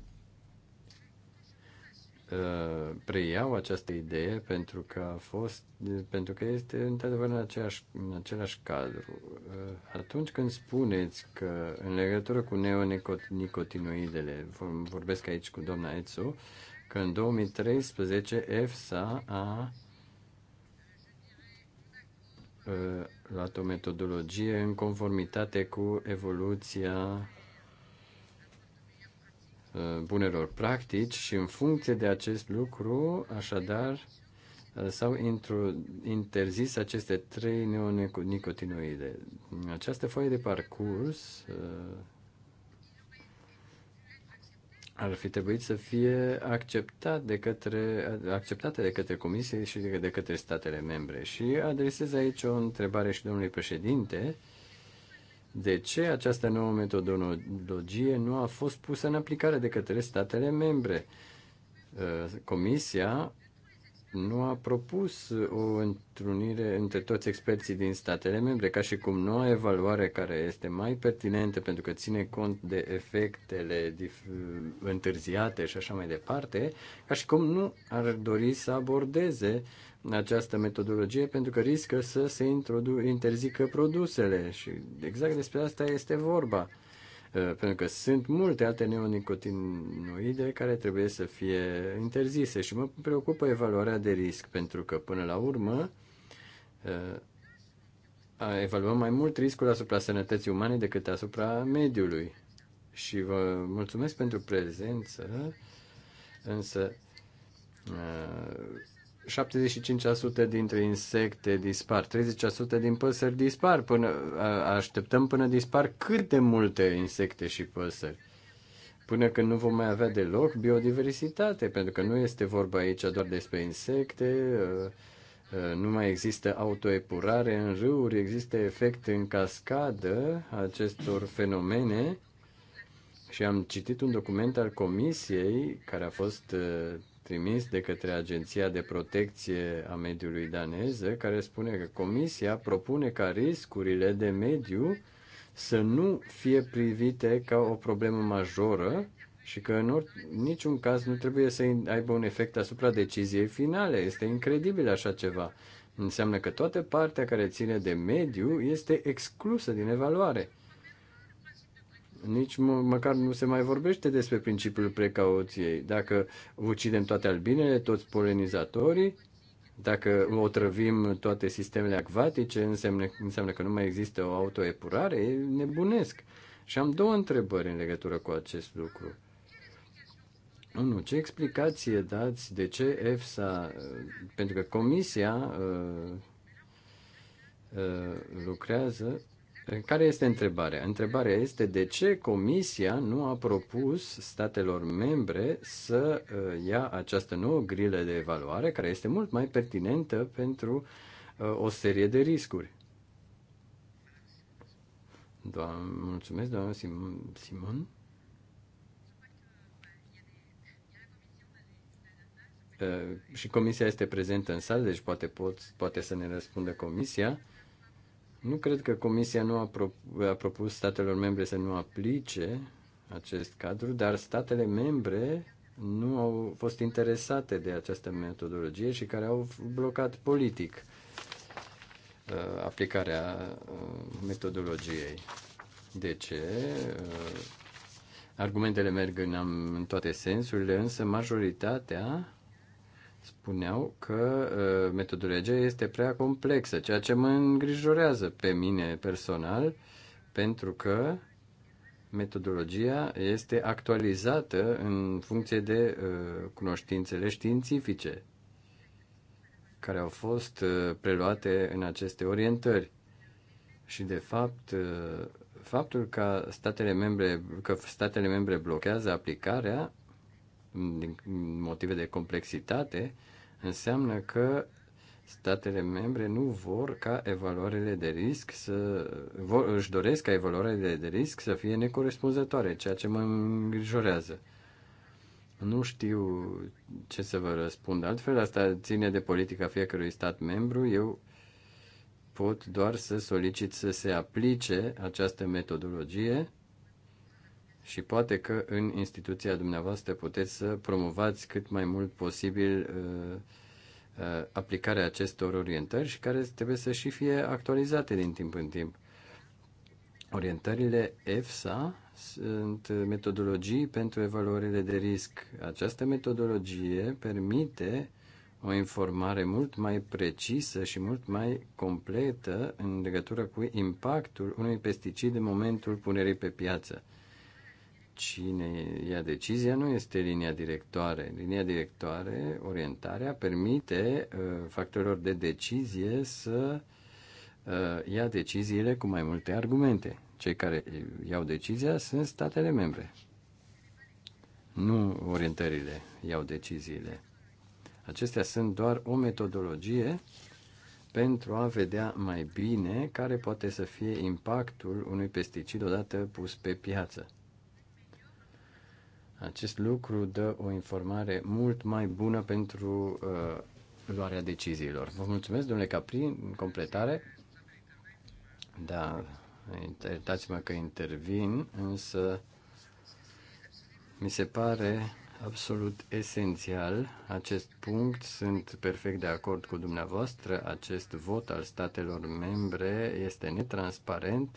Uh, preiau această idee pentru că a fost, pentru că este într-adevăr în, în același cadru. Uh, atunci când spuneți că în legătură cu neonicotinoidele, vorbesc aici cu doamna Etsu, că în 2013 EFSA a uh, luat o metodologie în conformitate cu evoluția Uh, bunelor practici și în funcție de acest lucru, așadar, uh, s-au interzis aceste trei neonicotinoide. Această foaie de parcurs uh, ar fi trebuit să fie acceptat de către, acceptată de către Comisie și de către statele membre. Și adresez aici o întrebare și domnului președinte. Uh, de ce această nouă metodologie nu a fost pusă în aplicare de către statele membre? Uh, Comisia nu a propus o întrunire între toți experții din statele membre, ca și cum noua evaluare care este mai pertinentă pentru că ține cont de efectele întârziate și așa mai departe, ca și cum nu ar dori să abordeze această metodologie pentru că riscă să se interzică produsele și exact despre asta este vorba. Uh, pentru că sunt multe alte neonicotinoide care trebuie să fie interzise și mă preocupă evaluarea de risc pentru că până la urmă uh, evaluăm mai mult riscul asupra sănătății umane decât asupra mediului. Și vă mulțumesc pentru prezență, însă uh, 75% dintre insecte dispar, 30% din păsări dispar, până așteptăm până dispar cât de multe insecte și păsări. Până când nu vom mai avea deloc biodiversitate, pentru că nu este vorba aici doar despre insecte, nu mai există autoepurare în râuri, există efect în cascadă acestor fenomene și am citit un document al comisiei care a fost trimis de către Agenția de Protecție a Mediului Daneză, care spune că Comisia propune ca riscurile de mediu să nu fie privite ca o problemă majoră și că în ori, niciun caz nu trebuie să aibă un efect asupra deciziei finale. Este incredibil așa ceva. Înseamnă că toată partea care ține de mediu este exclusă din evaluare nici mă, măcar nu se mai vorbește despre principiul precauției. Dacă ucidem toate albinele, toți polenizatorii, dacă otrăvim toate sistemele acvatice, înseamnă, înseamnă că nu mai există o autoepurare, e nebunesc. Și am două întrebări în legătură cu acest lucru. Nu, Ce explicație dați de ce EFSA, pentru că Comisia uh, uh, lucrează care este întrebarea? Întrebarea este de ce Comisia nu a propus statelor membre să uh, ia această nouă grilă de evaluare, care este mult mai pertinentă pentru uh, o serie de riscuri. Doamne, mulțumesc, doamna Simon. Uh, și comisia este prezentă în sală, deci poate, poți, poate să ne răspundă comisia. Nu cred că Comisia nu a, pro, a propus statelor membre să nu aplice acest cadru, dar statele membre nu au fost interesate de această metodologie și care au blocat politic uh, aplicarea uh, metodologiei. De ce? Uh, argumentele merg în, în toate sensurile, însă majoritatea spuneau că uh, metodologia este prea complexă, ceea ce mă îngrijorează pe mine personal, pentru că metodologia este actualizată în funcție de uh, cunoștințele științifice care au fost uh, preluate în aceste orientări. Și de fapt, faptul că statele membre că statele membre blochează aplicarea din motive de complexitate, înseamnă că statele membre nu vor ca evaluările de risc să vor, își doresc ca evaluările de risc să fie necorespunzătoare, ceea ce mă îngrijorează. Nu știu ce să vă răspund altfel, asta ține de politica fiecărui stat membru. Eu pot doar să solicit să se aplice această metodologie și poate că în instituția dumneavoastră puteți să promovați cât mai mult posibil uh, uh, aplicarea acestor orientări și care trebuie să și fie actualizate din timp în timp. Orientările EFSA sunt metodologii pentru evaluările de risc. Această metodologie permite o informare mult mai precisă și mult mai completă în legătură cu impactul unui pesticid în momentul punerii pe piață cine ia decizia nu este linia directoare. Linia directoare, orientarea, permite uh, factorilor de decizie să uh, ia deciziile cu mai multe argumente. Cei care iau decizia sunt statele membre. Nu orientările iau deciziile. Acestea sunt doar o metodologie pentru a vedea mai bine care poate să fie impactul unui pesticid odată pus pe piață. Acest lucru dă o informare mult mai bună pentru uh, luarea deciziilor. Vă mulțumesc, domnule Capri, în completare. Da, iertați-mă că intervin, însă mi se pare absolut esențial acest punct. Sunt perfect de acord cu dumneavoastră. Acest vot al statelor membre este netransparent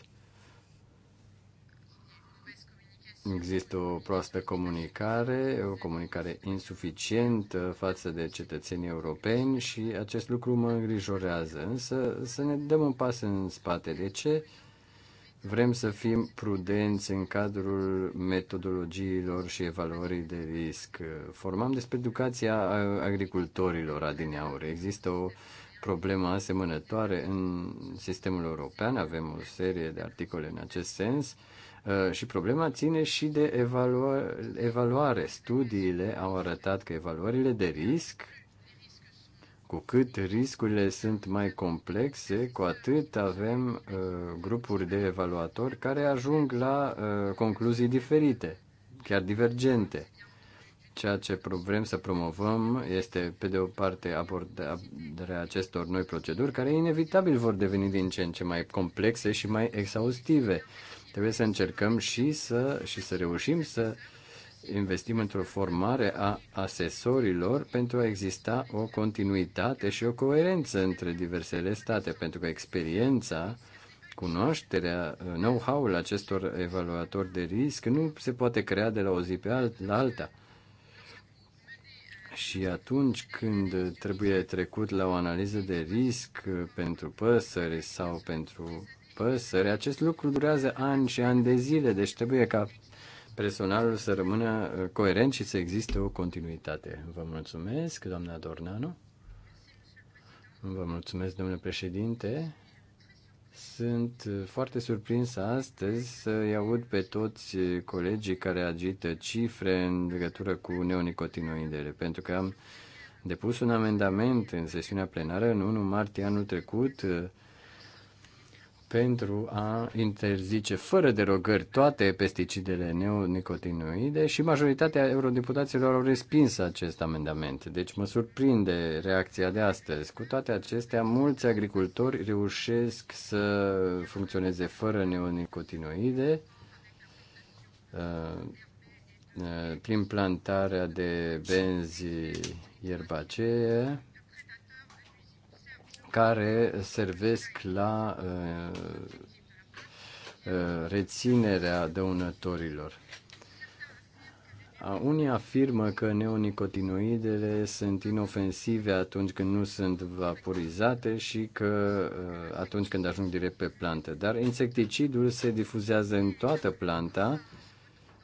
Există o proastă comunicare, o comunicare insuficientă față de cetățenii europeni și acest lucru mă îngrijorează. Însă să ne dăm un pas în spate. De ce vrem să fim prudenți în cadrul metodologiilor și evaluării de risc? Formam despre educația agricultorilor adineauri. Există o problemă asemănătoare în sistemul european. Avem o serie de articole în acest sens Uh, și problema ține și de evaluare, evaluare. Studiile au arătat că evaluările de risc, cu cât riscurile sunt mai complexe, cu atât avem uh, grupuri de evaluatori care ajung la uh, concluzii diferite, chiar divergente ceea ce vrem să promovăm este, pe de o parte, abordarea acestor noi proceduri, care inevitabil vor deveni din ce în ce mai complexe și mai exhaustive. Trebuie să încercăm și să, și să reușim să investim într-o formare a asesorilor pentru a exista o continuitate și o coerență între diversele state, pentru că experiența, cunoașterea, know-how-ul acestor evaluatori de risc nu se poate crea de la o zi pe alt, la alta. Și atunci când trebuie trecut la o analiză de risc pentru păsări sau pentru păsări. Acest lucru durează ani și ani de zile, deci trebuie ca personalul să rămână uh, coerent și să existe o continuitate. Vă mulțumesc, doamna Dornanu. Vă mulțumesc, domnule președinte. Sunt uh, foarte surprins astăzi să-i aud pe toți uh, colegii care agită cifre în legătură cu neonicotinoidele, pentru că am depus un amendament în sesiunea plenară în 1 martie anul trecut pentru a interzice fără derogări toate pesticidele neonicotinoide și majoritatea eurodiputaților au respins acest amendament. Deci mă surprinde reacția de astăzi. Cu toate acestea, mulți agricultori reușesc să funcționeze fără neonicotinoide uh, uh, prin plantarea de benzi ierbacee care servesc la uh, uh, reținerea dăunătorilor. Unii afirmă că neonicotinoidele sunt inofensive atunci când nu sunt vaporizate și că uh, atunci când ajung direct pe plantă. Dar insecticidul se difuzează în toată planta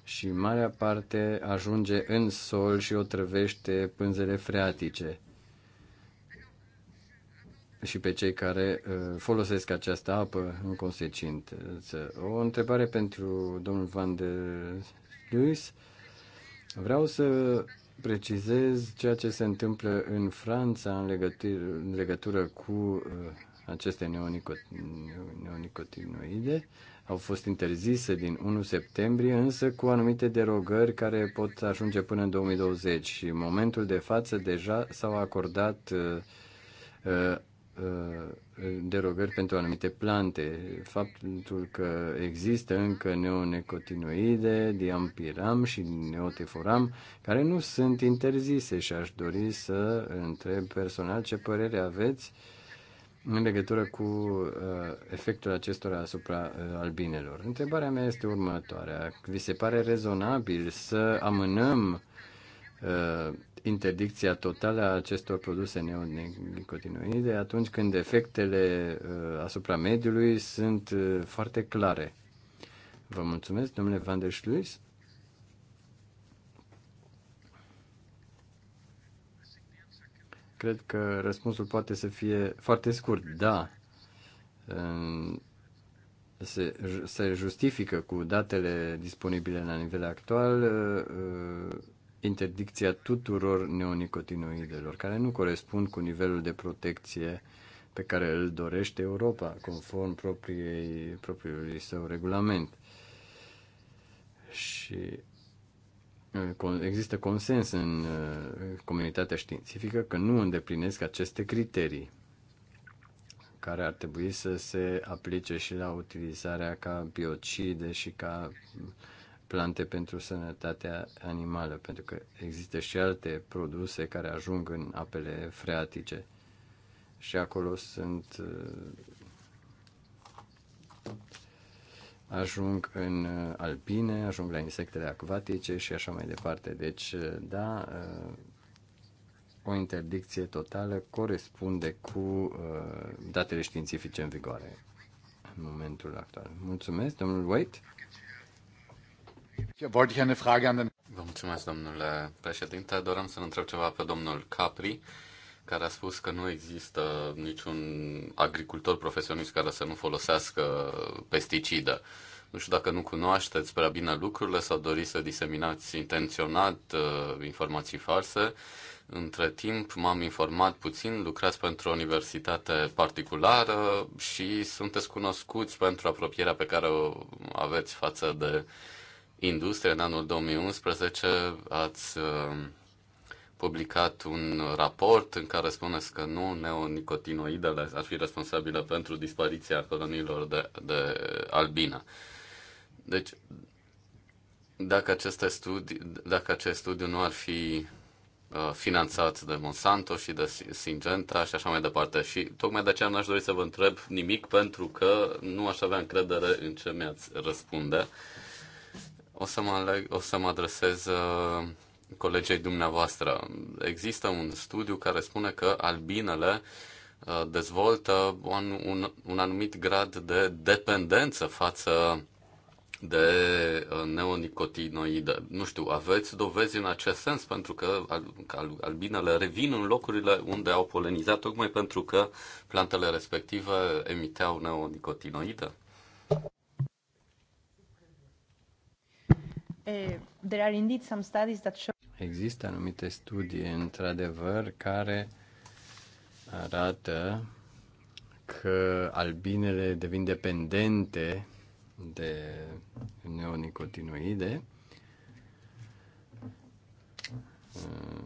și marea parte ajunge în sol și otrăvește pânzele freatice și pe cei care uh, folosesc această apă în consecință. O întrebare pentru domnul Van der Luis. Vreau să precizez ceea ce se întâmplă în Franța în legătură, în legătură cu uh, aceste neonicotinoide. Au fost interzise din 1 septembrie, însă cu anumite derogări care pot ajunge până în 2020 și în momentul de față deja s-au acordat uh, Uh, derogări pentru anumite plante. Faptul că există încă neonecotinoide, diampiram și neoteforam, care nu sunt interzise și aș dori să întreb personal ce părere aveți în legătură cu uh, efectul acestora asupra uh, albinelor. Întrebarea mea este următoarea. Vi se pare rezonabil să amânăm uh, interdicția totală a acestor produse neonicotinoide atunci când efectele uh, asupra mediului sunt uh, foarte clare. Vă mulțumesc, domnule Van der Schluis. Cred că răspunsul poate să fie foarte scurt. Da, uh, se, se justifică cu datele disponibile la nivel actual interdicția tuturor neonicotinoidelor, care nu corespund cu nivelul de protecție pe care îl dorește Europa, conform propriei, propriului său regulament. Și uh, există consens în uh, comunitatea științifică că nu îndeplinesc aceste criterii care ar trebui să se aplice și la utilizarea ca biocide și ca uh, plante pentru sănătatea animală, pentru că există și alte produse care ajung în apele freatice. Și acolo sunt uh, ajung în uh, alpine, ajung la insectele acvatice și așa mai departe. Deci, uh, da, o interdicție totală corespunde cu datele științifice în vigoare în momentul actual. Mulțumesc, domnul Wait. Vă mulțumesc, domnule președinte. Doream să-l întreb ceva pe domnul Capri, care a spus că nu există niciun agricultor profesionist care să nu folosească pesticidă. Nu știu dacă nu cunoașteți prea bine lucrurile sau doriți să diseminați intenționat uh, informații false. Între timp m-am informat puțin, lucrați pentru o universitate particulară și sunteți cunoscuți pentru apropierea pe care o aveți față de uh, industrie, în anul 2011 ați um, publicat un raport în care spuneți că nu neonicotinoidele ar fi responsabile pentru dispariția coloniilor de, de albine. Deci, dacă acest, studiu, dacă acest studiu nu ar fi uh, finanțat de Monsanto și de Syngenta și așa mai departe. Și tocmai de aceea n-aș dori să vă întreb nimic pentru că nu aș avea încredere în ce mi-ați răspunde. Uh, o să mă, aleg, o să mă adresez uh, colegei dumneavoastră. Există un studiu care spune că albinele uh, dezvoltă un, un, un anumit grad de dependență față de uh, neonicotinoide. Nu știu, aveți dovezi în acest sens pentru că albinele revin în locurile unde au polenizat tocmai pentru că plantele respective emiteau neonicotinoide? Eh, there are indeed some studies that show Există anumite studii, într-adevăr, care arată că albinele devin dependente de neonicotinoide. Eh,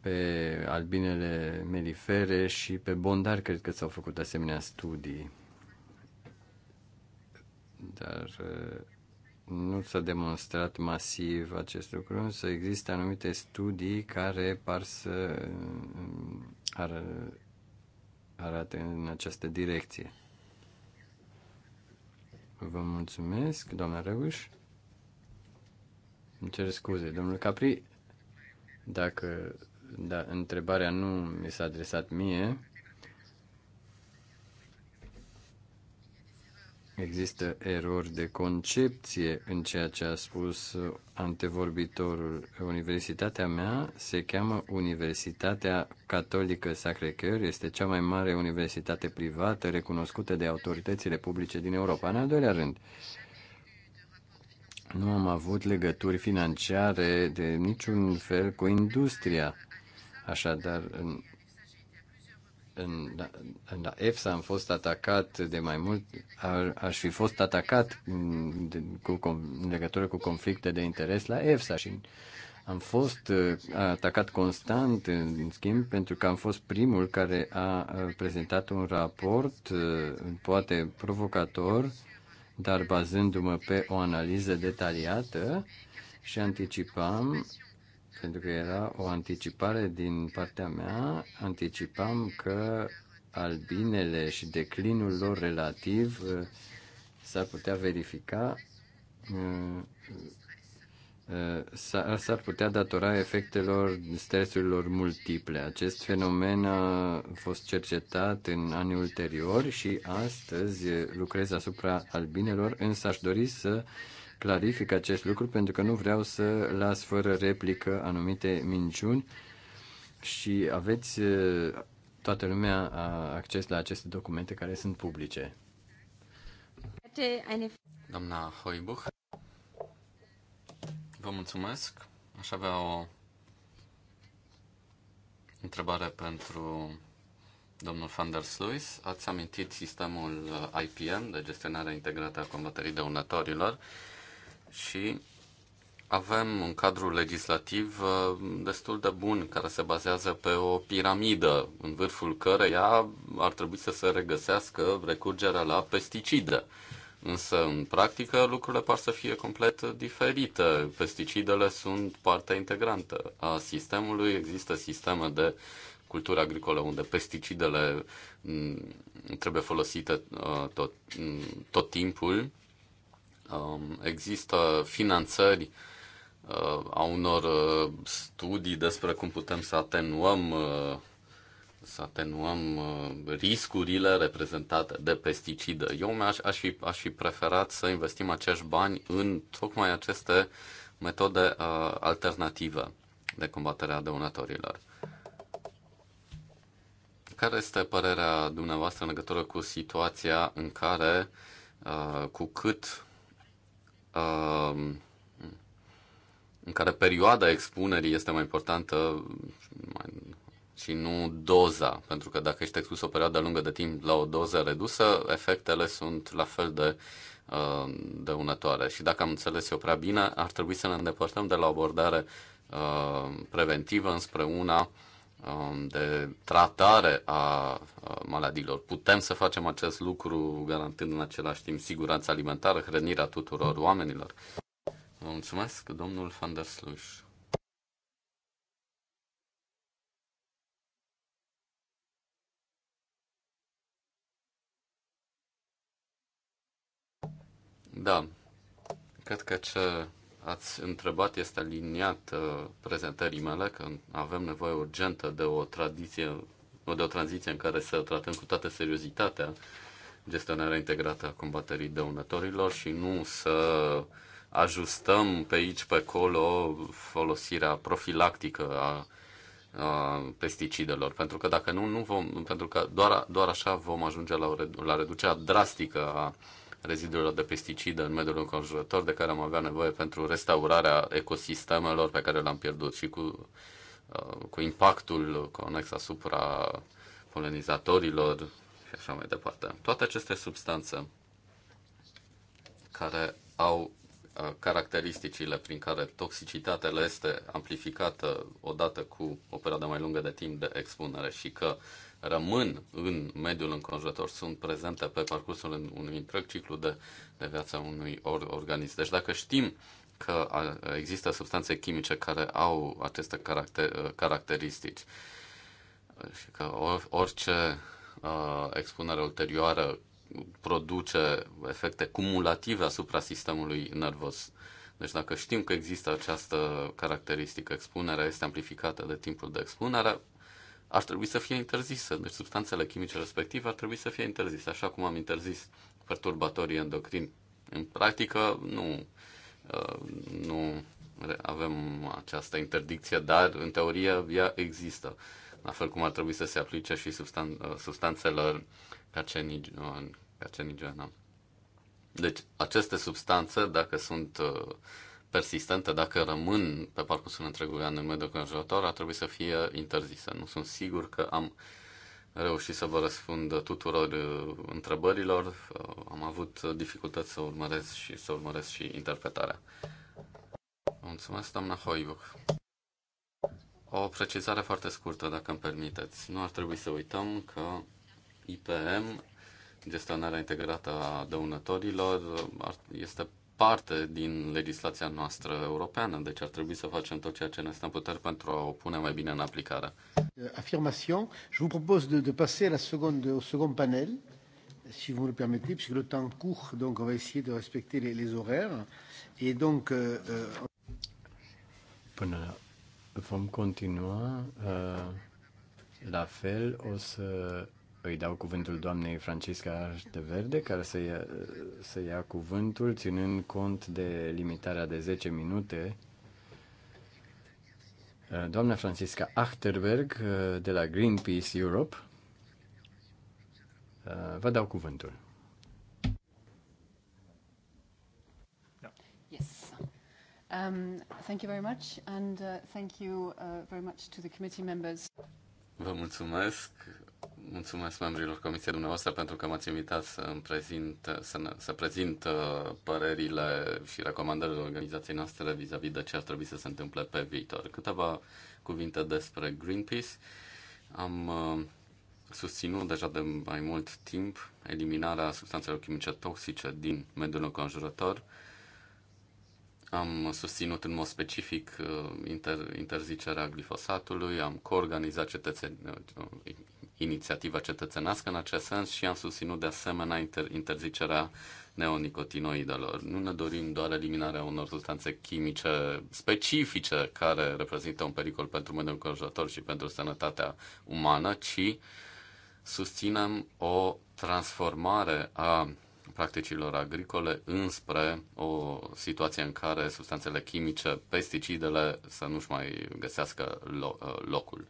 pe albinele melifere și pe bondar cred că s-au făcut asemenea studii. Dar eh, nu s-a demonstrat masiv acest lucru, însă există anumite studii care par să ar, arate în această direcție. Vă mulțumesc, doamna Răuș. Îmi cer scuze, domnul Capri, dacă da, întrebarea nu mi s-a adresat mie, Există erori de concepție în ceea ce a spus antevorbitorul. Universitatea mea se cheamă Universitatea Catolică Sacre-Cœur, este cea mai mare universitate privată recunoscută de autoritățile publice din Europa. În al doilea rând, nu am avut legături financiare de niciun fel cu industria. Așadar, în, în la EFSA am fost atacat de mai mult, ar, aș fi fost atacat de, cu, în legătură cu conflicte de interes la EFSA și am fost uh, atacat constant, în schimb, pentru că am fost primul care a prezentat un raport, uh, poate provocator, dar bazându-mă pe o analiză detaliată și anticipam pentru că era o anticipare din partea mea, anticipam că albinele și declinul lor relativ uh, s-ar putea verifica, uh, uh, s-ar putea datora efectelor stresurilor multiple. Acest fenomen a fost cercetat în anii ulteriori și astăzi lucrez asupra albinelor, însă aș dori să clarific acest lucru pentru că nu vreau să las fără replică anumite minciuni și aveți toată lumea acces la aceste documente care sunt publice. Doamna Hoibuch, vă mulțumesc. Aș avea o întrebare pentru domnul van der Sluis. Ați amintit sistemul IPM de gestionare integrată a combaterii dăunătorilor. De și avem un cadru legislativ uh, destul de bun care se bazează pe o piramidă în vârful căreia ar trebui să se regăsească recurgerea la pesticide. Însă, în practică, lucrurile par să fie complet diferite. Pesticidele sunt parte integrantă a sistemului. Există sisteme de cultură agricolă unde pesticidele mm, trebuie folosite uh, tot, mm, tot timpul Um, există finanțări uh, a unor uh, studii despre cum putem să atenuăm uh, să atenuăm riscurile reprezentate de pesticide. Eu mi-aș, aș, fi, aș fi preferat să investim acești bani în tocmai aceste metode alternative de combatere a dăunătorilor. Care este părerea dumneavoastră în legătură cu situația în care, uh, cu cât Um, în care perioada expunerii este mai importantă și nu doza, pentru că dacă ești expus o perioadă lungă de timp la o doză redusă, efectele sunt la fel de um, dăunătoare. Și dacă am înțeles eu prea bine, ar trebui să ne îndepărtăm de la o abordare um, preventivă înspre una Um, de tratare a maladilor. Putem să facem acest lucru garantând în același timp siguranța alimentară, hrănirea tuturor oamenilor. Vă mulțumesc, domnul van der Sluș. Da, cred că ce ați întrebat este aliniat uh, prezentării mele că avem nevoie urgentă de o tradiție, de o tranziție în care să tratăm cu toată seriozitatea gestionarea integrată a combaterii dăunătorilor și nu să ajustăm pe aici, pe acolo folosirea profilactică a, a pesticidelor, pentru că dacă nu, nu vom, pentru că doar, doar așa vom ajunge la, o, la reducerea drastică a reziduelor de pesticide în mediul înconjurător de care am avea nevoie pentru restaurarea ecosistemelor pe care le-am pierdut și cu, uh, cu impactul conex asupra polenizatorilor și așa mai departe. Toate aceste substanțe care au uh, caracteristicile prin care toxicitatea le este amplificată odată cu o perioadă mai lungă de timp de expunere și că rămân în mediul înconjurător, sunt prezente pe parcursul unui întreg ciclu de, de viață unui or, organism. Deci dacă știm că există substanțe chimice care au aceste caracter, uh, caracteristici uh, și că orice uh, expunere ulterioară produce efecte cumulative asupra sistemului nervos. Deci dacă știm că există această caracteristică, expunerea este amplificată de timpul de expunere, ar trebui să fie interzisă. Deci substanțele chimice respective ar trebui să fie interzise, așa cum am interzis perturbatorii endocrini. În practică nu, uh, nu avem această interdicție, dar în teorie ea există. La fel cum ar trebui să se aplice și substan- uh, substanțelor carcinogene. Uh, deci aceste substanțe, dacă sunt persistente, dacă rămân pe parcursul întregului an în mediul conjurător, ar trebui să fie interzisă. Nu sunt sigur că am reușit să vă răspund tuturor uh, întrebărilor. Uh, am avut dificultăți să urmăresc și să urmăresc și interpretarea. Mulțumesc, doamna Hoibuc. O precizare foarte scurtă, dacă îmi permiteți. Nu ar trebui să uităm că IPM, gestionarea integrată a dăunătorilor, este parte din legislația noastră europeană, deci ar trebui să facem tot ceea ce ne stăm puteri pentru a o pune mai bine în aplicare. Affirmation. Je vous propose de, de passer la seconde, au second panel, si vous le permettez, puisque le temps court, donc on va essayer de respecter les, les horaires. Et donc... Euh, euh Până vom continua, uh, la fel o să îi dau cuvântul doamnei Francisca de Verde, care să ia, să ia cuvântul, ținând cont de limitarea de 10 minute. Doamna Francisca Achterberg, de la Greenpeace Europe, vă dau cuvântul. Da. Um, thank you very much and uh, thank you uh, very much to the committee members. Vă mulțumesc Mulțumesc membrilor Comisiei dumneavoastră pentru că m-ați invitat să prezint, să, ne, să prezint uh, părerile și recomandările organizației noastre vis-a-vis -vis de ce ar trebui să se întâmple pe viitor. Câteva cuvinte despre Greenpeace. Am uh, susținut deja de mai mult timp eliminarea substanțelor chimice toxice din mediul înconjurător. Am susținut în mod specific uh, inter, interzicerea glifosatului, am coorganizat cetățenii inițiativă cetățenească în acest sens și am susținut de asemenea inter- interzicerea neonicotinoidelor. Nu ne dorim doar eliminarea unor substanțe chimice specifice care reprezintă un pericol pentru mediul înconjurător și pentru sănătatea umană, ci susținem o transformare a practicilor agricole înspre o situație în care substanțele chimice, pesticidele, să nu-și mai găsească locul.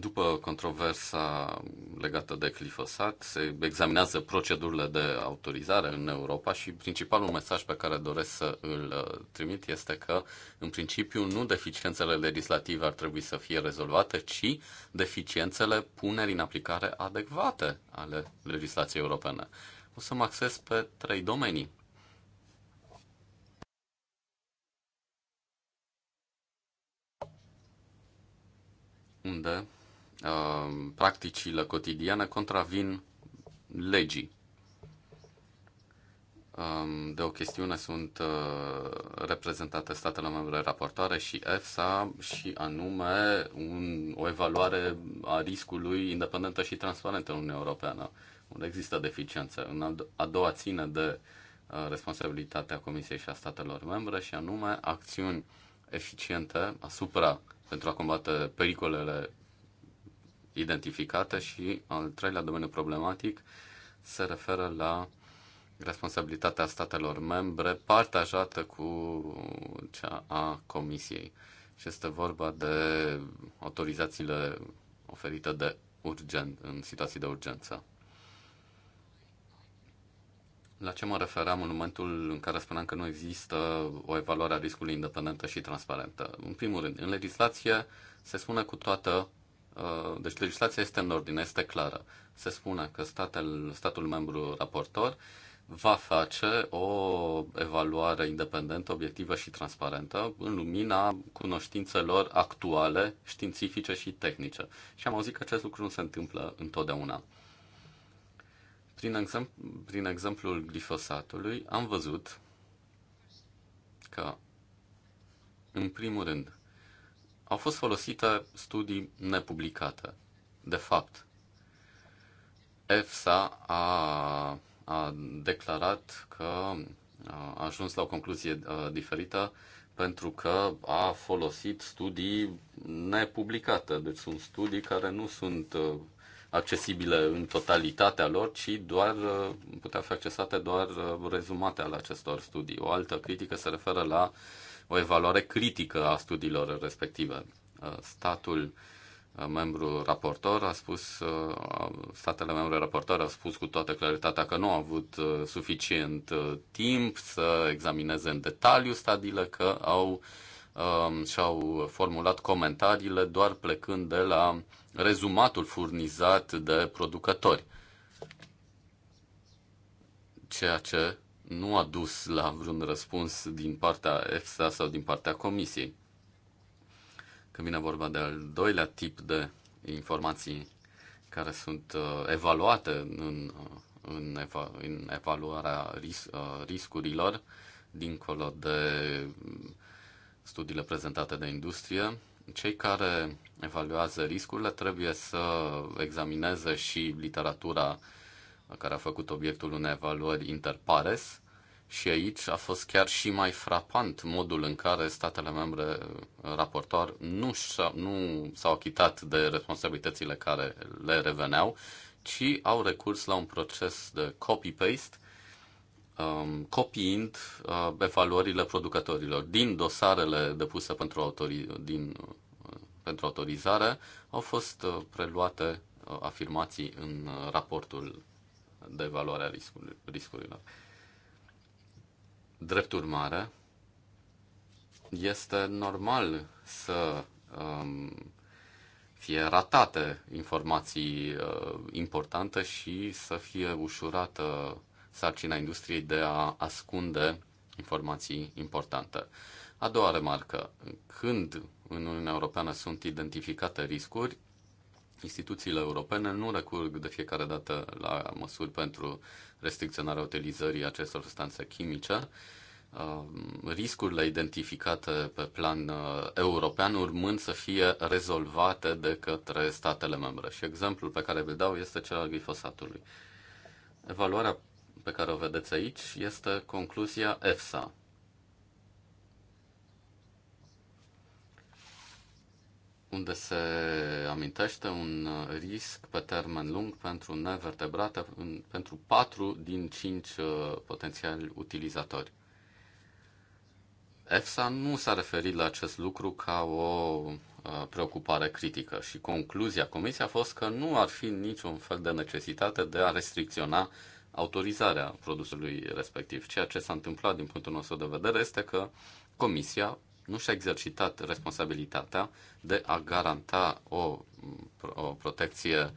După controversa legată de glifosat, se examinează procedurile de autorizare în Europa și principalul mesaj pe care doresc să îl uh, trimit este că, în principiu, nu deficiențele legislative ar trebui să fie rezolvate, ci deficiențele puneri în aplicare adecvate ale legislației europene. O să mă acces pe trei domenii. Unde Um, practicile cotidiene contravin legii. Um, de o chestiune sunt uh, reprezentate statele membre raportoare și EFSA și anume un, o evaluare a riscului independentă și transparentă în Uniunea Europeană, unde există deficiențe. În a doua ține de uh, responsabilitatea Comisiei și a statelor membre și anume acțiuni eficiente asupra pentru a combate pericolele identificate și al treilea domeniu problematic se referă la responsabilitatea statelor membre partajată cu cea a Comisiei. Și este vorba de autorizațiile oferite de urgent, în situații de urgență. La ce mă referam în momentul în care spuneam că nu există o evaluare a riscului independentă și transparentă? În primul rând, în legislație se spune cu toată Uh, deci legislația este în ordine, este clară. Se spune că statul, statul membru raportor va face o evaluare independentă, obiectivă și transparentă în lumina cunoștințelor actuale, științifice și tehnice. Și am auzit că acest lucru nu se întâmplă întotdeauna. Prin, exemp- prin exemplul glifosatului am văzut că, în primul rând, au fost folosite studii nepublicate. De fapt, EFSA a, a declarat că a ajuns la o concluzie diferită pentru că a folosit studii nepublicate. Deci sunt studii care nu sunt accesibile în totalitatea lor, ci doar putea fi accesate doar rezumate ale acestor studii. O altă critică se referă la uh, o evaluare critică a studiilor respective. Uh, statul uh, membru raportor a spus, uh, statele membre raportor au spus cu toată claritatea că nu au avut suficient timp să examineze în detaliu stadiile, că au um, și-au formulat comentariile doar plecând de la rezumatul furnizat de producători. Ceea ce nu a dus la vreun răspuns din partea EFSA sau din partea Comisiei. Când vine vorba de al doilea tip de informații care sunt uh, evaluate în, uh, în, eva, în evaluarea ris, uh, riscurilor, dincolo de studiile prezentate de industrie, cei care evaluează riscurile trebuie să examineze și literatura care a făcut obiectul unei evaluări interpares și aici a fost chiar și mai frapant modul în care statele membre uh, raportoar nu, și nu s-au achitat de responsabilitățile care le reveneau, ci au recurs la un proces de copy-paste, um, copiind uh, evaluările producătorilor. Din dosarele depuse pentru, autori- din, uh, pentru autorizare au fost uh, preluate uh, afirmații în uh, raportul de evaluare a riscurilor. Drept urmare, este normal să um, fie ratate informații uh, importante și să fie ușurată sarcina industriei de a ascunde informații importante. A doua remarcă, când în Uniunea Europeană sunt identificate riscuri, instituțiile europene nu recurg de fiecare dată la măsuri pentru restricționarea utilizării acestor substanțe chimice. Um, riscurile identificate pe plan uh, european urmând să fie rezolvate de către statele membre. Și exemplul pe care vi-l dau este cel al glifosatului. Evaluarea pe care o vedeți aici este concluzia EFSA, unde se amintește un risc pe termen lung pentru nevertebrate, pentru 4 din 5 uh, potențiali utilizatori. EFSA nu s-a referit la acest lucru ca o uh, preocupare critică și concluzia comisiei a fost că nu ar fi niciun fel de necesitate de a restricționa autorizarea produsului respectiv. Ceea ce s-a întâmplat din punctul nostru de vedere este că comisia nu și-a exercitat responsabilitatea de a garanta o, o protecție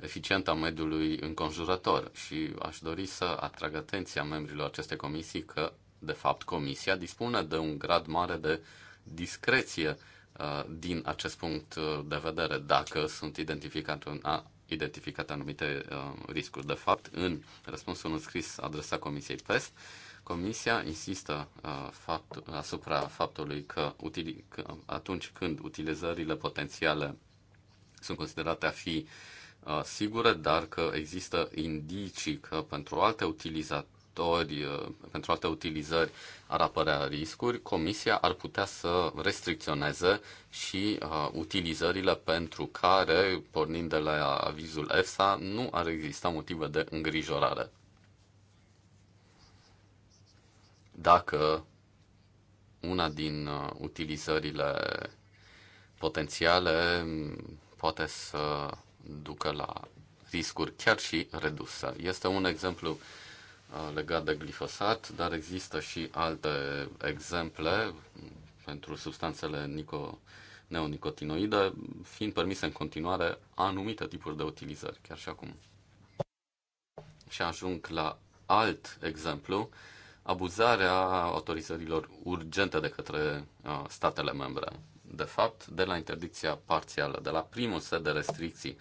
eficientă a mediului înconjurător. Și aș dori să atrag atenția membrilor acestei comisii că, de fapt, comisia dispune de un grad mare de discreție uh, din acest punct uh, de vedere, dacă sunt identificate un, a, identificate anumite uh, riscuri. De fapt, în răspunsul scris adresat Comisiei PEST, uh, Comisia insistă uh, fapt, asupra faptului că, utili, că atunci când utilizările potențiale sunt considerate a fi uh, sigure, dar că există indicii că pentru alte utilizatori, uh, pentru alte utilizări ar apărea riscuri, Comisia ar putea să restricționeze și uh, utilizările pentru care, pornind de la avizul EFSA, nu ar exista motive de îngrijorare. dacă una din uh, utilizările potențiale poate să ducă la riscuri chiar și reduse. Este un exemplu uh, legat de glifosat, dar există și alte exemple pentru substanțele nico, neonicotinoide, fiind permise în continuare anumite tipuri de utilizări, chiar și acum. Și ajung la alt exemplu abuzarea autorizărilor urgente de către uh, statele membre. De fapt, de la interdicția parțială, de la primul set de restricții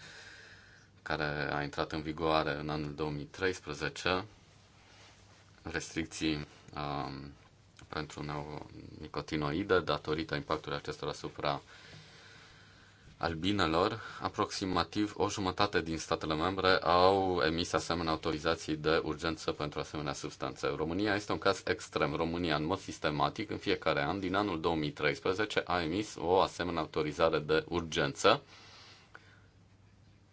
care a intrat în vigoare în anul 2013, restricții um, pentru neonicotinoide datorită impactului acestora asupra albinelor, aproximativ o jumătate din statele membre au emis asemenea autorizații de urgență pentru asemenea substanțe. România este un caz extrem. România, în mod sistematic, în fiecare an, din anul 2013, a emis o asemenea autorizare de urgență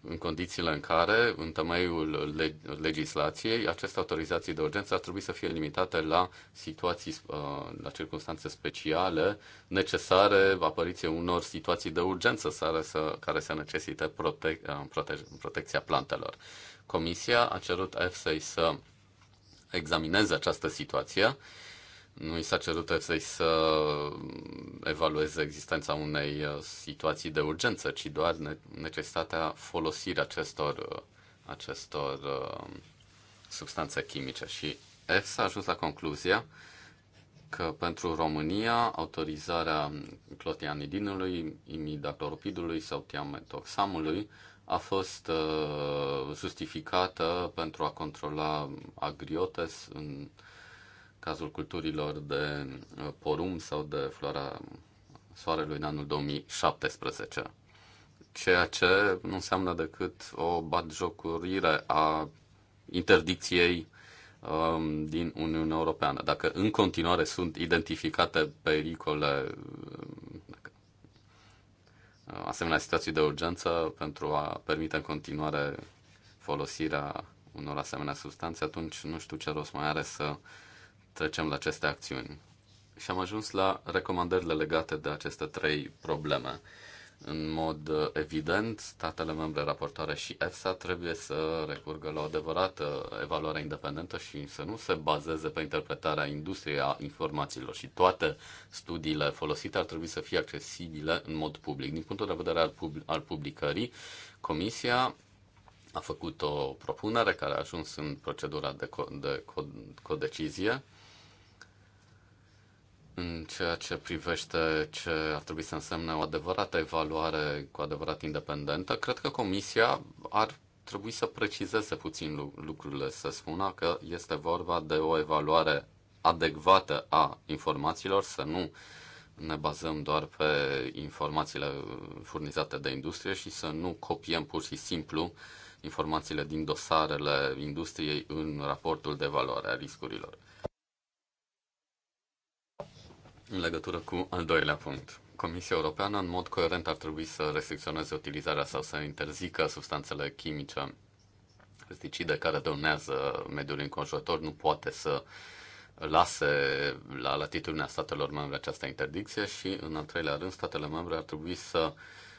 în condițiile în care, în temeiul leg- legislației, aceste autorizații de urgență ar trebui să fie limitate la situații, uh, la circunstanțe speciale necesare apariție unor situații de urgență care să, care să necesite prote- uh, prote- protecția plantelor. Comisia a cerut EFSA să examineze această situație nu i s-a cerut EFSA să evalueze existența unei uh, situații de urgență, ci doar necesitatea folosirii acestor, uh, acestor uh, substanțe chimice. Și EFSA a ajuns la concluzia că pentru România autorizarea clotianidinului, imidacloropidului sau tiametoxamului a fost uh, justificată pentru a controla agriotes în cazul culturilor de uh, porum sau de floarea soarelui în anul 2017. Ceea ce nu înseamnă decât o batjocurire a interdicției um, din Uniunea Europeană. Dacă în continuare sunt identificate pericole, dacă, um, asemenea situații de urgență pentru a permite în continuare folosirea unor asemenea substanțe, atunci nu știu ce rost mai are să uh, trecem la aceste acțiuni. Și am ajuns la recomandările legate de aceste trei probleme. În mod evident, statele membre raportoare și EFSA trebuie să recurgă la o adevărată evaluare independentă și să nu se bazeze pe interpretarea industriei a informațiilor și toate studiile folosite ar trebui să fie accesibile în mod public. Din punctul de vedere al, pub- al publicării, Comisia a făcut o propunere care a ajuns în procedura de, co- de co- codecizie. Co- în ceea ce privește ce ar trebui să însemne o adevărată evaluare cu adevărat independentă, cred că Comisia ar trebui să precizeze puțin lucrurile, să spună că este vorba de o evaluare adecvată a informațiilor, să nu ne bazăm doar pe informațiile furnizate de industrie și să nu copiem pur și simplu informațiile din dosarele industriei în raportul de valoare a riscurilor în legătură cu al doilea punct. Comisia Europeană, în mod coerent, ar trebui să restricționeze utilizarea sau să interzică substanțele chimice, pesticide care dăunează mediul înconjurător, nu poate să lase la latitudinea statelor membre această interdicție și, în al treilea rând, statele membre ar trebui să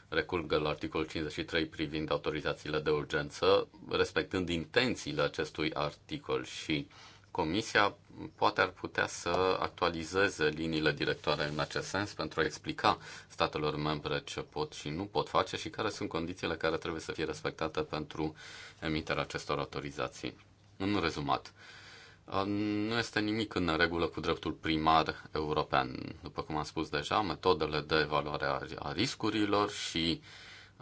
recurgă la articolul 53 privind autorizațiile de urgență, respectând intențiile acestui articol și uh, Comisia poate ar putea să actualizeze liniile directoare în acest sens pentru a explica statelor membre ce pot și nu pot face și care sunt condițiile care trebuie să fie respectate pentru emiterea acestor autorizații. În rezumat, nu este nimic în regulă cu dreptul primar european. După cum am spus deja, metodele de evaluare a riscurilor și uh,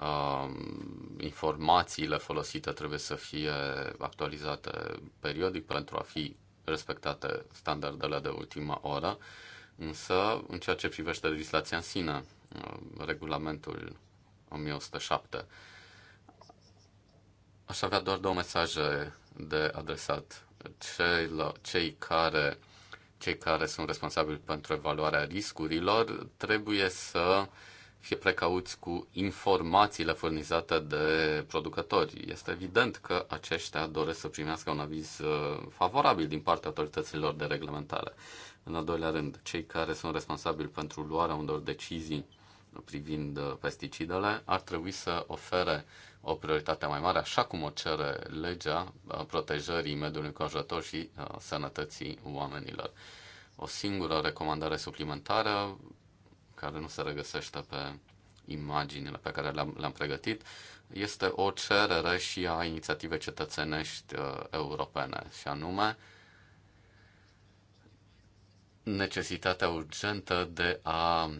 uh, informațiile folosite trebuie să fie actualizate periodic pentru a fi respectate standardele de ultima oră, însă în ceea ce privește legislația în sine, um, regulamentul 1107, aș avea doar două mesaje de adresat. Cei, cei care cei care sunt responsabili pentru evaluarea riscurilor trebuie să uh, fie precauți cu informațiile furnizate de producători. Este evident că aceștia doresc să primească un aviz uh, favorabil din partea autorităților de reglementare. În al doilea rând, cei care sunt responsabili pentru luarea unor decizii privind uh, pesticidele ar trebui să ofere o prioritate mai mare, așa cum o cere legea uh, protejării mediului înconjurător și sănătății oamenilor. O singură recomandare suplimentară care nu se regăsește pe imaginile pe care le-am, le-am pregătit, este o cerere și a inițiativei cetățenești uh, europene, și anume necesitatea urgentă de a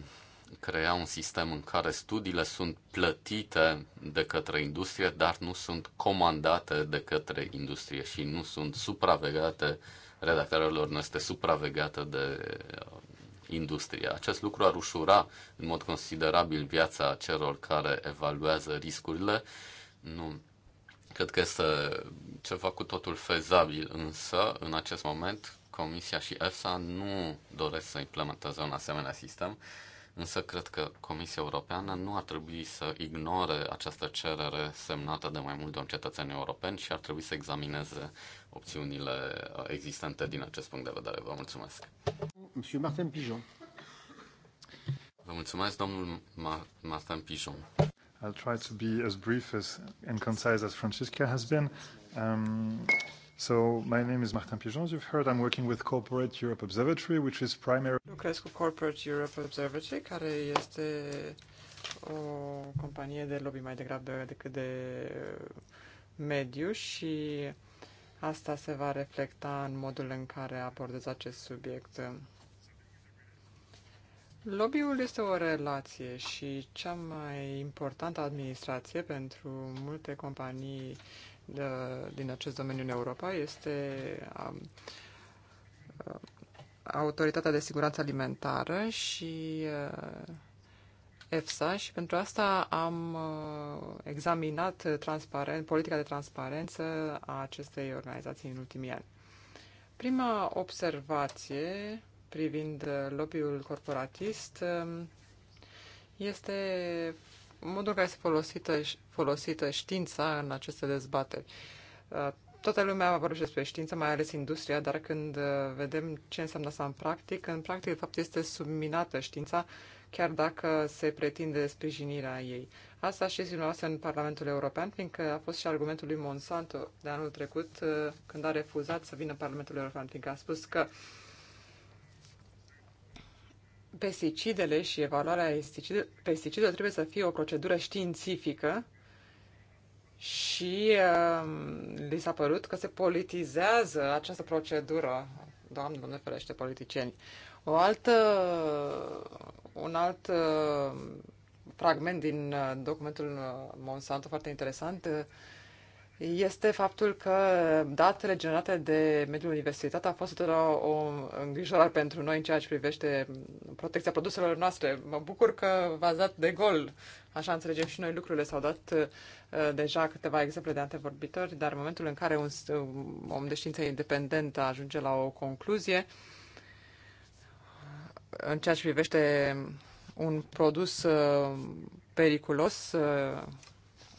crea un sistem în care studiile sunt plătite de către industrie, dar nu sunt comandate de către industrie și nu sunt supravegate, redactarea lor nu este supravegată de uh, industrie. Acest lucru ar ușura în mod considerabil viața celor care evaluează riscurile. Nu, cred că este ceva cu totul fezabil, însă în acest moment Comisia și EFSA nu doresc să implementeze un asemenea sistem, însă cred că Comisia Europeană nu ar trebui să ignore această cerere semnată de mai mult de un cetățen european și ar trebui să examineze opțiunile uh, existente din acest punct de vedere. Vă mulțumesc. Monsieur Martin Pigeon. Vă mulțumesc, domnul Ma- Martin Pigeon. I'll try to be as brief as, and concise as Francisca has been. Um, so my name is Martin Pigeon. As you've heard, I'm working with Corporate Europe Observatory, which is primary... Lucrez cu Corporate Europe Observatory, care este o companie de lobby mai degrabă decât de uh, mediu și Asta se va reflecta în modul în care abordez acest subiect. Lobby-ul este o relație și cea mai importantă administrație pentru multe companii de, din acest domeniu în Europa este a, um, a, uh, Autoritatea de Siguranță Alimentară și a, uh, EFSA și pentru asta am uh, examinat transparent, politica de transparență a acestei organizații în ultimii ani. Prima observație privind lobby-ul corporatist um, este modul în care este folosită, folosită știința în aceste dezbateri. Uh, toată lumea vorbește despre știință, mai ales industria, dar când uh, vedem ce înseamnă asta în practic, în practic, de fapt, este subminată știința chiar dacă se pretinde sprijinirea ei. Asta și dumneavoastră în Parlamentul European, fiindcă a fost și argumentul lui Monsanto de anul trecut, uh, când a refuzat să vină în Parlamentul European, fiindcă a spus că pesticidele și evaluarea pesticidelor trebuie să fie o procedură științifică și uh, li s-a părut că se politizează această procedură. Doamne, nu ferește politicieni. O altă un alt uh, fragment din uh, documentul uh, Monsanto foarte interesant uh, este faptul că datele generate de mediul universitate a fost o, o îngrijorare pentru noi în ceea ce privește protecția produselor noastre. Mă bucur că v-ați dat de gol. Așa înțelegem și noi lucrurile. S-au dat uh, deja câteva exemple de antevorbitori, dar în momentul în care un om de știință independent ajunge la o concluzie, uh, în ceea ce privește un produs uh, periculos, uh,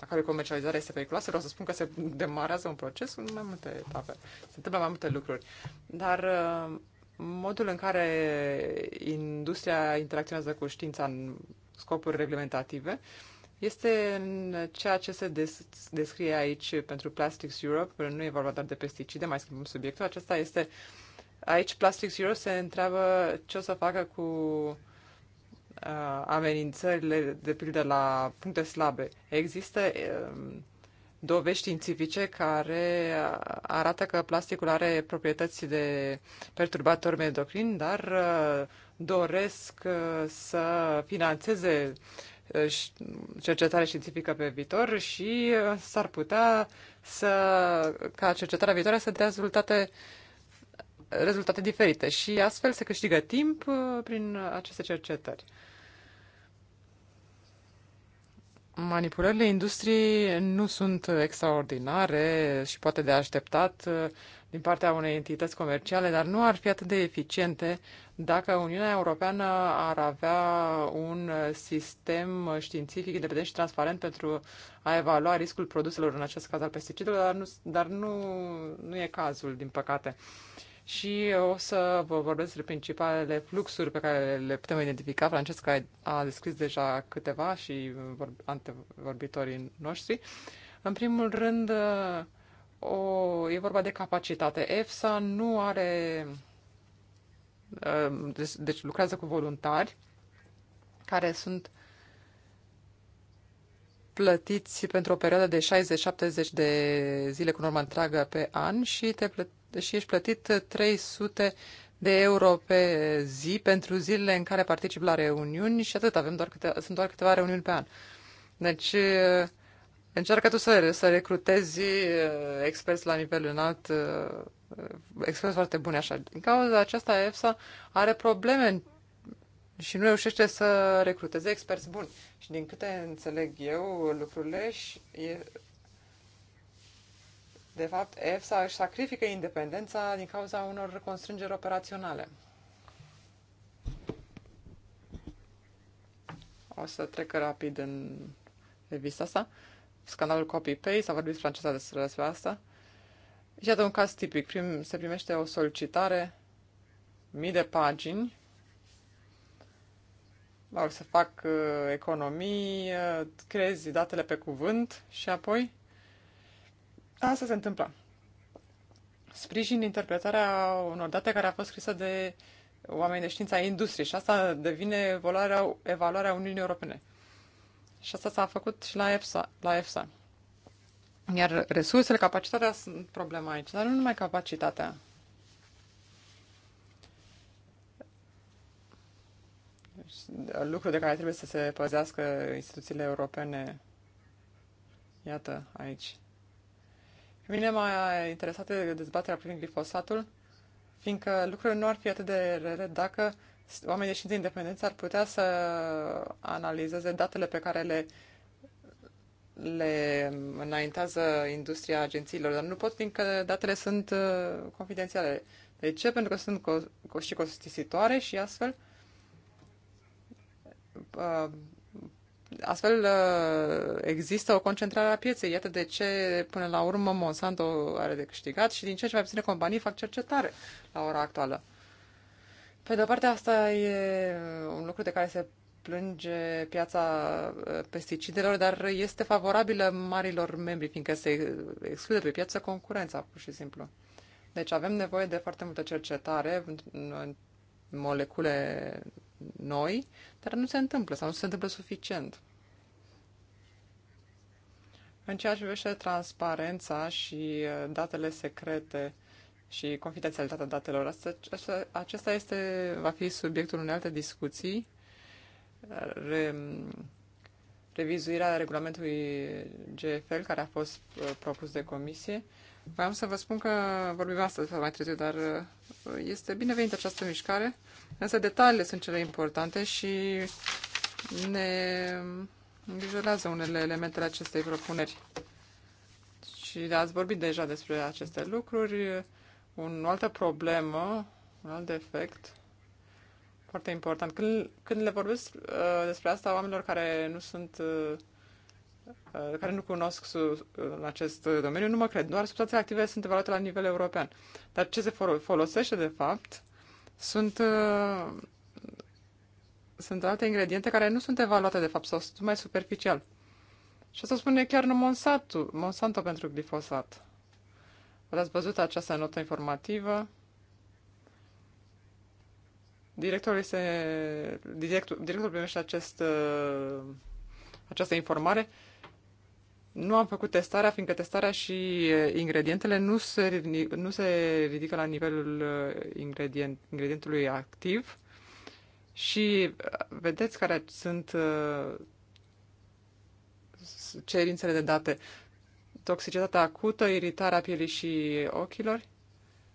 a care comercializarea este periculoasă, vreau să spun că se demarează un proces în mai multe etape. Se întâmplă mai multe lucruri. Dar uh, modul în care industria interacționează cu știința în scopuri reglementative este în ceea ce se des- descrie aici pentru Plastics Europe. Nu e vorba doar de pesticide, mai schimbăm subiectul. Acesta este uh, Aici Plastic Zero se întreabă ce o să facă cu uh, amenințările, de pildă, la puncte slabe. Există uh, dovești științifice care uh, arată că plasticul are proprietăți de perturbator endocrin, dar uh, doresc uh, să financeze uh, cercetare științifică pe viitor și uh, s-ar putea să, ca cercetarea viitoare să dea rezultate uh, rezultate diferite și astfel se câștigă timp uh, prin aceste cercetări. Manipulările industriei nu sunt extraordinare și poate de așteptat uh, din partea unei entități comerciale, dar nu ar fi atât de eficiente dacă Uniunea Europeană ar avea un sistem științific independent și transparent pentru a evalua riscul produselor, în acest caz al pesticidelor, dar nu, dar nu, nu e cazul, din păcate. Uh, și o să vă vorbesc despre principalele fluxuri pe care le putem identifica. Francesca a descris deja câteva și antevorbitorii noștri. În primul rând, o, e vorba de capacitate. EFSA nu are. Uh, deci, lucrează cu voluntari care sunt plătiți pentru o perioadă de 60-70 de zile cu normă întreagă pe an și te plă deși ești plătit 300 de euro pe zi pentru zilele în care particip la reuniuni și atât, avem doar câte, sunt doar câteva reuniuni pe an. Deci, eh, încearcă tu să, să recrutezi eh, experți la nivel înalt, eh, experți foarte buni așa. Din cauza aceasta, EFSA are probleme și nu reușește să recruteze experți buni. Și din câte înțeleg eu lucrurile, de fapt, EFSA își sacrifică independența din cauza unor constrângeri operaționale. O să trec rapid în revista asta. Scandalul copy-paste, s-a vorbit franceza despre asta. Și iată un caz tipic. Prim, se primește o solicitare, mii de pagini, mă rog, să fac uh, economii, uh, crezi datele pe cuvânt și apoi Asta se întâmpla. Sprijin interpretarea unor date care a fost scrisă de oameni de știință ai industriei și asta devine evaluarea, evaluarea Uniunii Europene. Și asta s-a făcut și la EFSA. La EFSA. Iar resursele, capacitatea sunt problema aici, dar nu numai capacitatea. Lucru de care trebuie să se păzească instituțiile europene. Iată, aici. Pe mine m-a interesat de dezbaterea privind glifosatul, fiindcă lucrurile nu ar fi atât de rele dacă oamenii de știință independență ar putea să analizeze datele pe care le, le înaintează industria agențiilor, dar nu pot, fiindcă datele sunt uh, confidențiale. De ce? Pentru că sunt co- și costisitoare și astfel uh, Astfel uh, există o concentrare a pieței. Iată de ce, până la urmă, Monsanto are de câștigat și din ce ce mai puține companii fac cercetare la ora actuală. Pe de-o parte, asta e uh, un lucru de care se plânge piața uh, pesticidelor, dar este favorabilă marilor membri, fiindcă se exclude pe piață concurența, pur și simplu. Deci avem nevoie de foarte multă cercetare în molecule noi, dar nu se întâmplă sau nu se întâmplă suficient. În ceea ce privește transparența și uh, datele secrete și confidențialitatea datelor, acesta este, va fi subiectul unei alte discuții. Re, revizuirea regulamentului GFL care a fost uh, propus de comisie Vreau să vă spun că vorbim astăzi sau mai târziu, dar uh, este binevenită această mișcare, însă detaliile sunt cele importante și ne îngrijorează unele elementele acestei propuneri. Și ați vorbit deja despre aceste lucruri. Un, o altă problemă, un alt defect, foarte important. Când, când le vorbesc uh, despre asta oamenilor care nu sunt uh, Uh, care nu cunosc în uh, acest uh, domeniu nu mă cred. Doar substanțele active sunt evaluate la nivel european. Dar ce se folosește, de fapt, sunt, sunt alte ingrediente care nu sunt evaluate, de fapt, sau sunt mai superficial. Și asta spune chiar nu Monsanto, Monsanto pentru glifosat. Ați văzut această notă informativă. Directorul, este, directorul primește acest, această informare nu am făcut testarea, fiindcă testarea și ingredientele nu se, nu se ridică la nivelul ingredient, ingredientului activ. Și vedeți care sunt cerințele de date. Toxicitatea acută, iritarea pielii și ochilor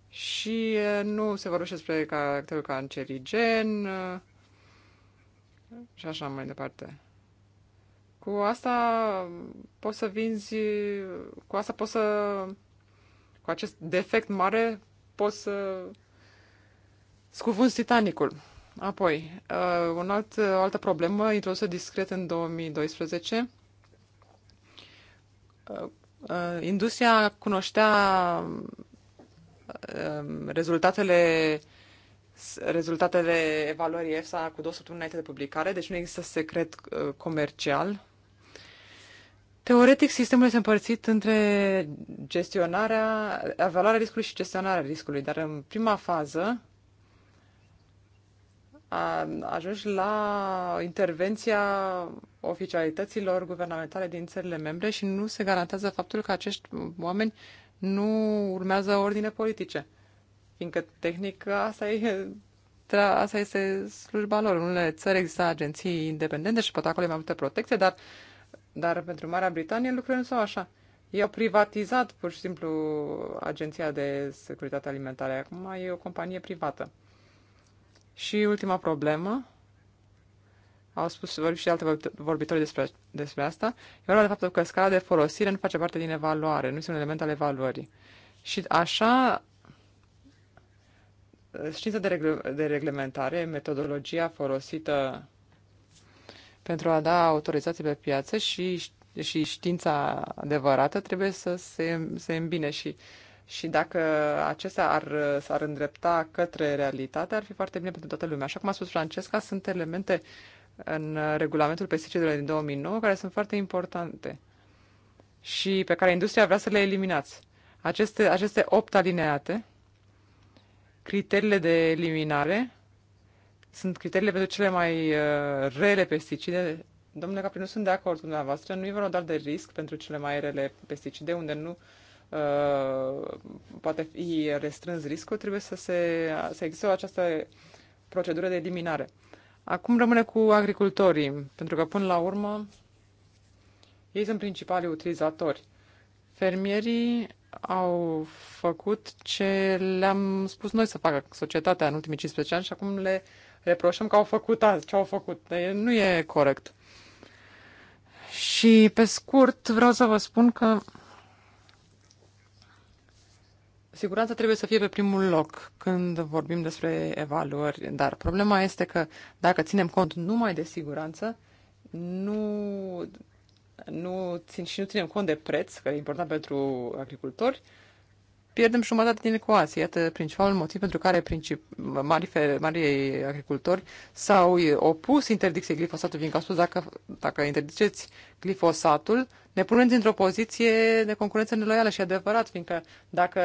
și nu se vorbește despre caracterul cancerigen și așa mai departe. Cu asta poți să vinzi, cu asta poți să, cu acest defect mare, poți să scufunzi Titanicul. Apoi, uh, un alt, o altă problemă introdusă discret în 2012. Uh, uh, industria cunoștea uh, rezultatele rezultatele evaluării EFSA cu două săptămâni înainte de publicare, deci nu există secret uh, comercial Teoretic, sistemul este împărțit între gestionarea, evaluarea riscului și gestionarea riscului, dar în prima fază a, ajungi la intervenția oficialităților guvernamentale din țările membre și nu se garantează faptul că acești oameni nu urmează ordine politice. Fiindcă, tehnic, asta, e, asta este slujba lor. În unele țări există agenții independente și pot acolo mai multe protecție, dar dar pentru Marea Britanie lucrurile nu sunt așa. Ei au privatizat pur și simplu Agenția de Securitate Alimentară. Acum e o companie privată. Și ultima problemă, au spus și alte vorbitori despre, despre asta, e vorba de faptul că scala de folosire nu face parte din evaluare, nu este un element al evaluării. Și așa, știința de, regl- de reglementare, metodologia folosită pentru a da autorizații pe piață și, și știința adevărată trebuie să se, se îmbine și și dacă acestea ar, s-ar îndrepta către realitate, ar fi foarte bine pentru toată lumea. Așa cum a spus Francesca, sunt elemente în regulamentul pesticidelor din 2009 care sunt foarte importante și pe care industria vrea să le eliminați. Aceste, aceste opt alineate, criteriile de eliminare sunt criteriile pentru cele mai uh, rele pesticide. Domnule Capri, nu sunt de acord cu dumneavoastră. Nu e vorba doar de risc pentru cele mai rele pesticide, unde nu uh, poate fi restrâns riscul, trebuie să, se, să existe această procedură de eliminare. Acum rămâne cu agricultorii, pentru că până la urmă ei sunt principalii utilizatori. Fermierii au făcut ce le-am spus noi să facă societatea în ultimii 15 ani și acum le uh, reproșăm că au făcut ce au făcut. Nu e corect. Și pe scurt vreau să vă spun că siguranța trebuie să fie pe primul loc când vorbim despre evaluări, dar problema este că dacă ținem cont numai de siguranță, nu, nu țin, și nu ținem cont de preț, care e important pentru agricultori, uh, pierdem jumătate din ecuație. Iată principalul motiv pentru care princip- mari, mari agricultori s-au opus interdicției glifosatului, fiindcă au spus dacă, dacă interdiceți glifosatul, ne puneți într-o poziție de concurență neloială și adevărat, fiindcă dacă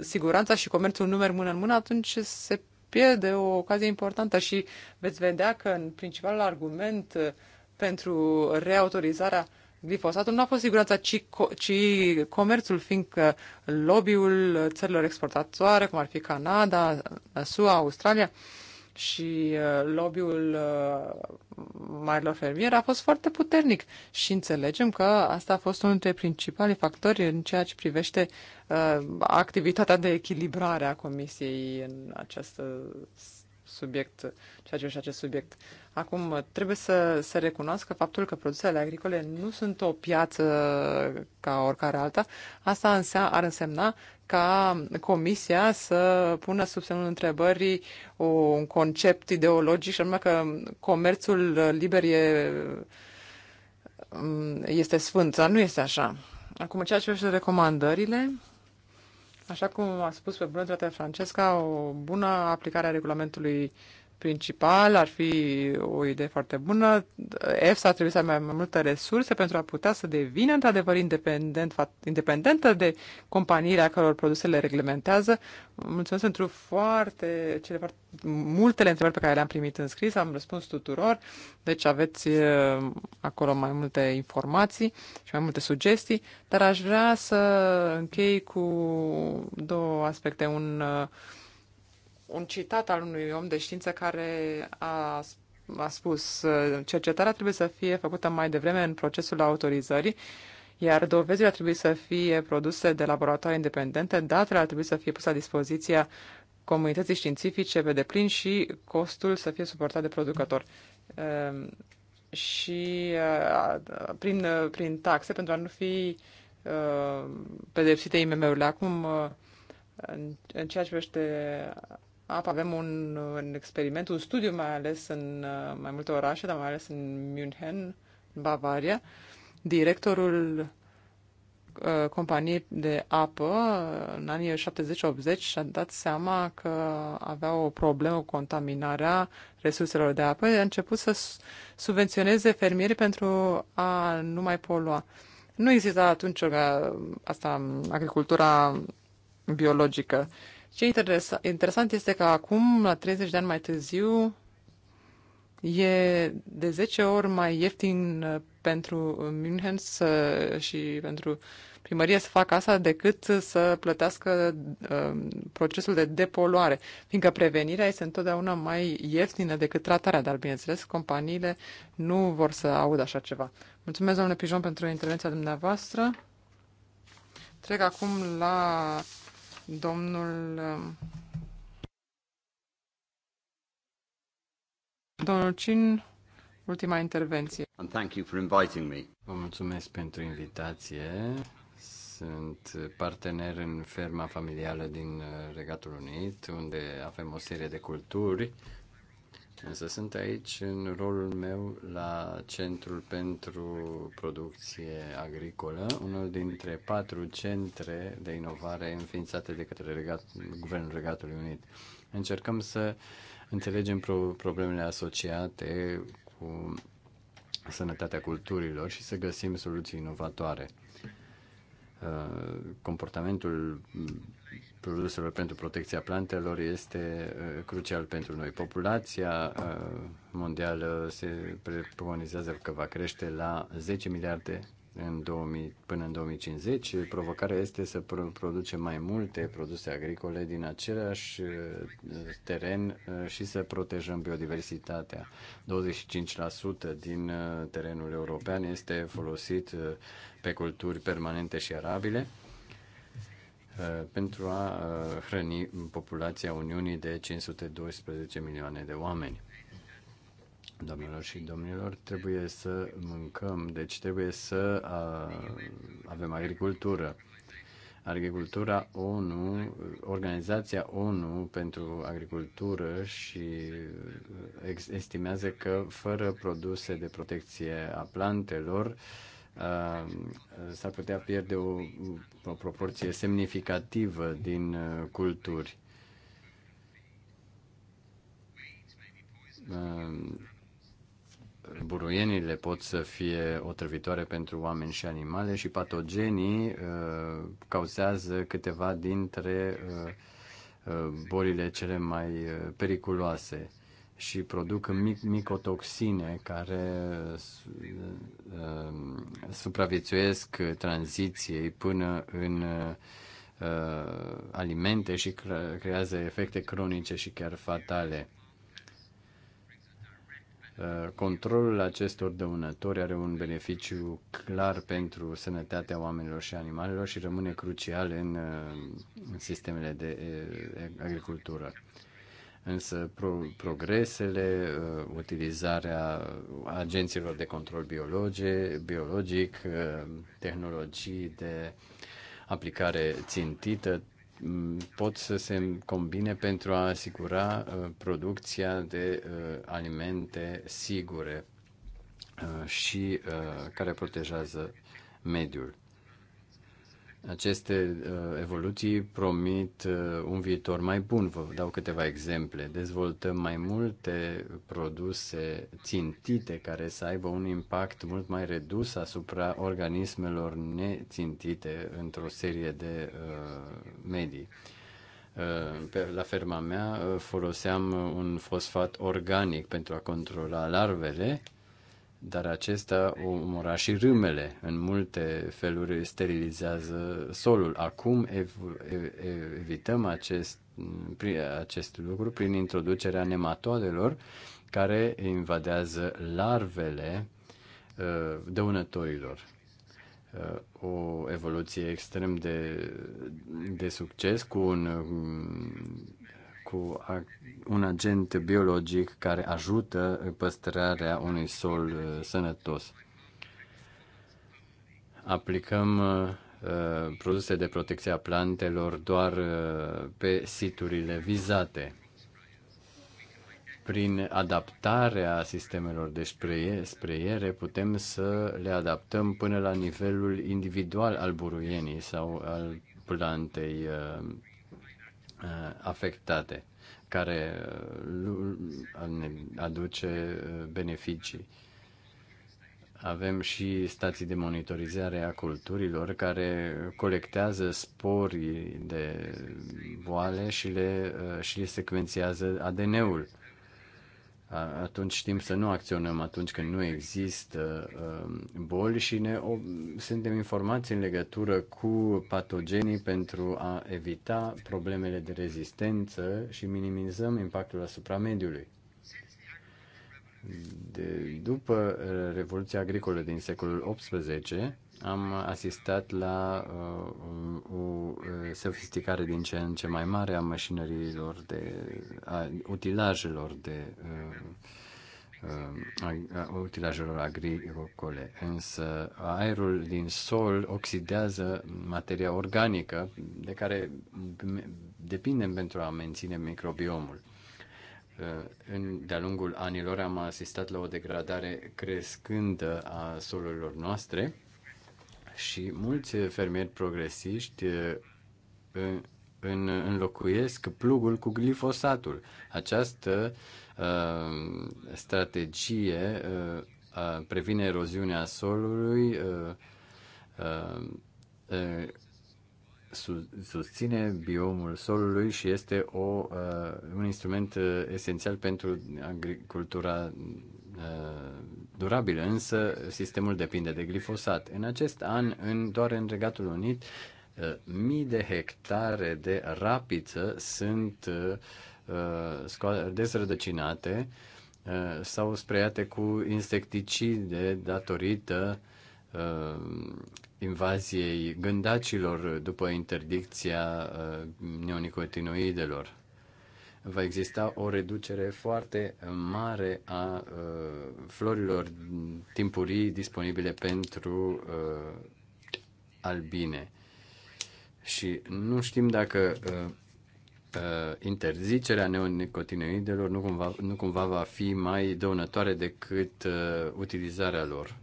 siguranța și comerțul nu merg mână în mână, atunci se pierde o ocazie importantă și veți vedea că în principalul argument pentru reautorizarea uh, glifosatul nu a fost siguranța, ci, co- ci comerțul, fiindcă lobby-ul țărilor exportatoare, cum ar fi Canada, SUA, Australia, și uh, lobby-ul uh, marilor fermieri a fost foarte puternic și înțelegem că asta a fost unul dintre principalii factori în ceea ce privește uh, activitatea de echilibrare a Comisiei în această subiect, ceea ce și acest subiect. Acum, trebuie să se recunoască faptul că produsele agricole nu sunt o piață ca oricare alta. Asta însea, ar însemna ca Comisia să pună sub semnul întrebării un concept ideologic și anume că comerțul liber e, este sfânt, dar nu este așa. Acum, ceea ce vreau recomandările, Așa cum a spus pe bună dreptate Francesca, o bună aplicare a regulamentului principal ar fi o idee foarte bună. EFSA ar trebui să aibă mai multe resurse pentru a putea să devină într-adevăr independent, independentă de companiile a căror produse le reglementează. Mulțumesc pentru foarte, cele foarte, multele întrebări pe care le-am primit în scris, am răspuns tuturor, deci aveți eh, acolo mai multe informații și mai multe sugestii, dar aș vrea să închei cu două aspecte. Un uh, un citat al unui om de știință care a spus a spus, uh, cercetarea trebuie să fie făcută mai devreme în procesul autorizării, iar dovezile ar trebui să fie produse de laboratoare independente, datele ar trebui să fie puse la dispoziția comunității științifice pe deplin și costul să fie suportat de producător. Um, și uh, prin, uh, prin taxe, pentru a nu fi pedepsite IMM-urile. Acum, în ceea ce vește apă. Avem un, un experiment, un studiu mai ales în uh, mai multe orașe, dar mai ales în München, în Bavaria. Directorul uh, companiei de apă uh, în anii 70-80 și-a dat seama că avea o problemă cu contaminarea resurselor de apă. A început să subvenționeze fermierii pentru a nu mai polua. Nu exista atunci uh, asta, agricultura biologică. Uh, ce interesa interesant este că acum, la 30 de ani mai târziu, e de 10 ori mai ieftin uh, pentru München să, și pentru primărie să facă asta decât să plătească uh, procesul de depoluare, fiindcă prevenirea este întotdeauna mai ieftină decât tratarea, dar bineînțeles companiile nu vor să audă așa ceva. Mulțumesc, domnule Pijon, pentru intervenția dumneavoastră. Trec acum la Domnul Domnul Cin, ultima intervenție. And thank you for inviting me. Vă mulțumesc pentru invitație. Sunt partener în ferma familială din Regatul Unit, unde avem o serie de culturi Însă sunt aici în rolul meu la Centrul pentru Producție Agricolă, unul dintre patru centre de inovare înființate de către regat, Guvernul Regatului Unit. Încercăm să înțelegem pro, problemele asociate cu sănătatea culturilor și să găsim soluții inovatoare. Uh, comportamentul produselor pentru protecția plantelor este uh, crucial pentru noi. Populația uh, mondială se preconizează că va crește la 10 miliarde în 2000, până în 2050. Provocarea este să producem mai multe produse agricole din același uh, teren și să protejăm biodiversitatea. 25% din terenul european este folosit pe culturi permanente și arabile Uh, pentru a uh, hrăni populația Uniunii de 512 milioane de oameni. Domnilor și domnilor, trebuie să mâncăm, deci trebuie să uh, avem agricultură. Agricultura ONU, Organizația ONU pentru Agricultură și estimează că fără produse de protecție a plantelor, uh, Uh, s-ar putea pierde o, o proporție semnificativă din uh, culturi. Uh, Buruienile pot să fie otrăvitoare pentru oameni și animale și patogenii cauzează câteva dintre bolile cele mai periculoase și produc mic, micotoxine care uh, supraviețuiesc tranziției până în uh, alimente și creează efecte cronice și chiar fatale. Uh, controlul acestor dăunători are un beneficiu clar pentru sănătatea oamenilor și animalelor și rămâne crucial în, uh, în sistemele de uh, agricultură însă pro- progresele, uh, utilizarea agenților de control biologe, biologic, uh, tehnologii de aplicare țintită mm, pot să se combine pentru a asigura uh, producția de alimente sigure și care protejează mediul. Aceste uh, evoluții promit uh, un viitor mai bun. Vă dau câteva exemple. Dezvoltăm mai multe produse țintite care să aibă un impact mult mai redus asupra organismelor nețintite într-o serie de uh, medii. Uh, pe, la ferma mea uh, foloseam un fosfat organic pentru a controla larvele dar acesta omora și râmele. În multe feluri sterilizează solul. Acum ev- ev- evităm acest, acest lucru prin introducerea nematodelor care invadează larvele uh, dăunătorilor. Uh, o evoluție extrem de, de succes cu un um, cu un agent biologic care ajută păstrarea unui sol uh, sănătos. Aplicăm uh, uh, produse de protecție a plantelor doar pe siturile vizate. Prin adaptarea sistemelor de spreiere putem să le adaptăm până la nivelul individual al buruienii sau al plantei Uh, afectate, care uh, ne aduce uh, beneficii. Avem și stații de monitorizare a culturilor care colectează sporii de boale și le, și le secvențiază ADN-ul atunci știm să nu acționăm atunci când nu există um, boli și ne o, suntem informați în legătură cu patogenii pentru a evita problemele de rezistență și minimizăm impactul asupra mediului. De, după uh, Revoluția Agricolă din secolul XVIII, am asistat la uh, o uh, sofisticare din ce în ce mai mare a mașinărilor de, a utilajelor de uh, uh a utilajelor agricole, însă aerul din sol oxidează materia organică de care depindem pentru a menține microbiomul. Uh, de-a lungul anilor am asistat la o degradare crescândă a solurilor noastre și mulți fermieri progresiști eh, în, înlocuiesc plugul cu glifosatul. Această uh, strategie uh, previne eroziunea solului, uh, uh, susține biomul solului și este o, uh, un instrument uh, esențial pentru agricultura uh, durabil, însă sistemul depinde de glifosat. În acest an, în, doar în Regatul Unit, uh, mii de hectare de rapiță sunt uh, uh, dezrădăcinate sau spreiate cu insecticide datorită invaziei gândacilor după interdicția neonicotinoidelor va exista o reducere foarte mare a uh, florilor timpurii disponibile pentru uh, albine. Și nu știm dacă uh, uh, interzicerea neonicotinoidelor nu cumva, nu cumva va fi mai dăunătoare decât uh, utilizarea lor.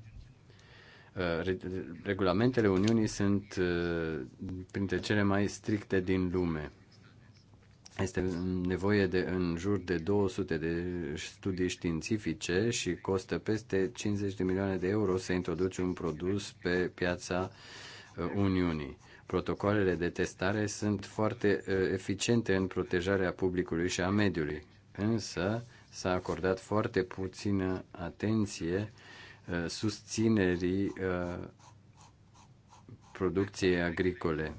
Uh, regulamentele Uniunii sunt uh, printre cele mai stricte din lume. Este nevoie de în jur de 200 de studii științifice și costă peste 50 de milioane de euro să introduci un produs pe piața uh, Uniunii. Protocoalele de testare sunt foarte uh, eficiente în protejarea publicului și a mediului, însă s-a acordat foarte puțină atenție uh, susținerii producției agricole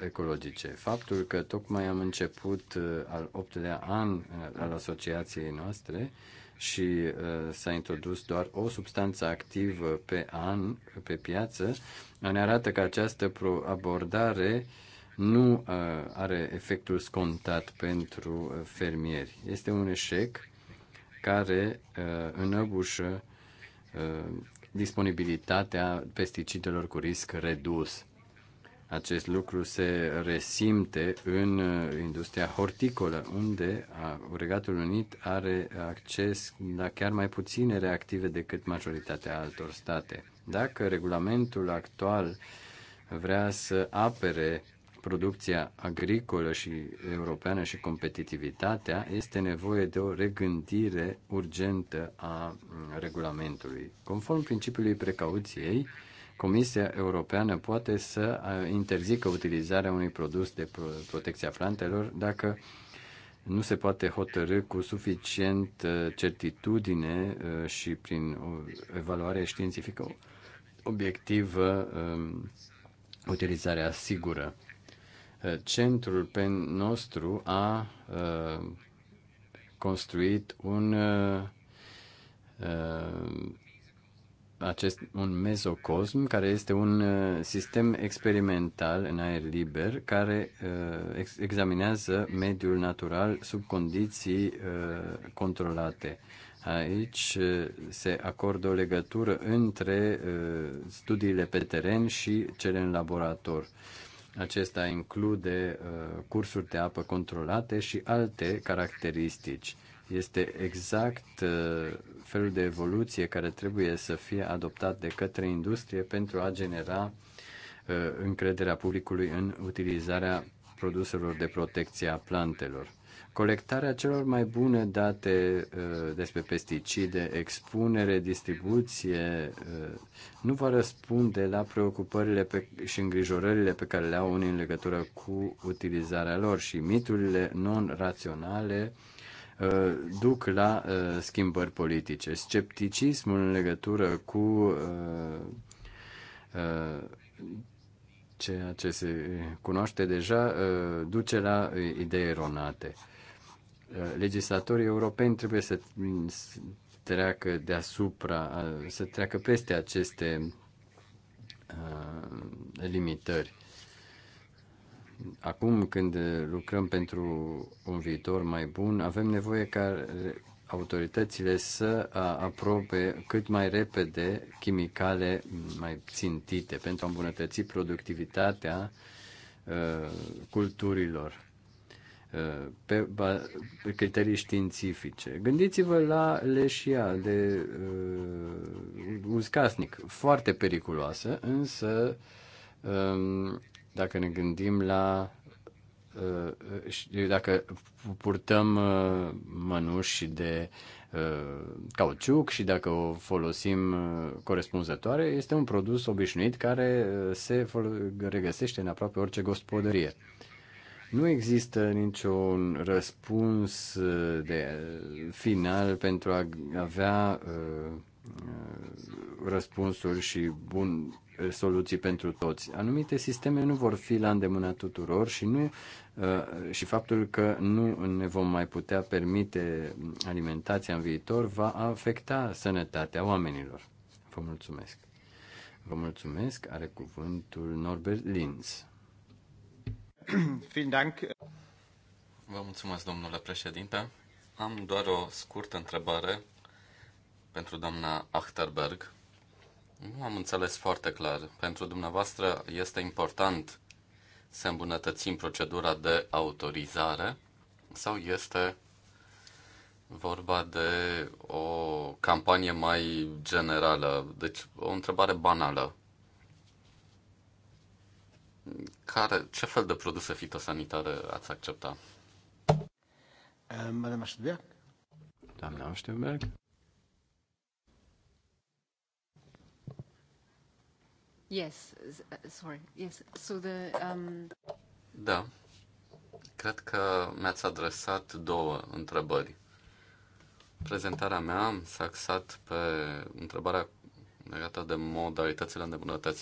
ecologice. Faptul că tocmai am început uh, al optelea an uh, al asociației noastre și uh, s-a introdus doar o substanță activă pe an pe piață, ne arată că această abordare nu uh, are efectul scontat pentru uh, fermieri. Este un eșec care uh, înăbușă disponibilitatea pesticidelor cu risc redus. Acest lucru se resimte în uh, industria horticolă, unde Regatul Unit are acces la chiar mai puține reactive decât majoritatea altor state. Dacă regulamentul actual vrea să apere producția agricolă și europeană și competitivitatea, este nevoie de o regândire urgentă a mm, regulamentului. Conform principiului precauției, Comisia Europeană poate să interzică utilizarea unui produs de protecție a plantelor dacă nu se poate hotărâ cu suficient uh, certitudine uh, și prin o evaluare științifică obiectivă um, utilizarea sigură. Uh, centrul pen nostru a construit un acest, un mezocosm, care este un uh, sistem experimental în aer liber, care uh, examinează mediul natural sub condiții uh, controlate. Aici se acordă o legătură între studiile pe teren și cele în laborator. Acesta include cursuri de apă controlate și alte caracteristici este exact uh, felul de evoluție care trebuie să fie adoptat de către industrie pentru a genera uh, încrederea publicului în utilizarea produselor de protecție a plantelor. Colectarea celor mai bune date uh, despre pesticide, expunere, distribuție, nu va răspunde la preocupările pe, și îngrijorările pe care le au unii în legătură cu utilizarea lor și miturile non-raționale uh, Uh, duc la uh, schimbări politice. Scepticismul în legătură cu uh, ceea ce se cunoaște deja duce la idei eronate. Legislatorii europeni trebuie să treacă deasupra, să treacă peste aceste limitări acum când lucrăm pentru un viitor mai bun, avem nevoie ca autoritățile să aprobe cât mai repede chimicale mai țintite pentru a îmbunătăți productivitatea culturilor pe criterii științifice. Gândiți-vă la leșia de uh, uscasnic, foarte periculoasă, însă um, dacă ne gândim la uh, uh, dacă purtăm uh, mănuși de cauciuc și dacă o folosim corespunzătoare, este un produs obișnuit care se regăsește în aproape orice gospodărie. Nu există niciun răspuns de final pentru a avea Uh, răspunsuri și bun uh, soluții pentru toți. Anumite sisteme nu vor fi la îndemâna tuturor și nu uh, și faptul că nu ne vom mai putea permite alimentația în viitor va afecta sănătatea oamenilor. Vă mulțumesc. Vă mulțumesc. Are cuvântul Norbert Linz. Vă mulțumesc, domnule președinte. Am doar o scurtă întrebare pentru doamna Achterberg. Nu am înțeles foarte clar. Pentru dumneavoastră este important să îmbunătățim procedura de autorizare sau este vorba de o campanie mai generală? Deci o întrebare banală. Care, ce fel de produse fitosanitare ați accepta? Eh, Madame Doamna Oșteberg? Yes, sorry. Yes. So the, um... Da. Cred că mi-ați adresat două întrebări. Prezentarea mea s-a axat pe întrebarea legată de modalitățile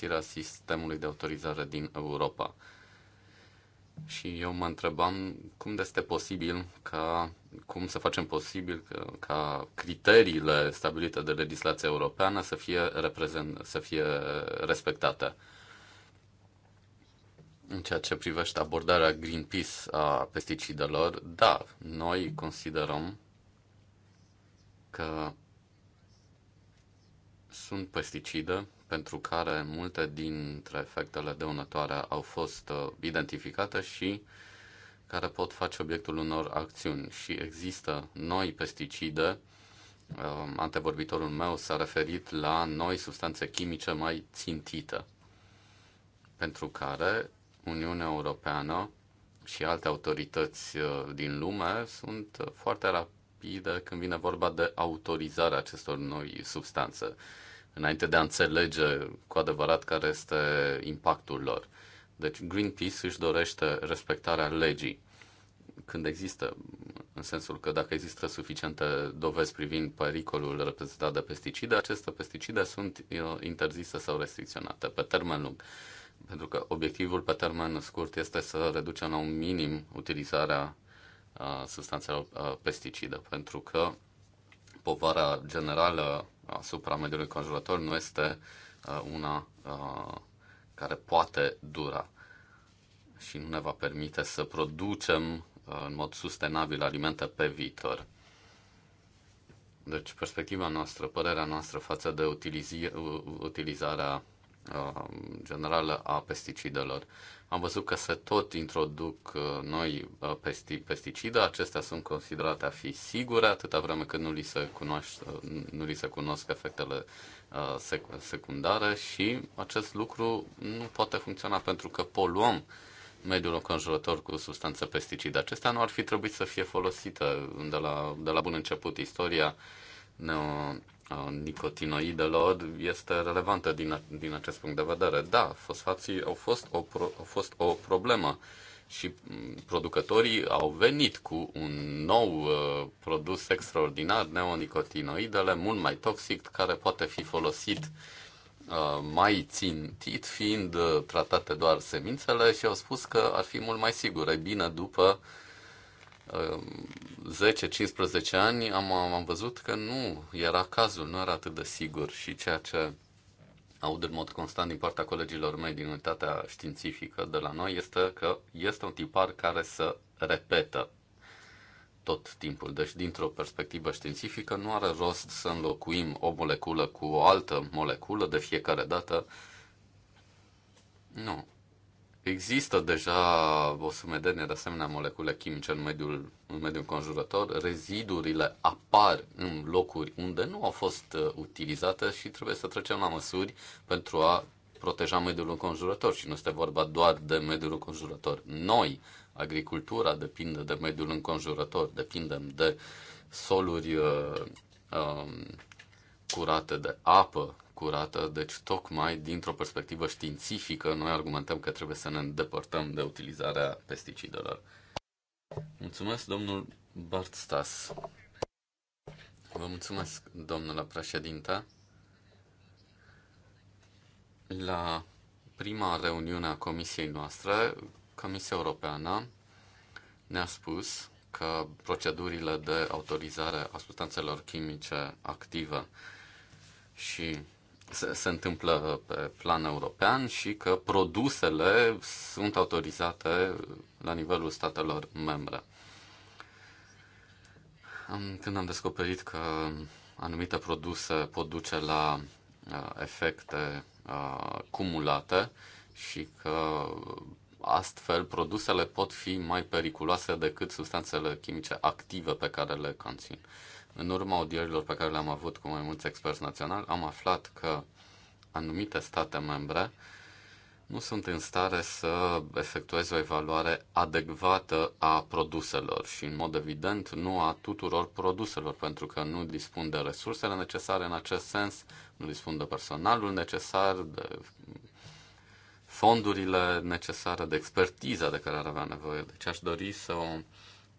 de a sistemului de autorizare din Europa. Și eu mă întrebam cum este posibil ca cum să facem posibil ca criteriile stabilite de legislația europeană să fie, reprezent, să fie respectate. În ceea ce privește abordarea Greenpeace a pesticidelor, da, noi considerăm că sunt pesticide pentru care multe dintre efectele dăunătoare au fost uh, identificate și uh, care pot face obiectul unor acțiuni și există noi pesticide. Um, antevorbitorul meu s-a referit la noi substanțe chimice mai țintite, pentru care Uniunea Europeană și alte autorități uh, din lume sunt uh, foarte rapide când vine vorba de autorizarea acestor noi substanțe, înainte de a înțelege cu adevărat care este impactul lor. Deci Greenpeace își dorește respectarea legii când există, în sensul că dacă există suficiente dovezi privind pericolul reprezentat de pesticide, aceste pesticide sunt uh, interzise sau restricționate pe termen lung. Pentru că obiectivul pe termen scurt este să reducem la un minim utilizarea uh, substanțelor uh, pesticide, pentru că povara generală asupra mediului conjurător nu este una care poate dura și nu ne va permite să producem uh, în mod sustenabil alimente pe viitor. Deci, perspectiva noastră, părerea noastră față de utilizi, utilizarea uh, generală a pesticidelor. Am văzut că se tot introduc uh, noi pesti, pesticide, acestea sunt considerate a fi sigure atâta vreme cât nu li se, cunoaște, nu li se cunosc efectele Uh, secundară și acest lucru nu poate funcționa pentru că poluăm mediul înconjurător cu substanțe pesticide. Acestea nu ar fi trebuit să fie folosite de la, de la bun început. Istoria uh, nicotinoidelor este relevantă din, din acest punct de vedere. Da, fosfații au fost o, au fost o problemă și mm, producătorii au venit cu un nou uh, produs extraordinar, neonicotinoidele, mult mai toxic, care poate fi folosit uh, mai țintit, fiind uh, tratate doar semințele și au spus că ar fi mult mai sigur. E bine, după 10-15 uh, ani am, am văzut că nu era cazul, nu era atât de sigur și ceea ce aud în mod constant din partea colegilor mei din unitatea științifică de la noi este că este un tipar care să repetă tot timpul. Deci, dintr-o perspectivă științifică, nu are rost să înlocuim o moleculă cu o altă moleculă de fiecare dată. Nu. Există deja o sumedenie de asemenea molecule chimice în mediul, în mediul conjurător. Rezidurile apar în locuri unde nu au fost uh, utilizate și trebuie să trecem la măsuri pentru a proteja mediul înconjurător și nu este vorba doar de mediul înconjurător. Noi, agricultura depinde de mediul înconjurător, depindem de soluri uh, uh, curate de apă, curată, deci tocmai dintr-o perspectivă științifică noi argumentăm că trebuie să ne îndepărtăm de utilizarea pesticidelor. Mulțumesc, domnul Bartstas. Vă mulțumesc, domnule președinte. La prima reuniune a comisiei noastre, Comisia Europeană ne-a spus că procedurile de autorizare a substanțelor chimice active și se, se întâmplă pe plan european și că produsele sunt autorizate la nivelul statelor membre. Am, când am descoperit că anumite produse pot duce la uh, efecte uh, cumulate și că astfel produsele pot fi mai periculoase decât substanțele chimice active pe care le conțin. Uh, în urma audierilor pe care le-am avut cu mai mulți experți naționali, am aflat că anumite state membre nu sunt în stare să efectueze o evaluare adecvată a produselor și, în mod evident, nu a tuturor produselor, pentru că nu dispun de resursele necesare în acest sens, nu dispun de personalul necesar, de fondurile necesare, de expertiza de care ar avea nevoie. Deci aș dori să o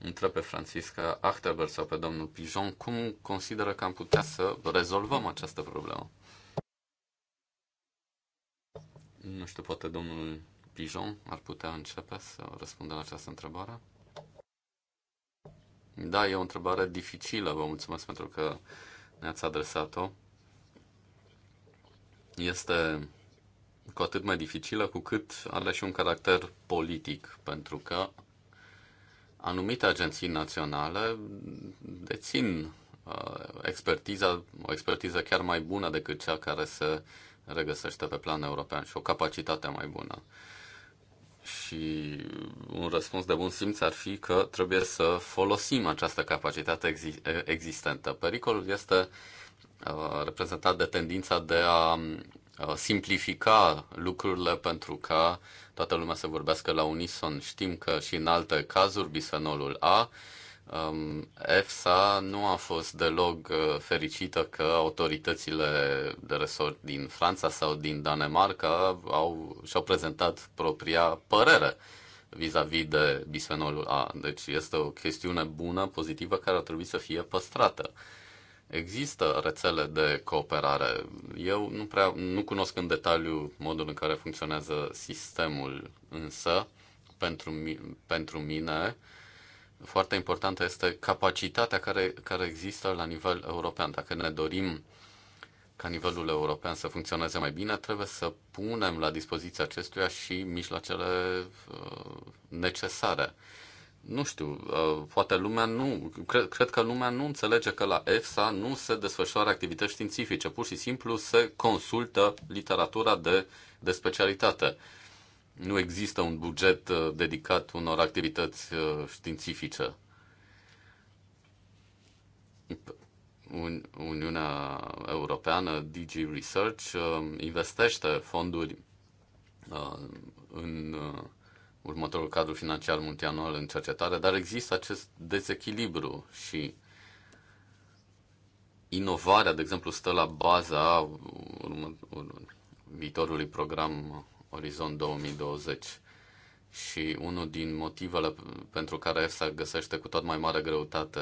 intră pe Francisca Achterberg sau pe domnul Pijon cum consideră că am putea să rezolvăm această problemă. Nu știu, poate domnul Pijon ar putea începe să răspundă la această întrebare. Da, e o întrebare dificilă, vă mulțumesc pentru că ne-ați adresat-o. Este cu atât mai dificilă cu cât are și un caracter politic, pentru că anumite agenții naționale dețin uh, expertiza, o expertiză chiar mai bună decât cea care se regăsește pe plan european și o capacitate mai bună. Și un răspuns de bun simț ar fi că trebuie să folosim această capacitate existentă. Pericolul este uh, reprezentat de tendința de a Uh, simplifica lucrurile pentru ca toată lumea să vorbească la unison. Știm că și în alte cazuri, bisfenolul A, EFSA um, nu a fost deloc uh, fericită că autoritățile de resort din Franța sau din Danemarca au, și-au prezentat propria părere vis-a-vis -vis de bisfenolul A. Deci este o chestiune bună, pozitivă, care ar trebui să fie păstrată. Există rețele de cooperare. Eu nu prea nu cunosc în detaliu modul în care funcționează sistemul, însă pentru, pentru mine foarte importantă este capacitatea care, care există la nivel european. Dacă ne dorim ca nivelul european să funcționeze mai bine, trebuie să punem la dispoziția acestuia și mijloacele uh, necesare nu știu, uh, poate lumea nu, cred, cred că lumea nu înțelege că la EFSA nu se desfășoară activități științifice, pur și simplu se consultă literatura de, de specialitate. Nu există un buget uh, dedicat unor activități uh, științifice. Uniunea Europeană, DG Research, investește fonduri în următorul cadru financiar multianual în cercetare, dar există acest dezechilibru și inovarea, de exemplu, stă la baza viitorului program Orizont 2020. Și unul din motivele pentru care EFSA găsește cu tot mai mare greutate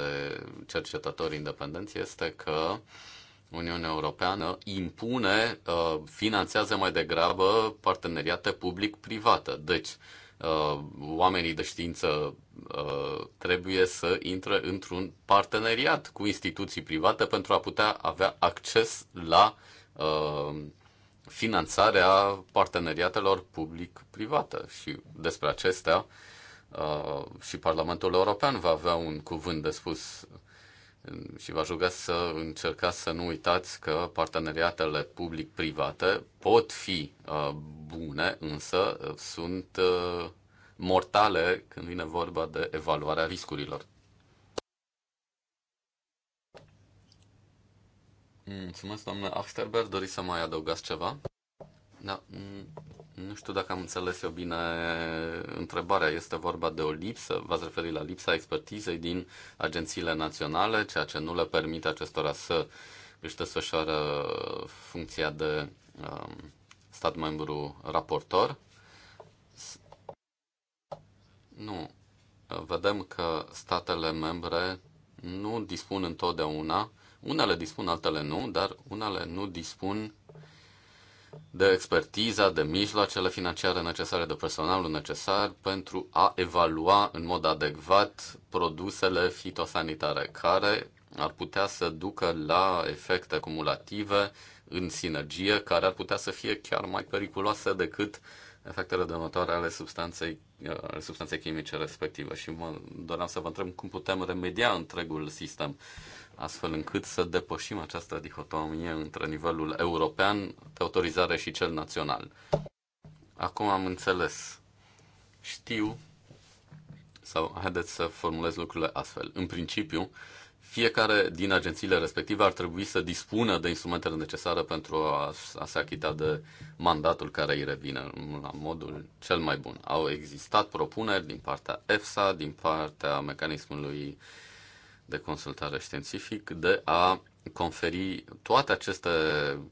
cercetători independenți este că Uniunea Europeană impune, uh, finanțează mai degrabă parteneriate public-private. Deci, Uh, oamenii de știință uh, trebuie să intre într-un parteneriat cu instituții private pentru a putea avea acces la uh, finanțarea parteneriatelor public-private și despre acestea și Parlamentul European va avea un cuvânt de spus și vă aș ruga să încercați să nu uitați că parteneriatele public-private pot fi uh, bune, însă uh, sunt uh, mortale când vine vorba de evaluarea riscurilor. Mulțumesc, doamnă Afterberg. Doriți să mai adăugați ceva? Da, mm. Nu știu dacă am înțeles eu bine întrebarea. Este vorba de o lipsă, v-ați referit la lipsa expertizei din agențiile naționale, ceea ce nu le permite acestora să își desfășoară funcția de um, stat membru raportor. Nu. Vedem că statele membre nu dispun întotdeauna, unele dispun, altele nu, dar unele nu dispun de expertiza, de mijloacele financiare necesare, de personalul necesar pentru a evalua în mod adecvat produsele fitosanitare care ar putea să ducă la efecte cumulative în sinergie care ar putea să fie chiar mai periculoase decât efectele dănătoare ale substanței, uh, ale substanței chimice respective. Și mă doream să vă întreb cum putem remedia întregul sistem astfel încât să depășim această dihotomie între nivelul european de autorizare și cel național. Acum am înțeles. Știu, sau haideți să formulez lucrurile astfel. În principiu, fiecare din agențiile respective ar trebui să dispună de instrumentele necesare pentru a, a se achita de mandatul care îi revine la modul cel mai bun. Au existat propuneri din partea EFSA, din partea mecanismului uh, de consultare științific de a conferi toate aceste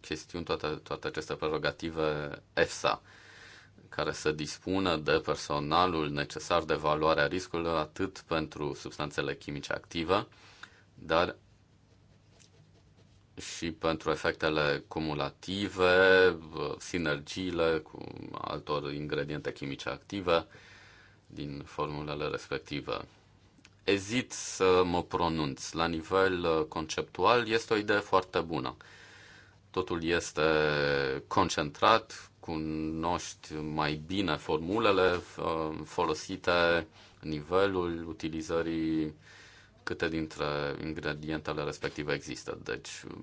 chestiuni, toate, toate aceste prerogative EFSA, care să dispună de personalul necesar de evaluare a riscurilor atât pentru substanțele chimice active, dar și pentru efectele cumulative, sinergiile cu altor ingrediente chimice active din formulele respective ezit să mă pronunț. La nivel uh, conceptual este o idee foarte bună. Totul este concentrat, cunoști mai bine formulele uh, folosite, nivelul utilizării, câte dintre ingredientele respective există. Deci uh,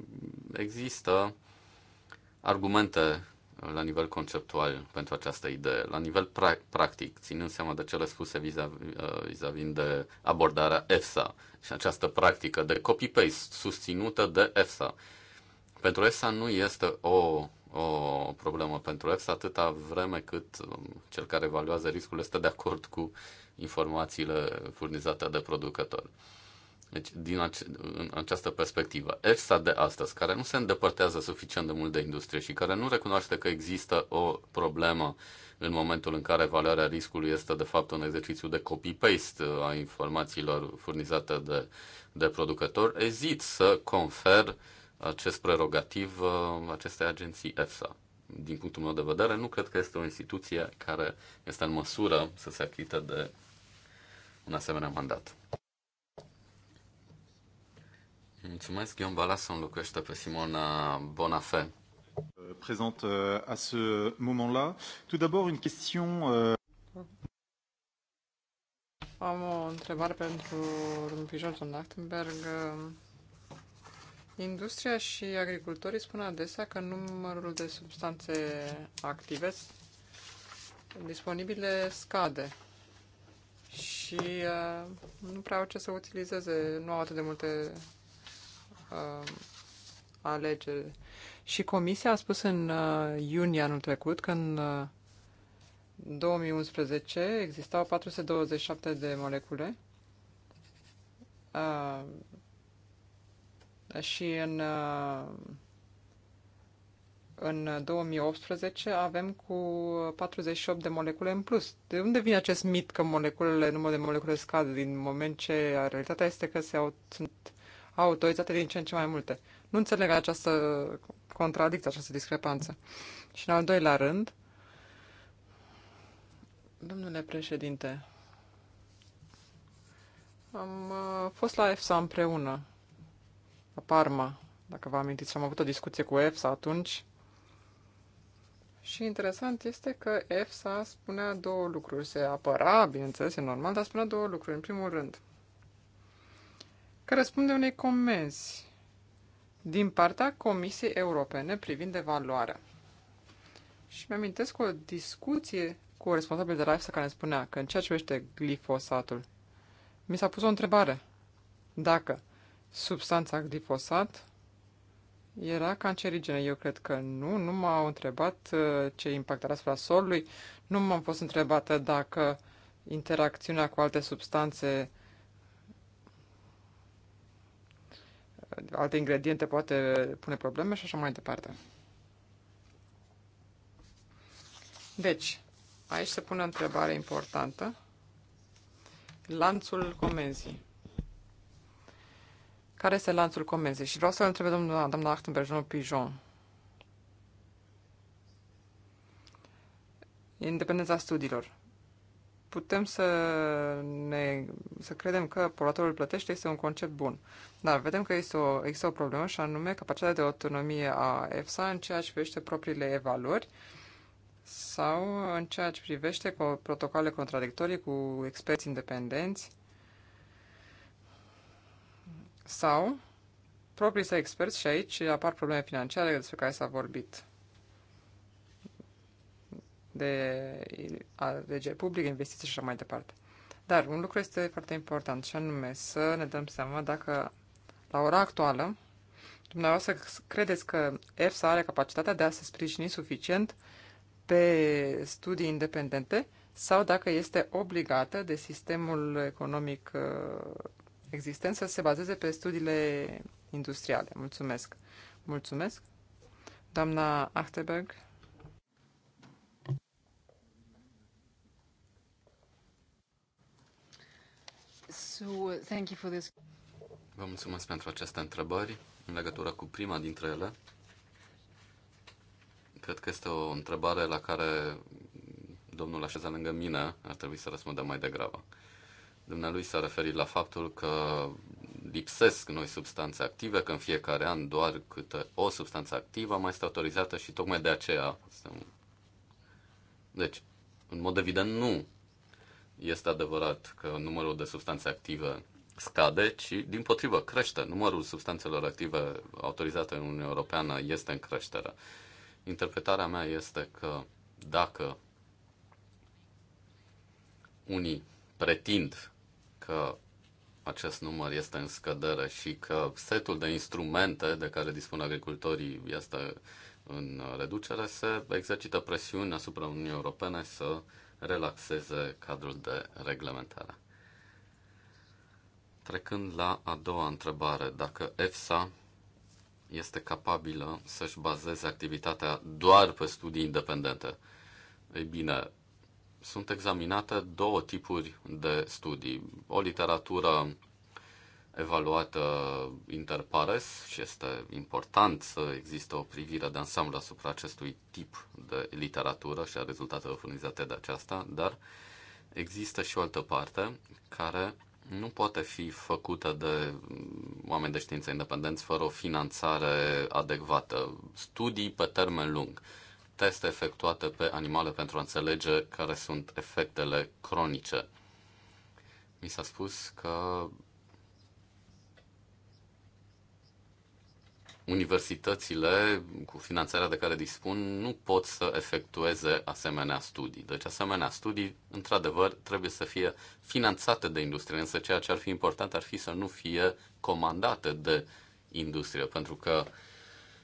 există argumente la nivel conceptual pentru această idee, la nivel pra- practic, ținând seama de cele spuse uh, vis-a-vis de abordarea EFSA și această practică de copy-paste susținută de EFSA. Pentru EFSA nu este o, o problemă pentru EFSA atâta vreme cât um, cel care evaluează riscul este de acord cu informațiile furnizate de producător. Deci, din ace- în această perspectivă, EFSA de astăzi, care nu se îndepărtează suficient de mult de industrie și care nu recunoaște că există o problemă în momentul în care valoarea riscului este, de fapt, un exercițiu de copy-paste a informațiilor furnizate de, de producător, ezit să confer acest prerogativ uh, acestei agenții EFSA. Din punctul meu de vedere, nu cred că este o instituție care este în măsură să se achite de un asemenea mandat. Mulțumesc, Ion Balas înlocuiește pe Simona Bonafé. Prezent a uh, ce moment-là. Tout d'abord, une question... Uh, Am o întrebare pentru domnul Jordan Lachtenberg. Industria și agricultorii spun adesea că numărul de substanțe active disponibile scade și uh, nu prea au ce să utilizeze, nu au atât de multe uh, alegeri. Și comisia a spus în uh, iunie anul trecut că în uh, 2011 existau 427 de molecule uh, și în, uh, în 2018 avem cu 48 de molecule în plus. De unde vine acest mit că moleculele, numărul de molecule scade din moment ce realitatea este că se au, sunt autorizate din ce în ce mai multe. Nu înțeleg această contradicție, această discrepanță. Și în al doilea rând, domnule președinte, am uh, fost la EFSA împreună, la Parma, dacă vă amintiți, am avut o discuție cu EFSA atunci. Și interesant este că EFSA spunea două lucruri. Se apăra, bineînțeles, e normal, dar spunea două lucruri. În primul rând, că răspunde unei comenzi din partea Comisiei Europene privind evaluarea. Și mi amintesc o discuție cu responsabil de la care ne spunea că în ceea ce privește glifosatul, mi s-a pus o întrebare dacă substanța glifosat era cancerigenă. Eu cred că nu, nu m-au întrebat uh, ce impact are asupra solului, nu m-am fost întrebată dacă interacțiunea cu alte substanțe alte ingrediente poate pune probleme și așa mai departe. Deci, aici se pune o întrebare importantă. Lanțul comenzii. Care este lanțul comenzii? Și vreau să-l întreb doamna, doamna Achtenberg, domnul Pijon. Independența studiilor putem să, ne, să credem că poluatorul plătește este un concept bun. Dar vedem că este o, există o problemă și anume capacitatea de autonomie a EFSA în ceea ce privește propriile evaluări sau în ceea ce privește cu protocoale contradictorii cu experți independenți sau proprii să experți și aici apar probleme financiare despre care s-a vorbit de alegeri publice, investiții și așa mai departe. Dar un lucru este foarte important și anume să ne dăm seama dacă la ora actuală dumneavoastră credeți că EFSA are capacitatea de a se sprijini suficient pe studii independente sau dacă este obligată de sistemul economic uh, existent să se bazeze pe studiile industriale. Mulțumesc! Mulțumesc! Doamna Achterberg? Vă mulțumesc pentru aceste întrebări. În legătură cu prima dintre ele, cred că este o întrebare la care domnul așeza lângă mine ar trebui să răspundă mai degrabă. Dumnealui s-a referit la faptul că lipsesc noi substanțe active, că în fiecare an doar câte o substanță activă mai este autorizată și tocmai de aceea. Deci, în mod evident, nu este adevărat că numărul de substanțe active scade, ci din potrivă crește. Numărul substanțelor active autorizate în Uniunea Europeană este în creștere. Interpretarea mea este că dacă unii pretind că acest număr este în scădere și că setul de instrumente de care dispun agricultorii este în reducere, se exercită presiuni asupra Uniunii Europene să relaxeze cadrul de reglementare. Trecând la a doua întrebare, dacă EFSA este capabilă să-și bazeze activitatea doar pe studii independente. Ei bine, sunt examinate două tipuri de studii. O literatură evaluată interpares și este important să există o privire de ansamblu asupra acestui tip de literatură și a rezultatelor furnizate de aceasta, dar există și o altă parte care nu poate fi făcută de oameni de știință independenți fără o finanțare adecvată. Studii pe termen lung, teste efectuate pe animale pentru a înțelege care sunt efectele cronice. Mi s-a spus că universitățile, cu finanțarea de care dispun, nu pot să efectueze asemenea studii. Deci asemenea studii, într-adevăr, trebuie să fie finanțate de industrie, însă ceea ce ar fi important ar fi să nu fie comandate de industrie, pentru că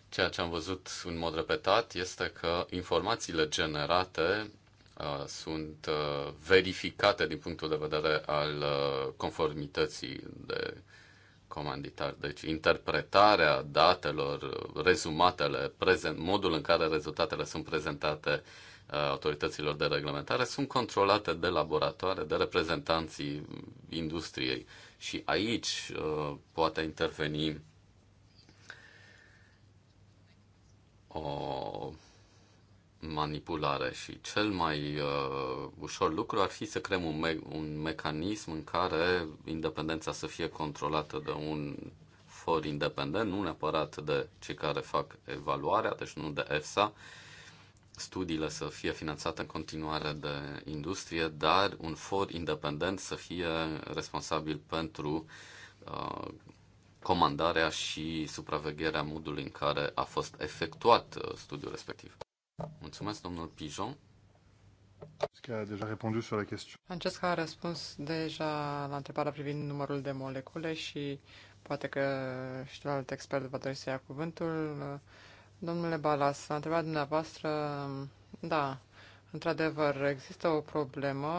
ceea ce am văzut în mod repetat este că informațiile generate uh, sunt uh, verificate din punctul de vedere al uh, conformității de uh, comanditar. Deci interpretarea datelor, rezumatele, prezent, modul în care rezultatele sunt prezentate uh, autorităților de reglementare sunt controlate de laboratoare, de reprezentanții industriei. Și aici uh, poate interveni o manipulare și cel mai uh, ușor lucru ar fi să creăm un, me- un mecanism în care independența să fie controlată de un for independent, nu neapărat de cei care fac evaluarea, deci nu de EFSA, studiile să fie finanțate în continuare de industrie, dar un for independent să fie responsabil pentru uh, comandarea și supravegherea modului în care a fost efectuat uh, studiul respectiv. Mulțumesc, domnul Pijon. Francesca a deja răspuns sur la question. Francesca a răspuns deja la întrebarea privind numărul de molecule și poate că și alt expert va dori să ia cuvântul. Domnule Balas, la întrebarea dumneavoastră, da, într-adevăr, există o problemă,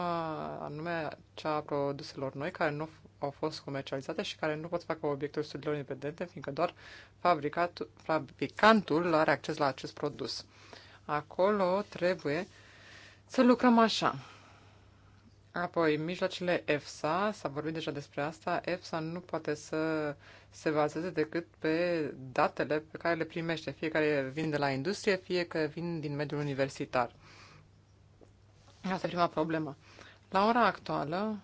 anume cea a produselor noi care nu au fost comercializate și care nu pot facă obiectul studiilor independente, fiindcă doar fabricat, fabricantul are acces la acest produs. Acolo trebuie să lucrăm așa. Apoi, mijloacele EFSA, s-a vorbit deja despre asta, EFSA nu poate să se bazeze decât pe datele pe care le primește, fie care vin de la industrie, fie că vin din mediul universitar. Asta e prima problemă. La ora actuală,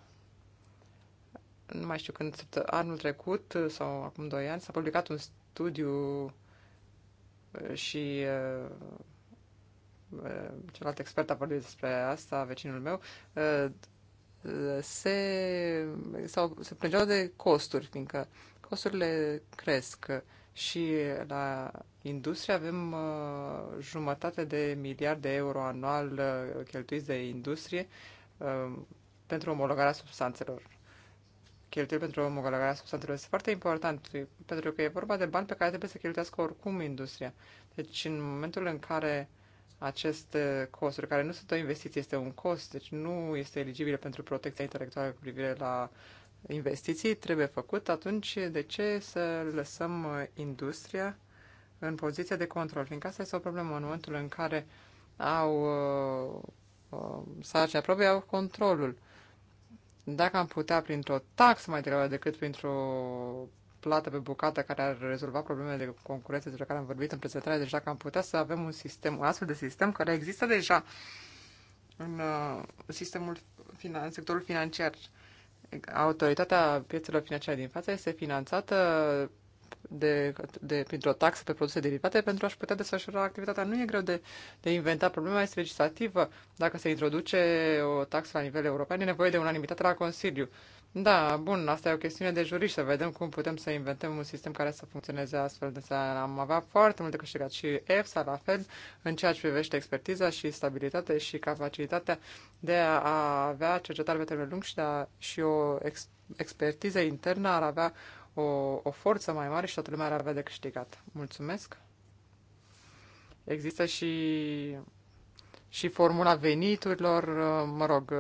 nu mai știu când, anul trecut sau acum doi ani, s-a publicat un studiu uh, și uh, Eh, celălalt expert a vorbit despre asta, vecinul meu, eh, se, sau, se plângeau de costuri, fiindcă costurile cresc și la industrie avem eh, jumătate de miliard de euro anual cheltuiți de industrie pentru omologarea substanțelor. Cheltuieli pentru omologarea substanțelor este foarte important pentru că e vorba de bani pe care trebuie să cheltuiască oricum industria. Deci în momentul în care aceste uh, costuri, care nu sunt o investiție, este un cost, deci nu este eligibilă pentru protecția intelectuală cu privire la investiții, trebuie făcut, atunci de ce să lăsăm uh, industria în poziție de control? Fiindcă asta este o problemă în momentul în care au uh, uh, sarcina proprie, au controlul. Dacă am putea printr-o taxă mai degrabă decât printr-o plată pe bucată care ar rezolva problemele de concurență despre care am vorbit în prezentare deja, deci că am putea să avem un sistem, un astfel de sistem care există deja în uh, sistemul în sectorul financiar. Autoritatea piețelor financiare din față este finanțată de, de, printr-o taxă pe produse derivate pentru a-și putea desfășura activitatea. Nu e greu de, de inventat. Problema este legislativă. Dacă se introduce o taxă la nivel european, e nevoie de unanimitate la Consiliu. Da, bun, asta e o chestiune de juriști, să vedem cum putem să inventăm un sistem care să funcționeze astfel de să am avea foarte multe câștigat și EFSA la fel în ceea ce privește expertiza și stabilitate și capacitatea de a avea cercetare pe termen lung și, de a, și o ex, expertiză internă ar avea o, o forță mai mare și toată lumea ar avea de câștigat. Mulțumesc! Există și, și formula veniturilor, mă rog,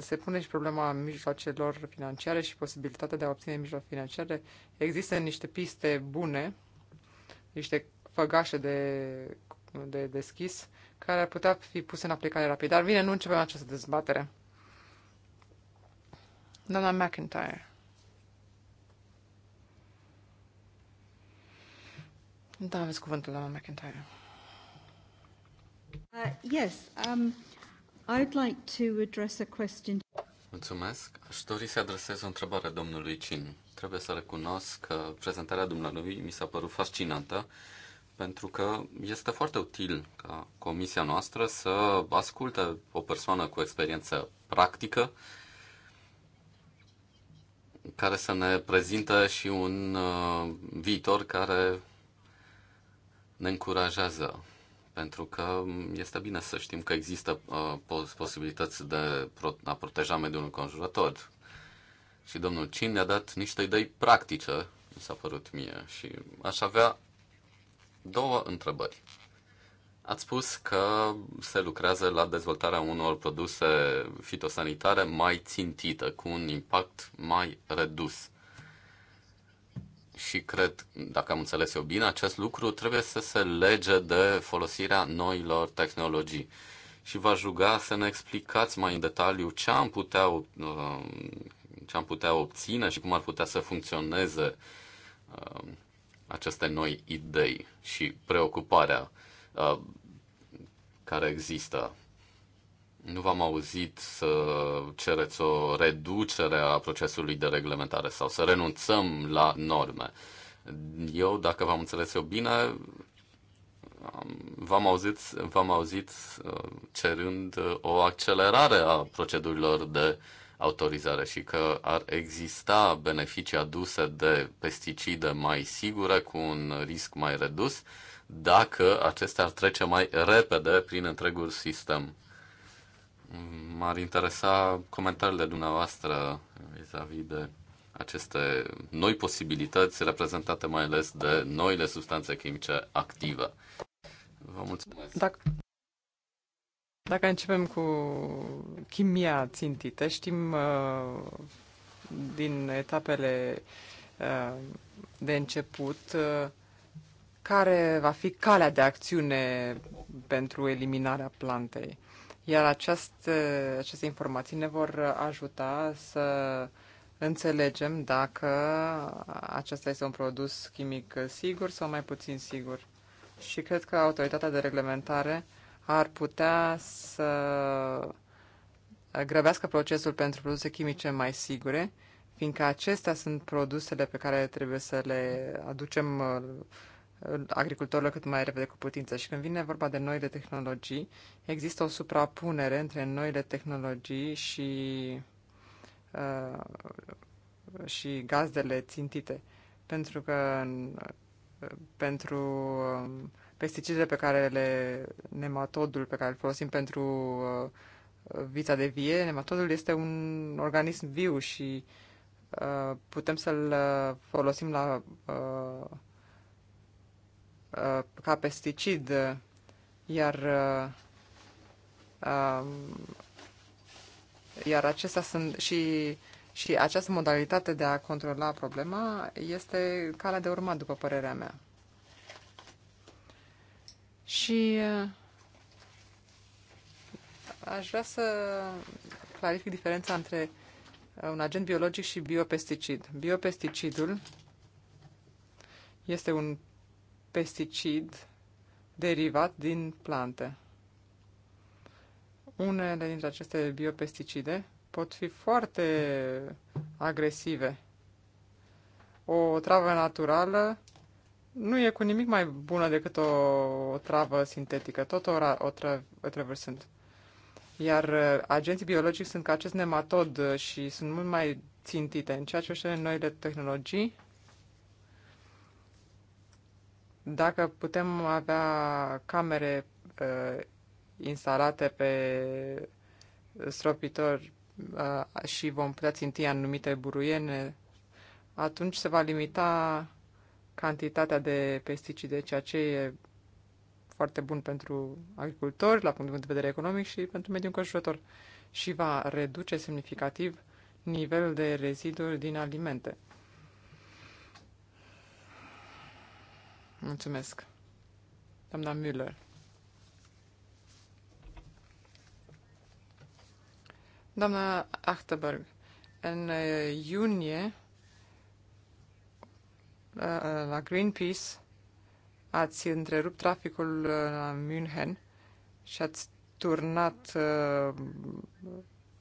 se pune și problema mijloacelor financiare și posibilitatea de a obține mijloace financiare. Există niște piste bune, niște făgașe de, de deschis, care ar putea fi puse în aplicare rapid. Dar vine nu începem această dezbatere. Doamna McIntyre. Da, aveți cuvântul, doamna McIntyre. Uh, yes, um, I'd like to address a question. Mulțumesc. Aș dori să adresez o întrebare domnului Cin. Trebuie să recunosc că prezentarea dumneavoastră mi s-a părut fascinantă pentru că este foarte util ca comisia noastră să asculte o persoană cu experiență practică care să ne prezintă și un uh, viitor care ne încurajează, pentru că este bine să știm că există uh, posibilități de a proteja mediul înconjurător. Și domnul Cin ne-a dat niște idei practice, mi s-a părut mie, și aș avea două întrebări. Ați spus că se lucrează la dezvoltarea unor produse fitosanitare mai țintite, cu un impact mai redus și cred, dacă am înțeles eu bine, acest lucru trebuie să se lege de folosirea noilor tehnologii. Și v-aș ruga să ne explicați mai în detaliu ce am putea, uh, ce am putea obține și cum ar putea să funcționeze uh, aceste noi idei și preocuparea uh, care există nu v-am auzit să cereți o reducere a procesului de reglementare sau să renunțăm la norme. Eu, dacă v-am înțeles eu bine, v-am auzit, v-am auzit uh, cerând uh, o accelerare a procedurilor de autorizare și că ar exista beneficii aduse de pesticide mai sigure, cu un risc mai redus, dacă acestea ar trece mai repede prin întregul sistem M-ar interesa comentariile dumneavoastră vis-a-vis -vis de aceste noi posibilități reprezentate mai ales de noile substanțe chimice active. Vă mulțumesc. Dacă, dacă începem cu chimia țintită, știm uh, din etapele uh, de început uh, care va fi calea de acțiune pentru eliminarea plantei. Iar aceste, aceste informații ne vor ajuta să înțelegem dacă acesta este un produs chimic sigur sau mai puțin sigur. Și cred că autoritatea de reglementare ar putea să grăbească procesul pentru produse chimice mai sigure, fiindcă acestea sunt produsele pe care trebuie să le aducem agricultorilor cât mai repede cu putință. Și când vine vorba de noile tehnologii, există o suprapunere între noile tehnologii și, uh, și gazdele țintite. Pentru că pentru uh, pesticidele pe care le, nematodul pe care îl folosim pentru uh, vița de vie, nematodul este un organism viu și uh, putem să-l folosim la Uh, ca pesticid, uh, iar, uh, um, iar acestea sunt și, și această modalitate de a controla problema este calea de urmat, după părerea mea. Și aș vrea să clarific diferența între un agent biologic și biopesticid. Biopesticidul este un pesticid derivat din plante. Unele dintre aceste biopesticide pot fi foarte agresive. O travă naturală nu e cu nimic mai bună decât o, o travă sintetică. Tot o, o, travă sunt. Iar uh, agenții biologici sunt ca acest nematod uh, și sunt mult mai țintite în ceea ce noile tehnologii. Dacă putem avea camere uh, instalate pe stropitor uh, și vom putea ținti anumite buruiene, atunci se va limita cantitatea de pesticide, ceea ce e foarte bun pentru agricultori, la punctul de vedere economic și pentru mediul înconjurător și va reduce semnificativ nivelul de reziduri din alimente. Mulțumesc. Doamna Müller. Doamna Achterberg, în uh, iunie uh, uh, la Greenpeace ați întrerupt traficul la München și ați turnat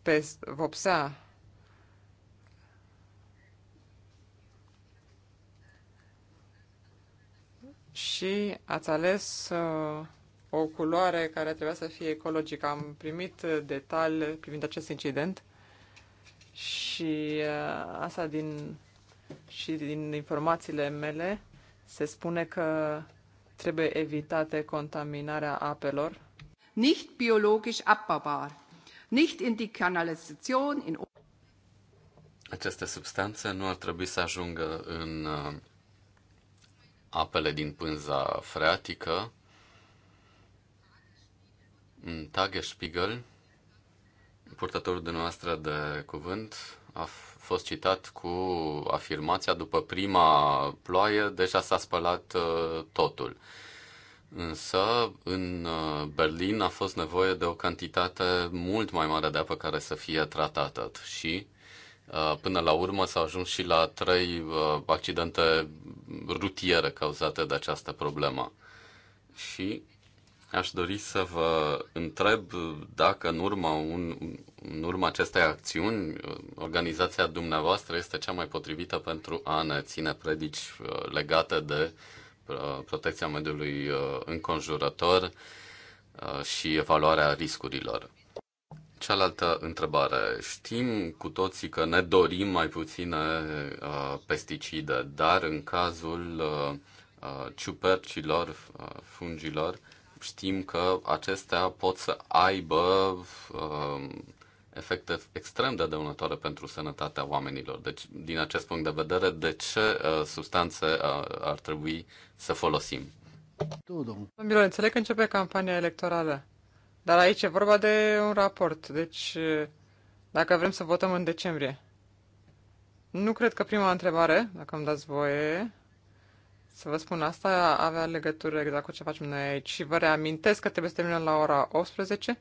pe vopsea și ați ales uh, o culoare care trebuia să fie ecologică. Am primit uh, detalii privind acest incident și uh, asta din, și din informațiile mele se spune că trebuie evitate contaminarea apelor. Nicht biologisch abbaubar. Nicht in die Kanalisation in Aceste substanțe nu ar trebui să ajungă în uh, apele din pânza freatică. În mm, Tagesspiegel, purtătorul noastră de cuvânt a fost citat cu afirmația după prima ploaie deja s-a spălat uh, totul. Însă, în uh, Berlin a fost nevoie de o cantitate mult mai mare de apă care să fie tratată și Uh, până la urmă s-a ajuns și la trei uh, accidente rutiere cauzate de această problemă. Și aș dori să vă întreb dacă în urma, un, în urma acestei acțiuni uh, organizația dumneavoastră este cea mai potrivită pentru a ne ține predici legate de protecția mediului înconjurător și evaluarea riscurilor. Cealaltă întrebare. Știm cu toții că ne dorim mai puține uh, pesticide, dar în cazul uh, uh, ciupercilor, uh, fungilor, știm că acestea pot să aibă uh, efecte extrem de dăunătoare pentru sănătatea oamenilor. Deci, din acest punct de vedere, de ce uh, substanțe uh, ar trebui să folosim? Domnilor, înțeleg că începe campania electorală. Dar aici e vorba de un raport, deci dacă vrem să votăm în decembrie. Nu cred că prima întrebare, dacă îmi dați voie, să vă spun asta, avea legătură exact cu ce facem noi aici. Și vă reamintesc că trebuie să terminăm la ora 18.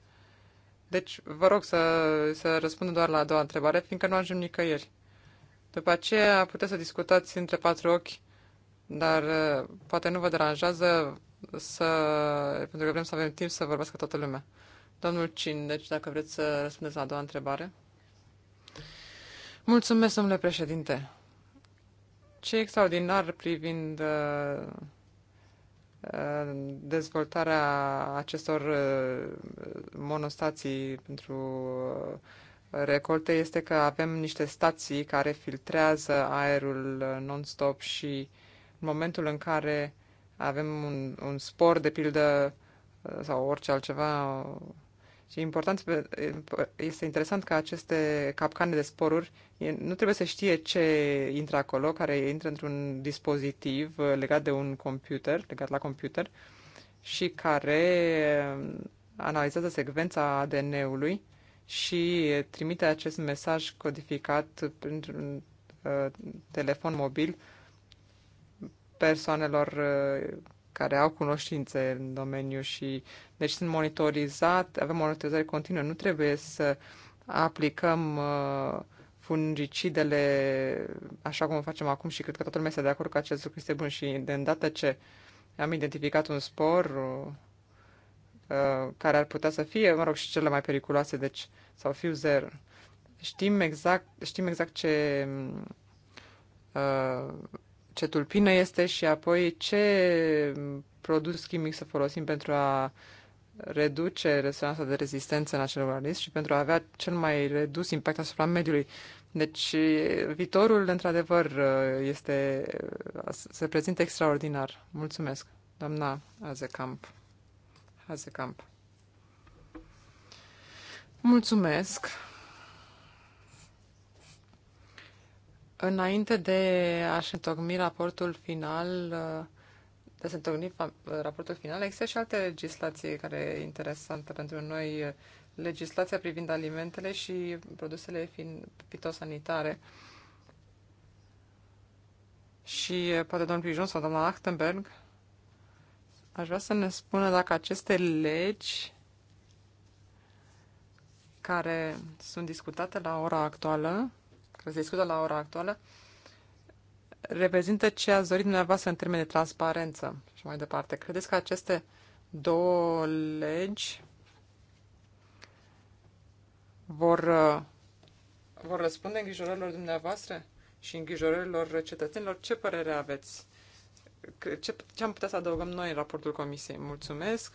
Deci vă rog să, să răspundem doar la a doua întrebare, fiindcă nu ajungem nicăieri. După aceea puteți să discutați între patru ochi, dar poate nu vă deranjează să, pentru că vrem să avem timp să vorbească toată lumea. Domnul Cin, deci dacă vreți să răspundeți la a doua întrebare. Mulțumesc, domnule președinte. Ce extraordinar privind uh, uh dezvoltarea acestor uh, monostații pentru uh, recolte este că avem niște stații care filtrează aerul non-stop și în momentul în care avem un, un spor, de pildă, uh, sau orice altceva. Uh, și important este interesant că aceste capcane de sporuri nu trebuie să știe ce intră acolo, care intră într-un dispozitiv uh, legat de un computer, legat la computer, și care analizează secvența ADN-ului și trimite acest mesaj codificat printr-un telefon mobil persoanelor uh, care au cunoștințe în domeniu și deci sunt monitorizat, avem monitorizare continuă, nu trebuie să aplicăm uh, fungicidele așa cum facem acum și cred că toată lumea este de acord că acest lucru este bun și de îndată ce am identificat un spor uh, care ar putea să fie, mă rog, și cele mai periculoase, deci, sau fiu zero. Știm exact, știm exact ce uh, ce tulpină este și apoi ce produs chimic să folosim pentru a reduce resonanța de rezistență în acel organism și pentru a avea cel mai redus impact asupra mediului. Deci viitorul, într-adevăr, este, se prezintă extraordinar. Mulțumesc, doamna Azecamp. Azecamp. Mulțumesc. Înainte de a-și întocmi raportul final, de a și întocmi raportul final, există și alte legislații care e interesantă pentru noi. Legislația privind alimentele și produsele fitosanitare. Și eh, poate domnul Prijun sau doamna Achtenberg aș vrea să ne spună dacă aceste legi care sunt discutate la ora actuală care se discută la ora actuală, reprezintă ce ați dorit dumneavoastră în termeni de transparență și mai departe. Credeți că aceste două legi vor, uh, vor răspunde îngrijorărilor dumneavoastră și îngrijorărilor cetățenilor? Ce părere aveți? Ce, ce am putea să adăugăm noi în raportul comisiei? Mulțumesc,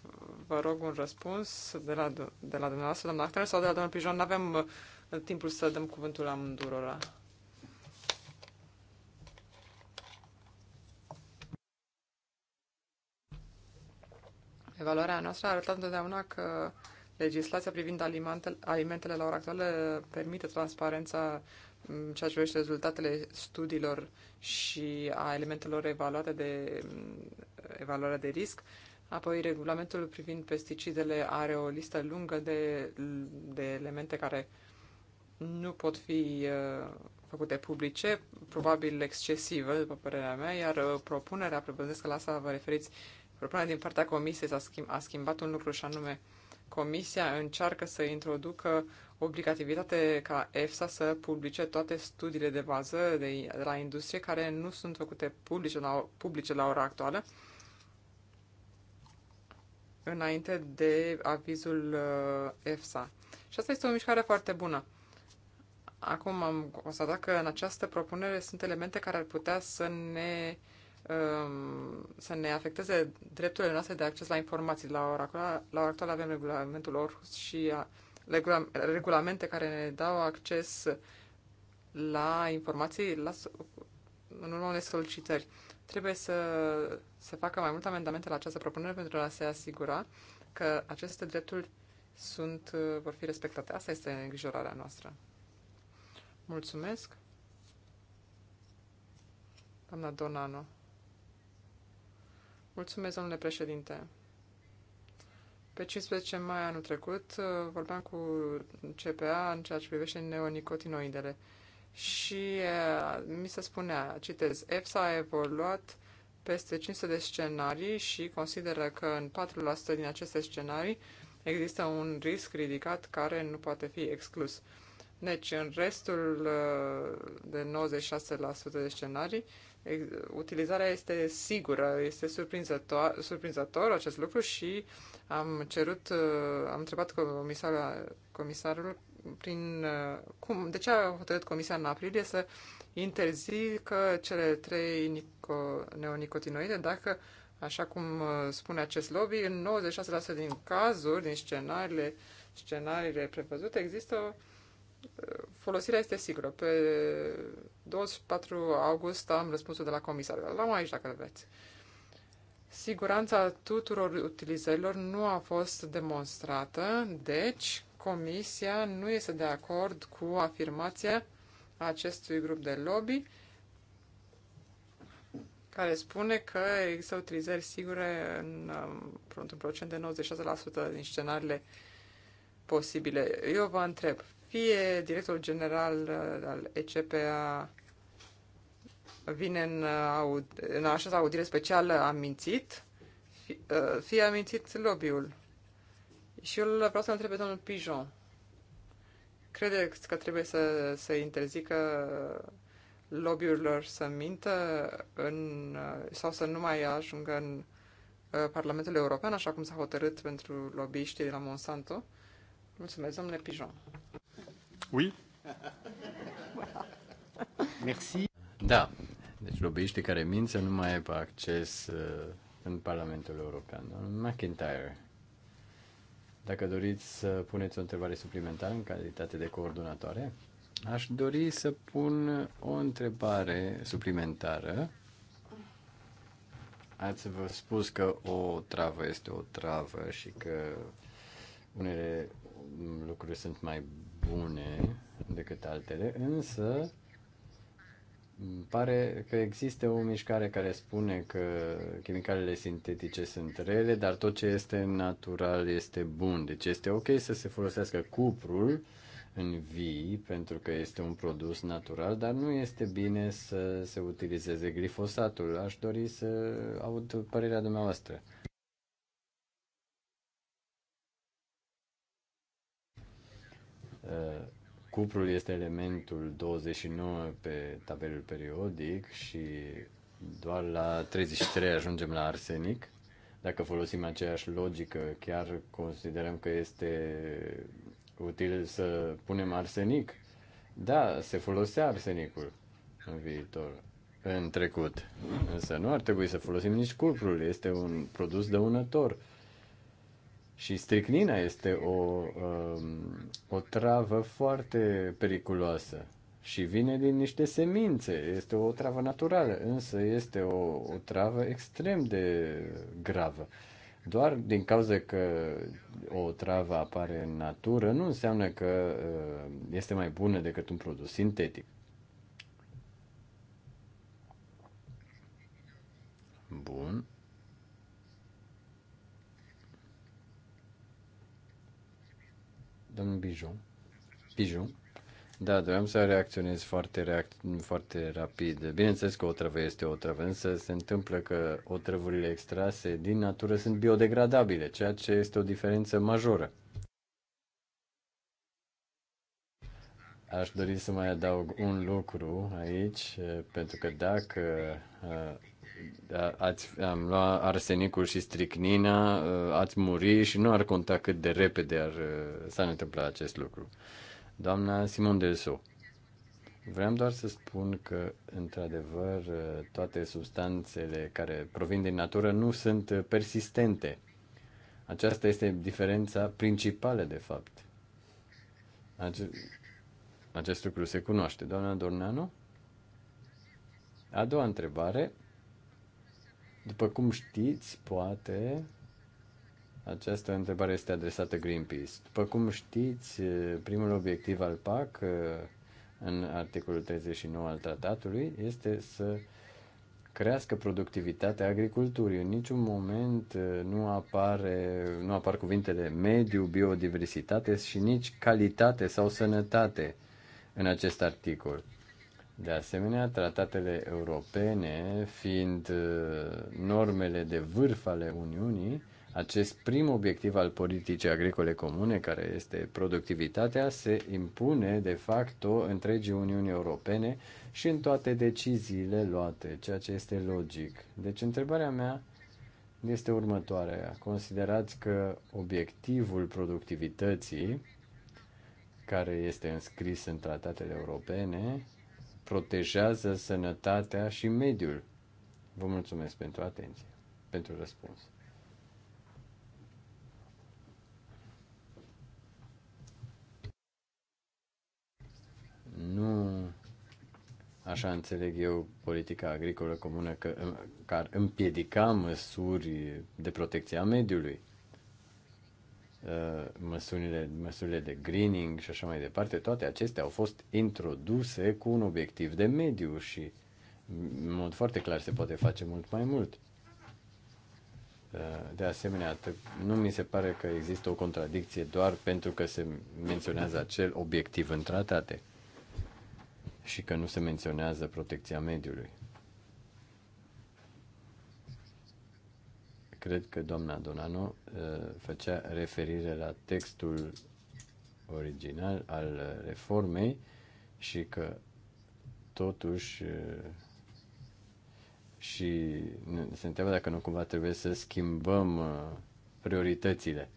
vă rog un răspuns de la, de la dumneavoastră, doamna Actele, sau de la domnul Pijon. Nu avem uh, în timpul să dăm cuvântul amândurora. Evaluarea noastră a arătat întotdeauna că legislația privind alimentele, alimentele la ora actuală permite transparența ceea ce privește rezultatele studiilor și a elementelor evaluate de evaluare de risc. Apoi, regulamentul privind pesticidele are o listă lungă de, de elemente care uh, nu pot fi uh, făcute publice, probabil excesivă, după părerea mea, iar uh, propunerea, prevăzând că la asta vă referiți, propunerea din partea comisiei s-a schimb, a schimbat un lucru și anume comisia încearcă să introducă obligativitate ca EFSA să publice toate studiile de bază de, de la industrie care nu sunt făcute publice la, publice la ora actuală înainte de avizul uh, EFSA. Și asta este o mișcare foarte bună Acum am constatat că în această propunere sunt elemente care ar putea să ne, um, să ne afecteze drepturile noastre de acces la informații. La ora la ora actuală avem regulamentul Orhus și uh, regulamente care ne dau acces la informații la, în urma unei solicitări. Trebuie să se facă mai multe amendamente la această propunere pentru a se asigura că aceste drepturi sunt, uh, vor fi respectate. Asta este îngrijorarea noastră. Mulțumesc. Doamna Donano. Mulțumesc, domnule președinte. Pe 15 mai anul trecut uh, vorbeam cu CPA în ceea ce privește neonicotinoidele și uh, mi se spunea, citez, EFSA a evoluat peste 500 de scenarii și consideră că în 4% din aceste scenarii există un risc ridicat care nu poate fi exclus. Deci, în restul uh, de 96% de scenarii, utilizarea este sigură, este surprinzător, surprinzător acest lucru și am cerut, uh, am întrebat comisarul, comisarul prin uh, cum, de ce a hotărât comisia în aprilie să interzică cele trei nico, neonicotinoide dacă, așa cum spune acest lobby, în 96% din cazuri, din scenariile, scenariile prevăzute, există folosirea este sigură. Pe 24 august am răspunsul de la comisar. la am aici dacă vreți. Siguranța tuturor utilizărilor nu a fost demonstrată, deci comisia nu este de acord cu afirmația acestui grup de lobby care spune că există utilizări sigure în, într-un procent de 96% din scenariile posibile. Eu vă întreb, fie directorul general uh, al ECPA vine în, uh, aud, în așa audiere specială amintit, uh, fie, fie amintit lobby-ul. Și eu vreau să întreb pe domnul Pijon. Credeți că trebuie să se interzică lobby-urilor să mintă în, sau să nu mai ajungă în Parlamentul European, așa cum s-a hotărât pentru lobbyiștii de la Monsanto? Mulțumesc, domnule Pijon. Oui. Merci. Da. Deci lobbyiștii care mint să nu mai aibă acces uh, în Parlamentul European. McIntyre, dacă doriți să puneți o întrebare suplimentară în calitate de coordonatoare, aș dori să pun o întrebare suplimentară. Ați vă spus că o travă este o travă și că unele lucruri sunt mai bune decât altele, însă pare că există o mișcare care spune că chimicalele sintetice sunt rele, dar tot ce este natural este bun. Deci este ok să se folosească cuprul în vii pentru că este un produs natural, dar nu este bine să se utilizeze glifosatul. Aș dori să aud părerea dumneavoastră. Uh, cuprul este elementul 29 pe tabelul periodic și doar la 33 ajungem la arsenic. Dacă folosim aceeași logică, chiar considerăm că este util să punem arsenic? Da, se folosea arsenicul în viitor, în trecut. Însă nu ar trebui să folosim nici cuprul, este un produs dăunător. Uh, și stricnina este o, um, o travă foarte periculoasă și vine din niște semințe. Este o travă naturală, însă este o, o travă extrem de gravă. Doar din cauza că o travă apare în natură, nu înseamnă că uh, este mai bună decât un produs sintetic. Bun. Domnul Biju. Biju. Da, doream să reacționez foarte, reac- foarte rapid. Bineînțeles că otrăvă este otrăvă, însă se întâmplă că otrăvurile extrase din natură sunt biodegradabile, ceea ce este o diferență majoră. Aș dori să mai adaug un lucru aici, pentru că dacă uh, da, ați am luat arsenicul și stricnina, uh, ați muri și nu ar conta cât de repede ar, uh, s a întâmplat acest lucru. Doamna Simon Delso, vreau doar să spun că, într-adevăr, uh, toate substanțele care provin din natură nu sunt persistente. Aceasta este diferența principală, de fapt. acest lucru se cunoaște. Doamna Dorneanu? A doua întrebare după cum știți, poate, această întrebare este adresată Greenpeace. După cum știți, primul obiectiv al PAC în articolul 39 al tratatului este să crească productivitatea agriculturii. În niciun moment uh, nu, apare, nu apar cuvintele mediu, biodiversitate și nici calitate sau sănătate în acest articol. De asemenea, tratatele europene, fiind uh, normele de vârf ale Uniunii, acest prim obiectiv al politicii agricole comune, care este productivitatea, se impune de facto întregii Uniuni Europene și în toate deciziile luate, ceea ce este logic. Deci, întrebarea mea este următoarea. Considerați că obiectivul productivității, care este înscris în tratatele europene, protejează sănătatea și mediul. Vă mulțumesc pentru atenție, pentru răspuns. Nu așa înțeleg eu politica agricolă comună, că, care împiedica măsuri de protecție a mediului. Uh, măsurile, măsurile de greening și așa mai departe, toate acestea au fost introduse cu un obiectiv de mediu și în mod foarte clar se poate face mult mai mult. Uh, de asemenea, nu mi se pare că există o contradicție doar pentru că se menționează acel obiectiv în tratate și că nu se menționează protecția mediului. Cred că doamna Donano uh, făcea referire la textul original al reformei și că totuși uh, și se întreabă dacă nu cumva trebuie să schimbăm uh, prioritățile.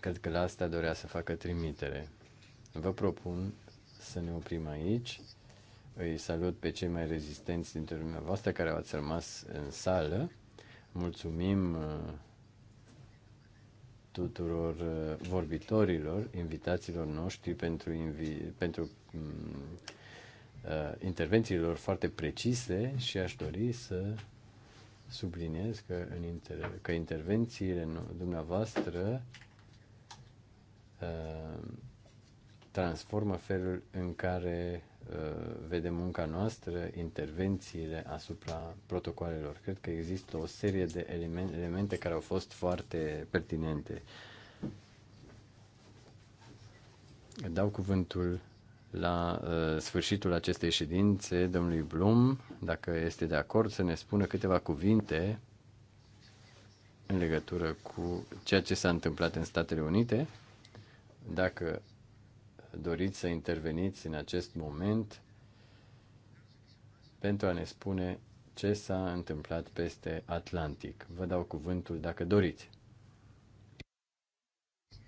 Cred că la asta dorea să facă trimitere. Vă propun să ne oprim aici. Îi salut pe cei mai rezistenți dintre dumneavoastră care ați rămas în sală. Mulțumim uh, tuturor uh, vorbitorilor, invitațiilor noștri pentru, invi- pentru mm, uh, intervențiilor foarte precise și aș dori să subliniez că, în inter- că intervențiile dumneavoastră uh, transformă felul în care Uh, vede munca noastră, intervențiile asupra protocoalelor. Cred că există o serie de elemente care au fost foarte pertinente. Dau cuvântul la uh, sfârșitul acestei ședințe domnului Blum, dacă este de acord, să ne spună câteva cuvinte în legătură cu ceea ce s-a întâmplat în Statele Unite, dacă doriți să interveniți în acest moment pentru a ne spune ce s-a întâmplat peste Atlantic. Vă dau cuvântul dacă doriți.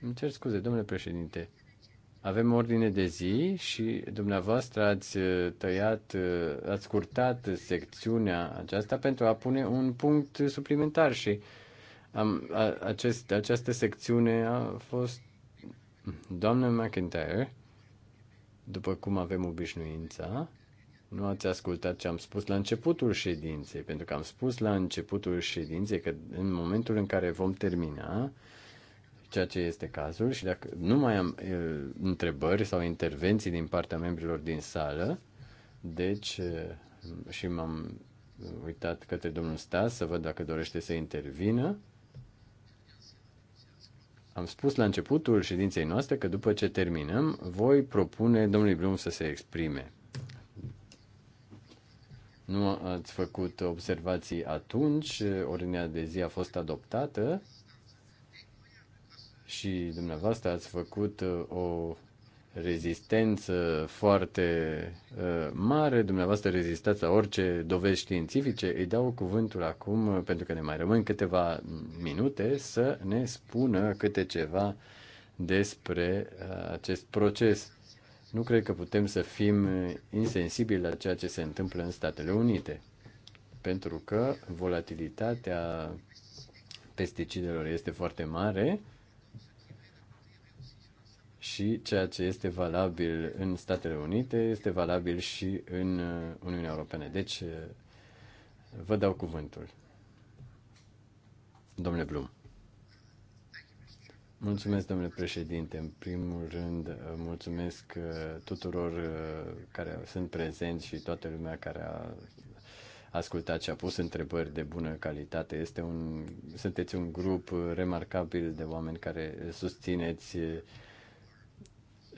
Îmi cer scuze, domnule președinte. Avem ordine de zi și dumneavoastră ați uh, tăiat, uh, ați curtat secțiunea aceasta pentru a pune un punct suplimentar și am, a, acest, această secțiune a fost Doamna McIntyre, după cum avem obișnuința, nu ați ascultat ce am spus la începutul ședinței, pentru că am spus la începutul ședinței că în momentul în care vom termina, ceea ce este cazul, și dacă nu mai am e, întrebări sau intervenții din partea membrilor din sală, deci și m-am uitat către domnul Stas să văd dacă dorește să intervină. Am spus la începutul ședinței noastre că după ce terminăm, voi propune domnului Blum să se exprime. Nu ați făcut observații atunci, ordinea de zi a fost adoptată și dumneavoastră ați făcut uh, o rezistență foarte uh, mare, dumneavoastră rezistați la orice dovezi științifice, îi dau cuvântul acum, uh, pentru că ne mai rămân câteva minute, să ne spună câte ceva despre uh, acest proces. Nu cred că putem să fim uh, insensibili la ceea ce se întâmplă în Statele Unite, pentru că volatilitatea pesticidelor este foarte mare, și ceea ce este valabil în Statele Unite este valabil și în uh, Uniunea Europeană. Deci, uh, vă dau cuvântul. Domnule Blum. Mulțumesc, domnule președinte. În primul rând, uh, mulțumesc tuturor care sunt prezenți și toată lumea care a ascultat și a pus întrebări de bună calitate. Este un, sunteți un grup remarcabil de oameni care susțineți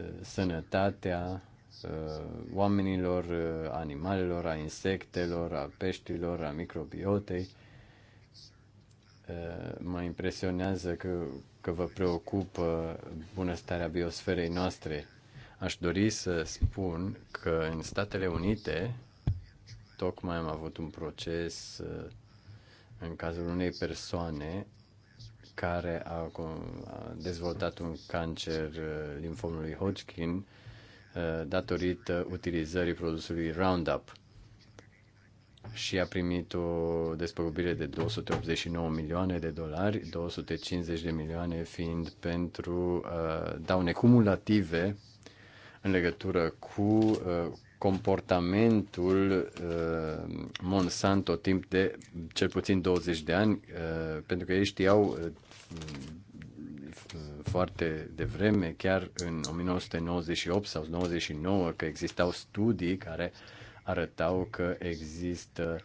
Uh, sănătatea uh, oamenilor, uh, animalelor, a insectelor, a peștilor, a microbiotei. Mă impresionează că, că vă preocupă bunăstarea biosferei noastre. Aș dori să spun că în Statele Unite tocmai am avut un proces în cazul unei persoane care a, dezvoltat un cancer uh, linfomului Hodgkin uh, datorită utilizării produsului Roundup și a primit o despăgubire de 289 milioane de dolari, 250 de milioane fiind pentru uh, daune cumulative în legătură cu uh, comportamentul uh, Monsanto timp de cel puțin 20 de ani, uh, pentru că ei știau uh, Mm, mm, foarte devreme, chiar în 1998 sau 99, că existau studii care arătau că există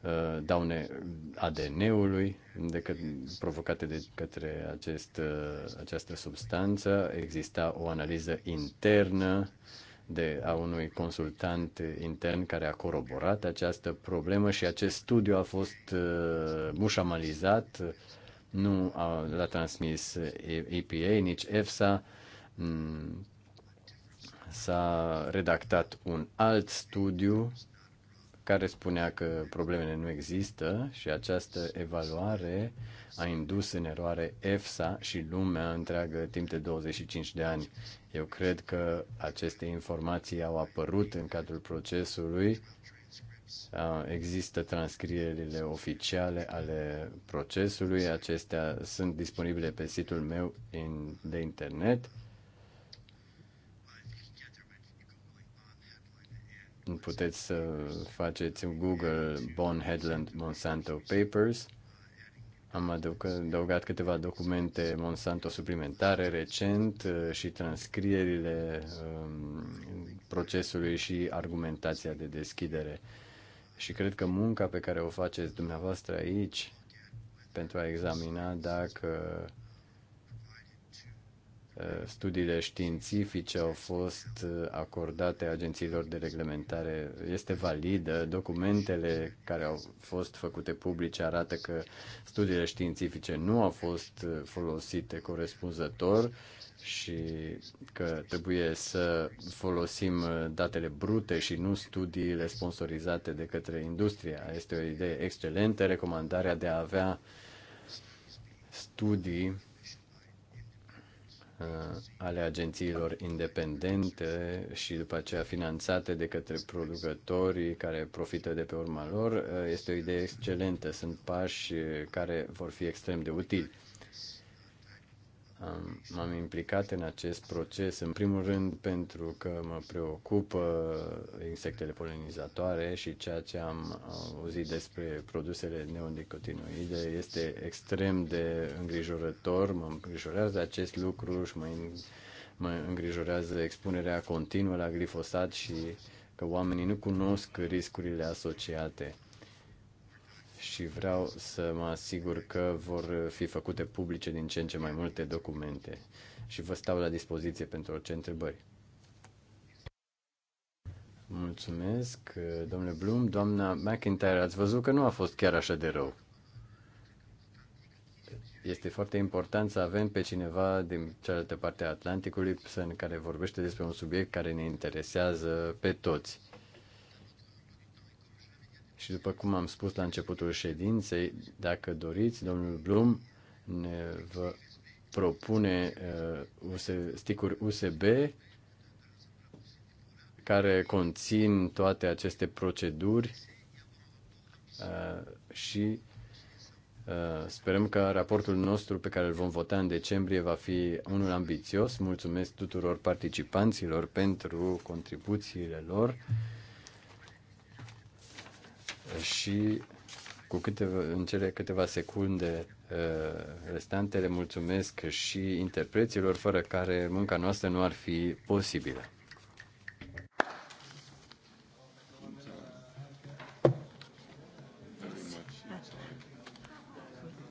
uh, daune ADN-ului decât, provocate de către acest, uh, această substanță. Exista o analiză internă de, a unui consultant intern care a coroborat această problemă și acest studiu a fost uh, mușamalizat nu l-a transmis EPA, nici EFSA. Mm, s-a redactat un alt studiu care spunea că problemele nu există și această evaluare a indus în eroare EFSA și lumea întreagă timp de 25 de ani. Eu cred că aceste informații au apărut în cadrul procesului Există transcrierile oficiale ale procesului, acestea sunt disponibile pe site-ul meu de internet. Puteți să faceți Google Bon Headland Monsanto Papers. Am adăugat câteva documente Monsanto suplimentare recent uh, și transcrierile um, procesului și argumentația de deschidere și cred că munca pe care o faceți dumneavoastră aici pentru a examina dacă uh, studiile științifice au fost uh, acordate agențiilor de reglementare este validă. Documentele care au fost făcute publice arată că studiile științifice nu au fost uh, folosite corespunzător și că trebuie să folosim uh, datele brute și nu studiile sponsorizate de către industria. Este o idee excelentă, recomandarea de a avea studii uh, ale agențiilor independente și după aceea finanțate de către producătorii care profită de pe urma lor, uh, este o idee excelentă. Sunt pași care vor fi extrem de utili m-am implicat în acest proces, în primul rând pentru că mă preocupă insectele polenizatoare și ceea ce am auzit despre produsele neonicotinoide este extrem de îngrijorător, mă îngrijorează acest lucru și mă, mă îngrijorează expunerea continuă la glifosat și că oamenii nu cunosc riscurile asociate și vreau să mă asigur că vor fi făcute publice din ce în ce mai multe documente și vă stau la dispoziție pentru orice întrebări. Mulțumesc, domnule Bloom. Doamna McIntyre, ați văzut că nu a fost chiar așa de rău. Este foarte important să avem pe cineva din cealaltă parte a Atlanticului în care vorbește despre un subiect care ne interesează pe toți. Și după cum am spus la începutul ședinței, dacă doriți, domnul Blum ne vă propune uh, sticuri USB care conțin toate aceste proceduri uh, și uh, sperăm că raportul nostru pe care îl vom vota în decembrie va fi unul ambițios. Mulțumesc tuturor participanților pentru contribuțiile lor și cu câteva, în cele câteva secunde uh, restante le mulțumesc și interpreților fără care munca noastră nu ar fi posibilă.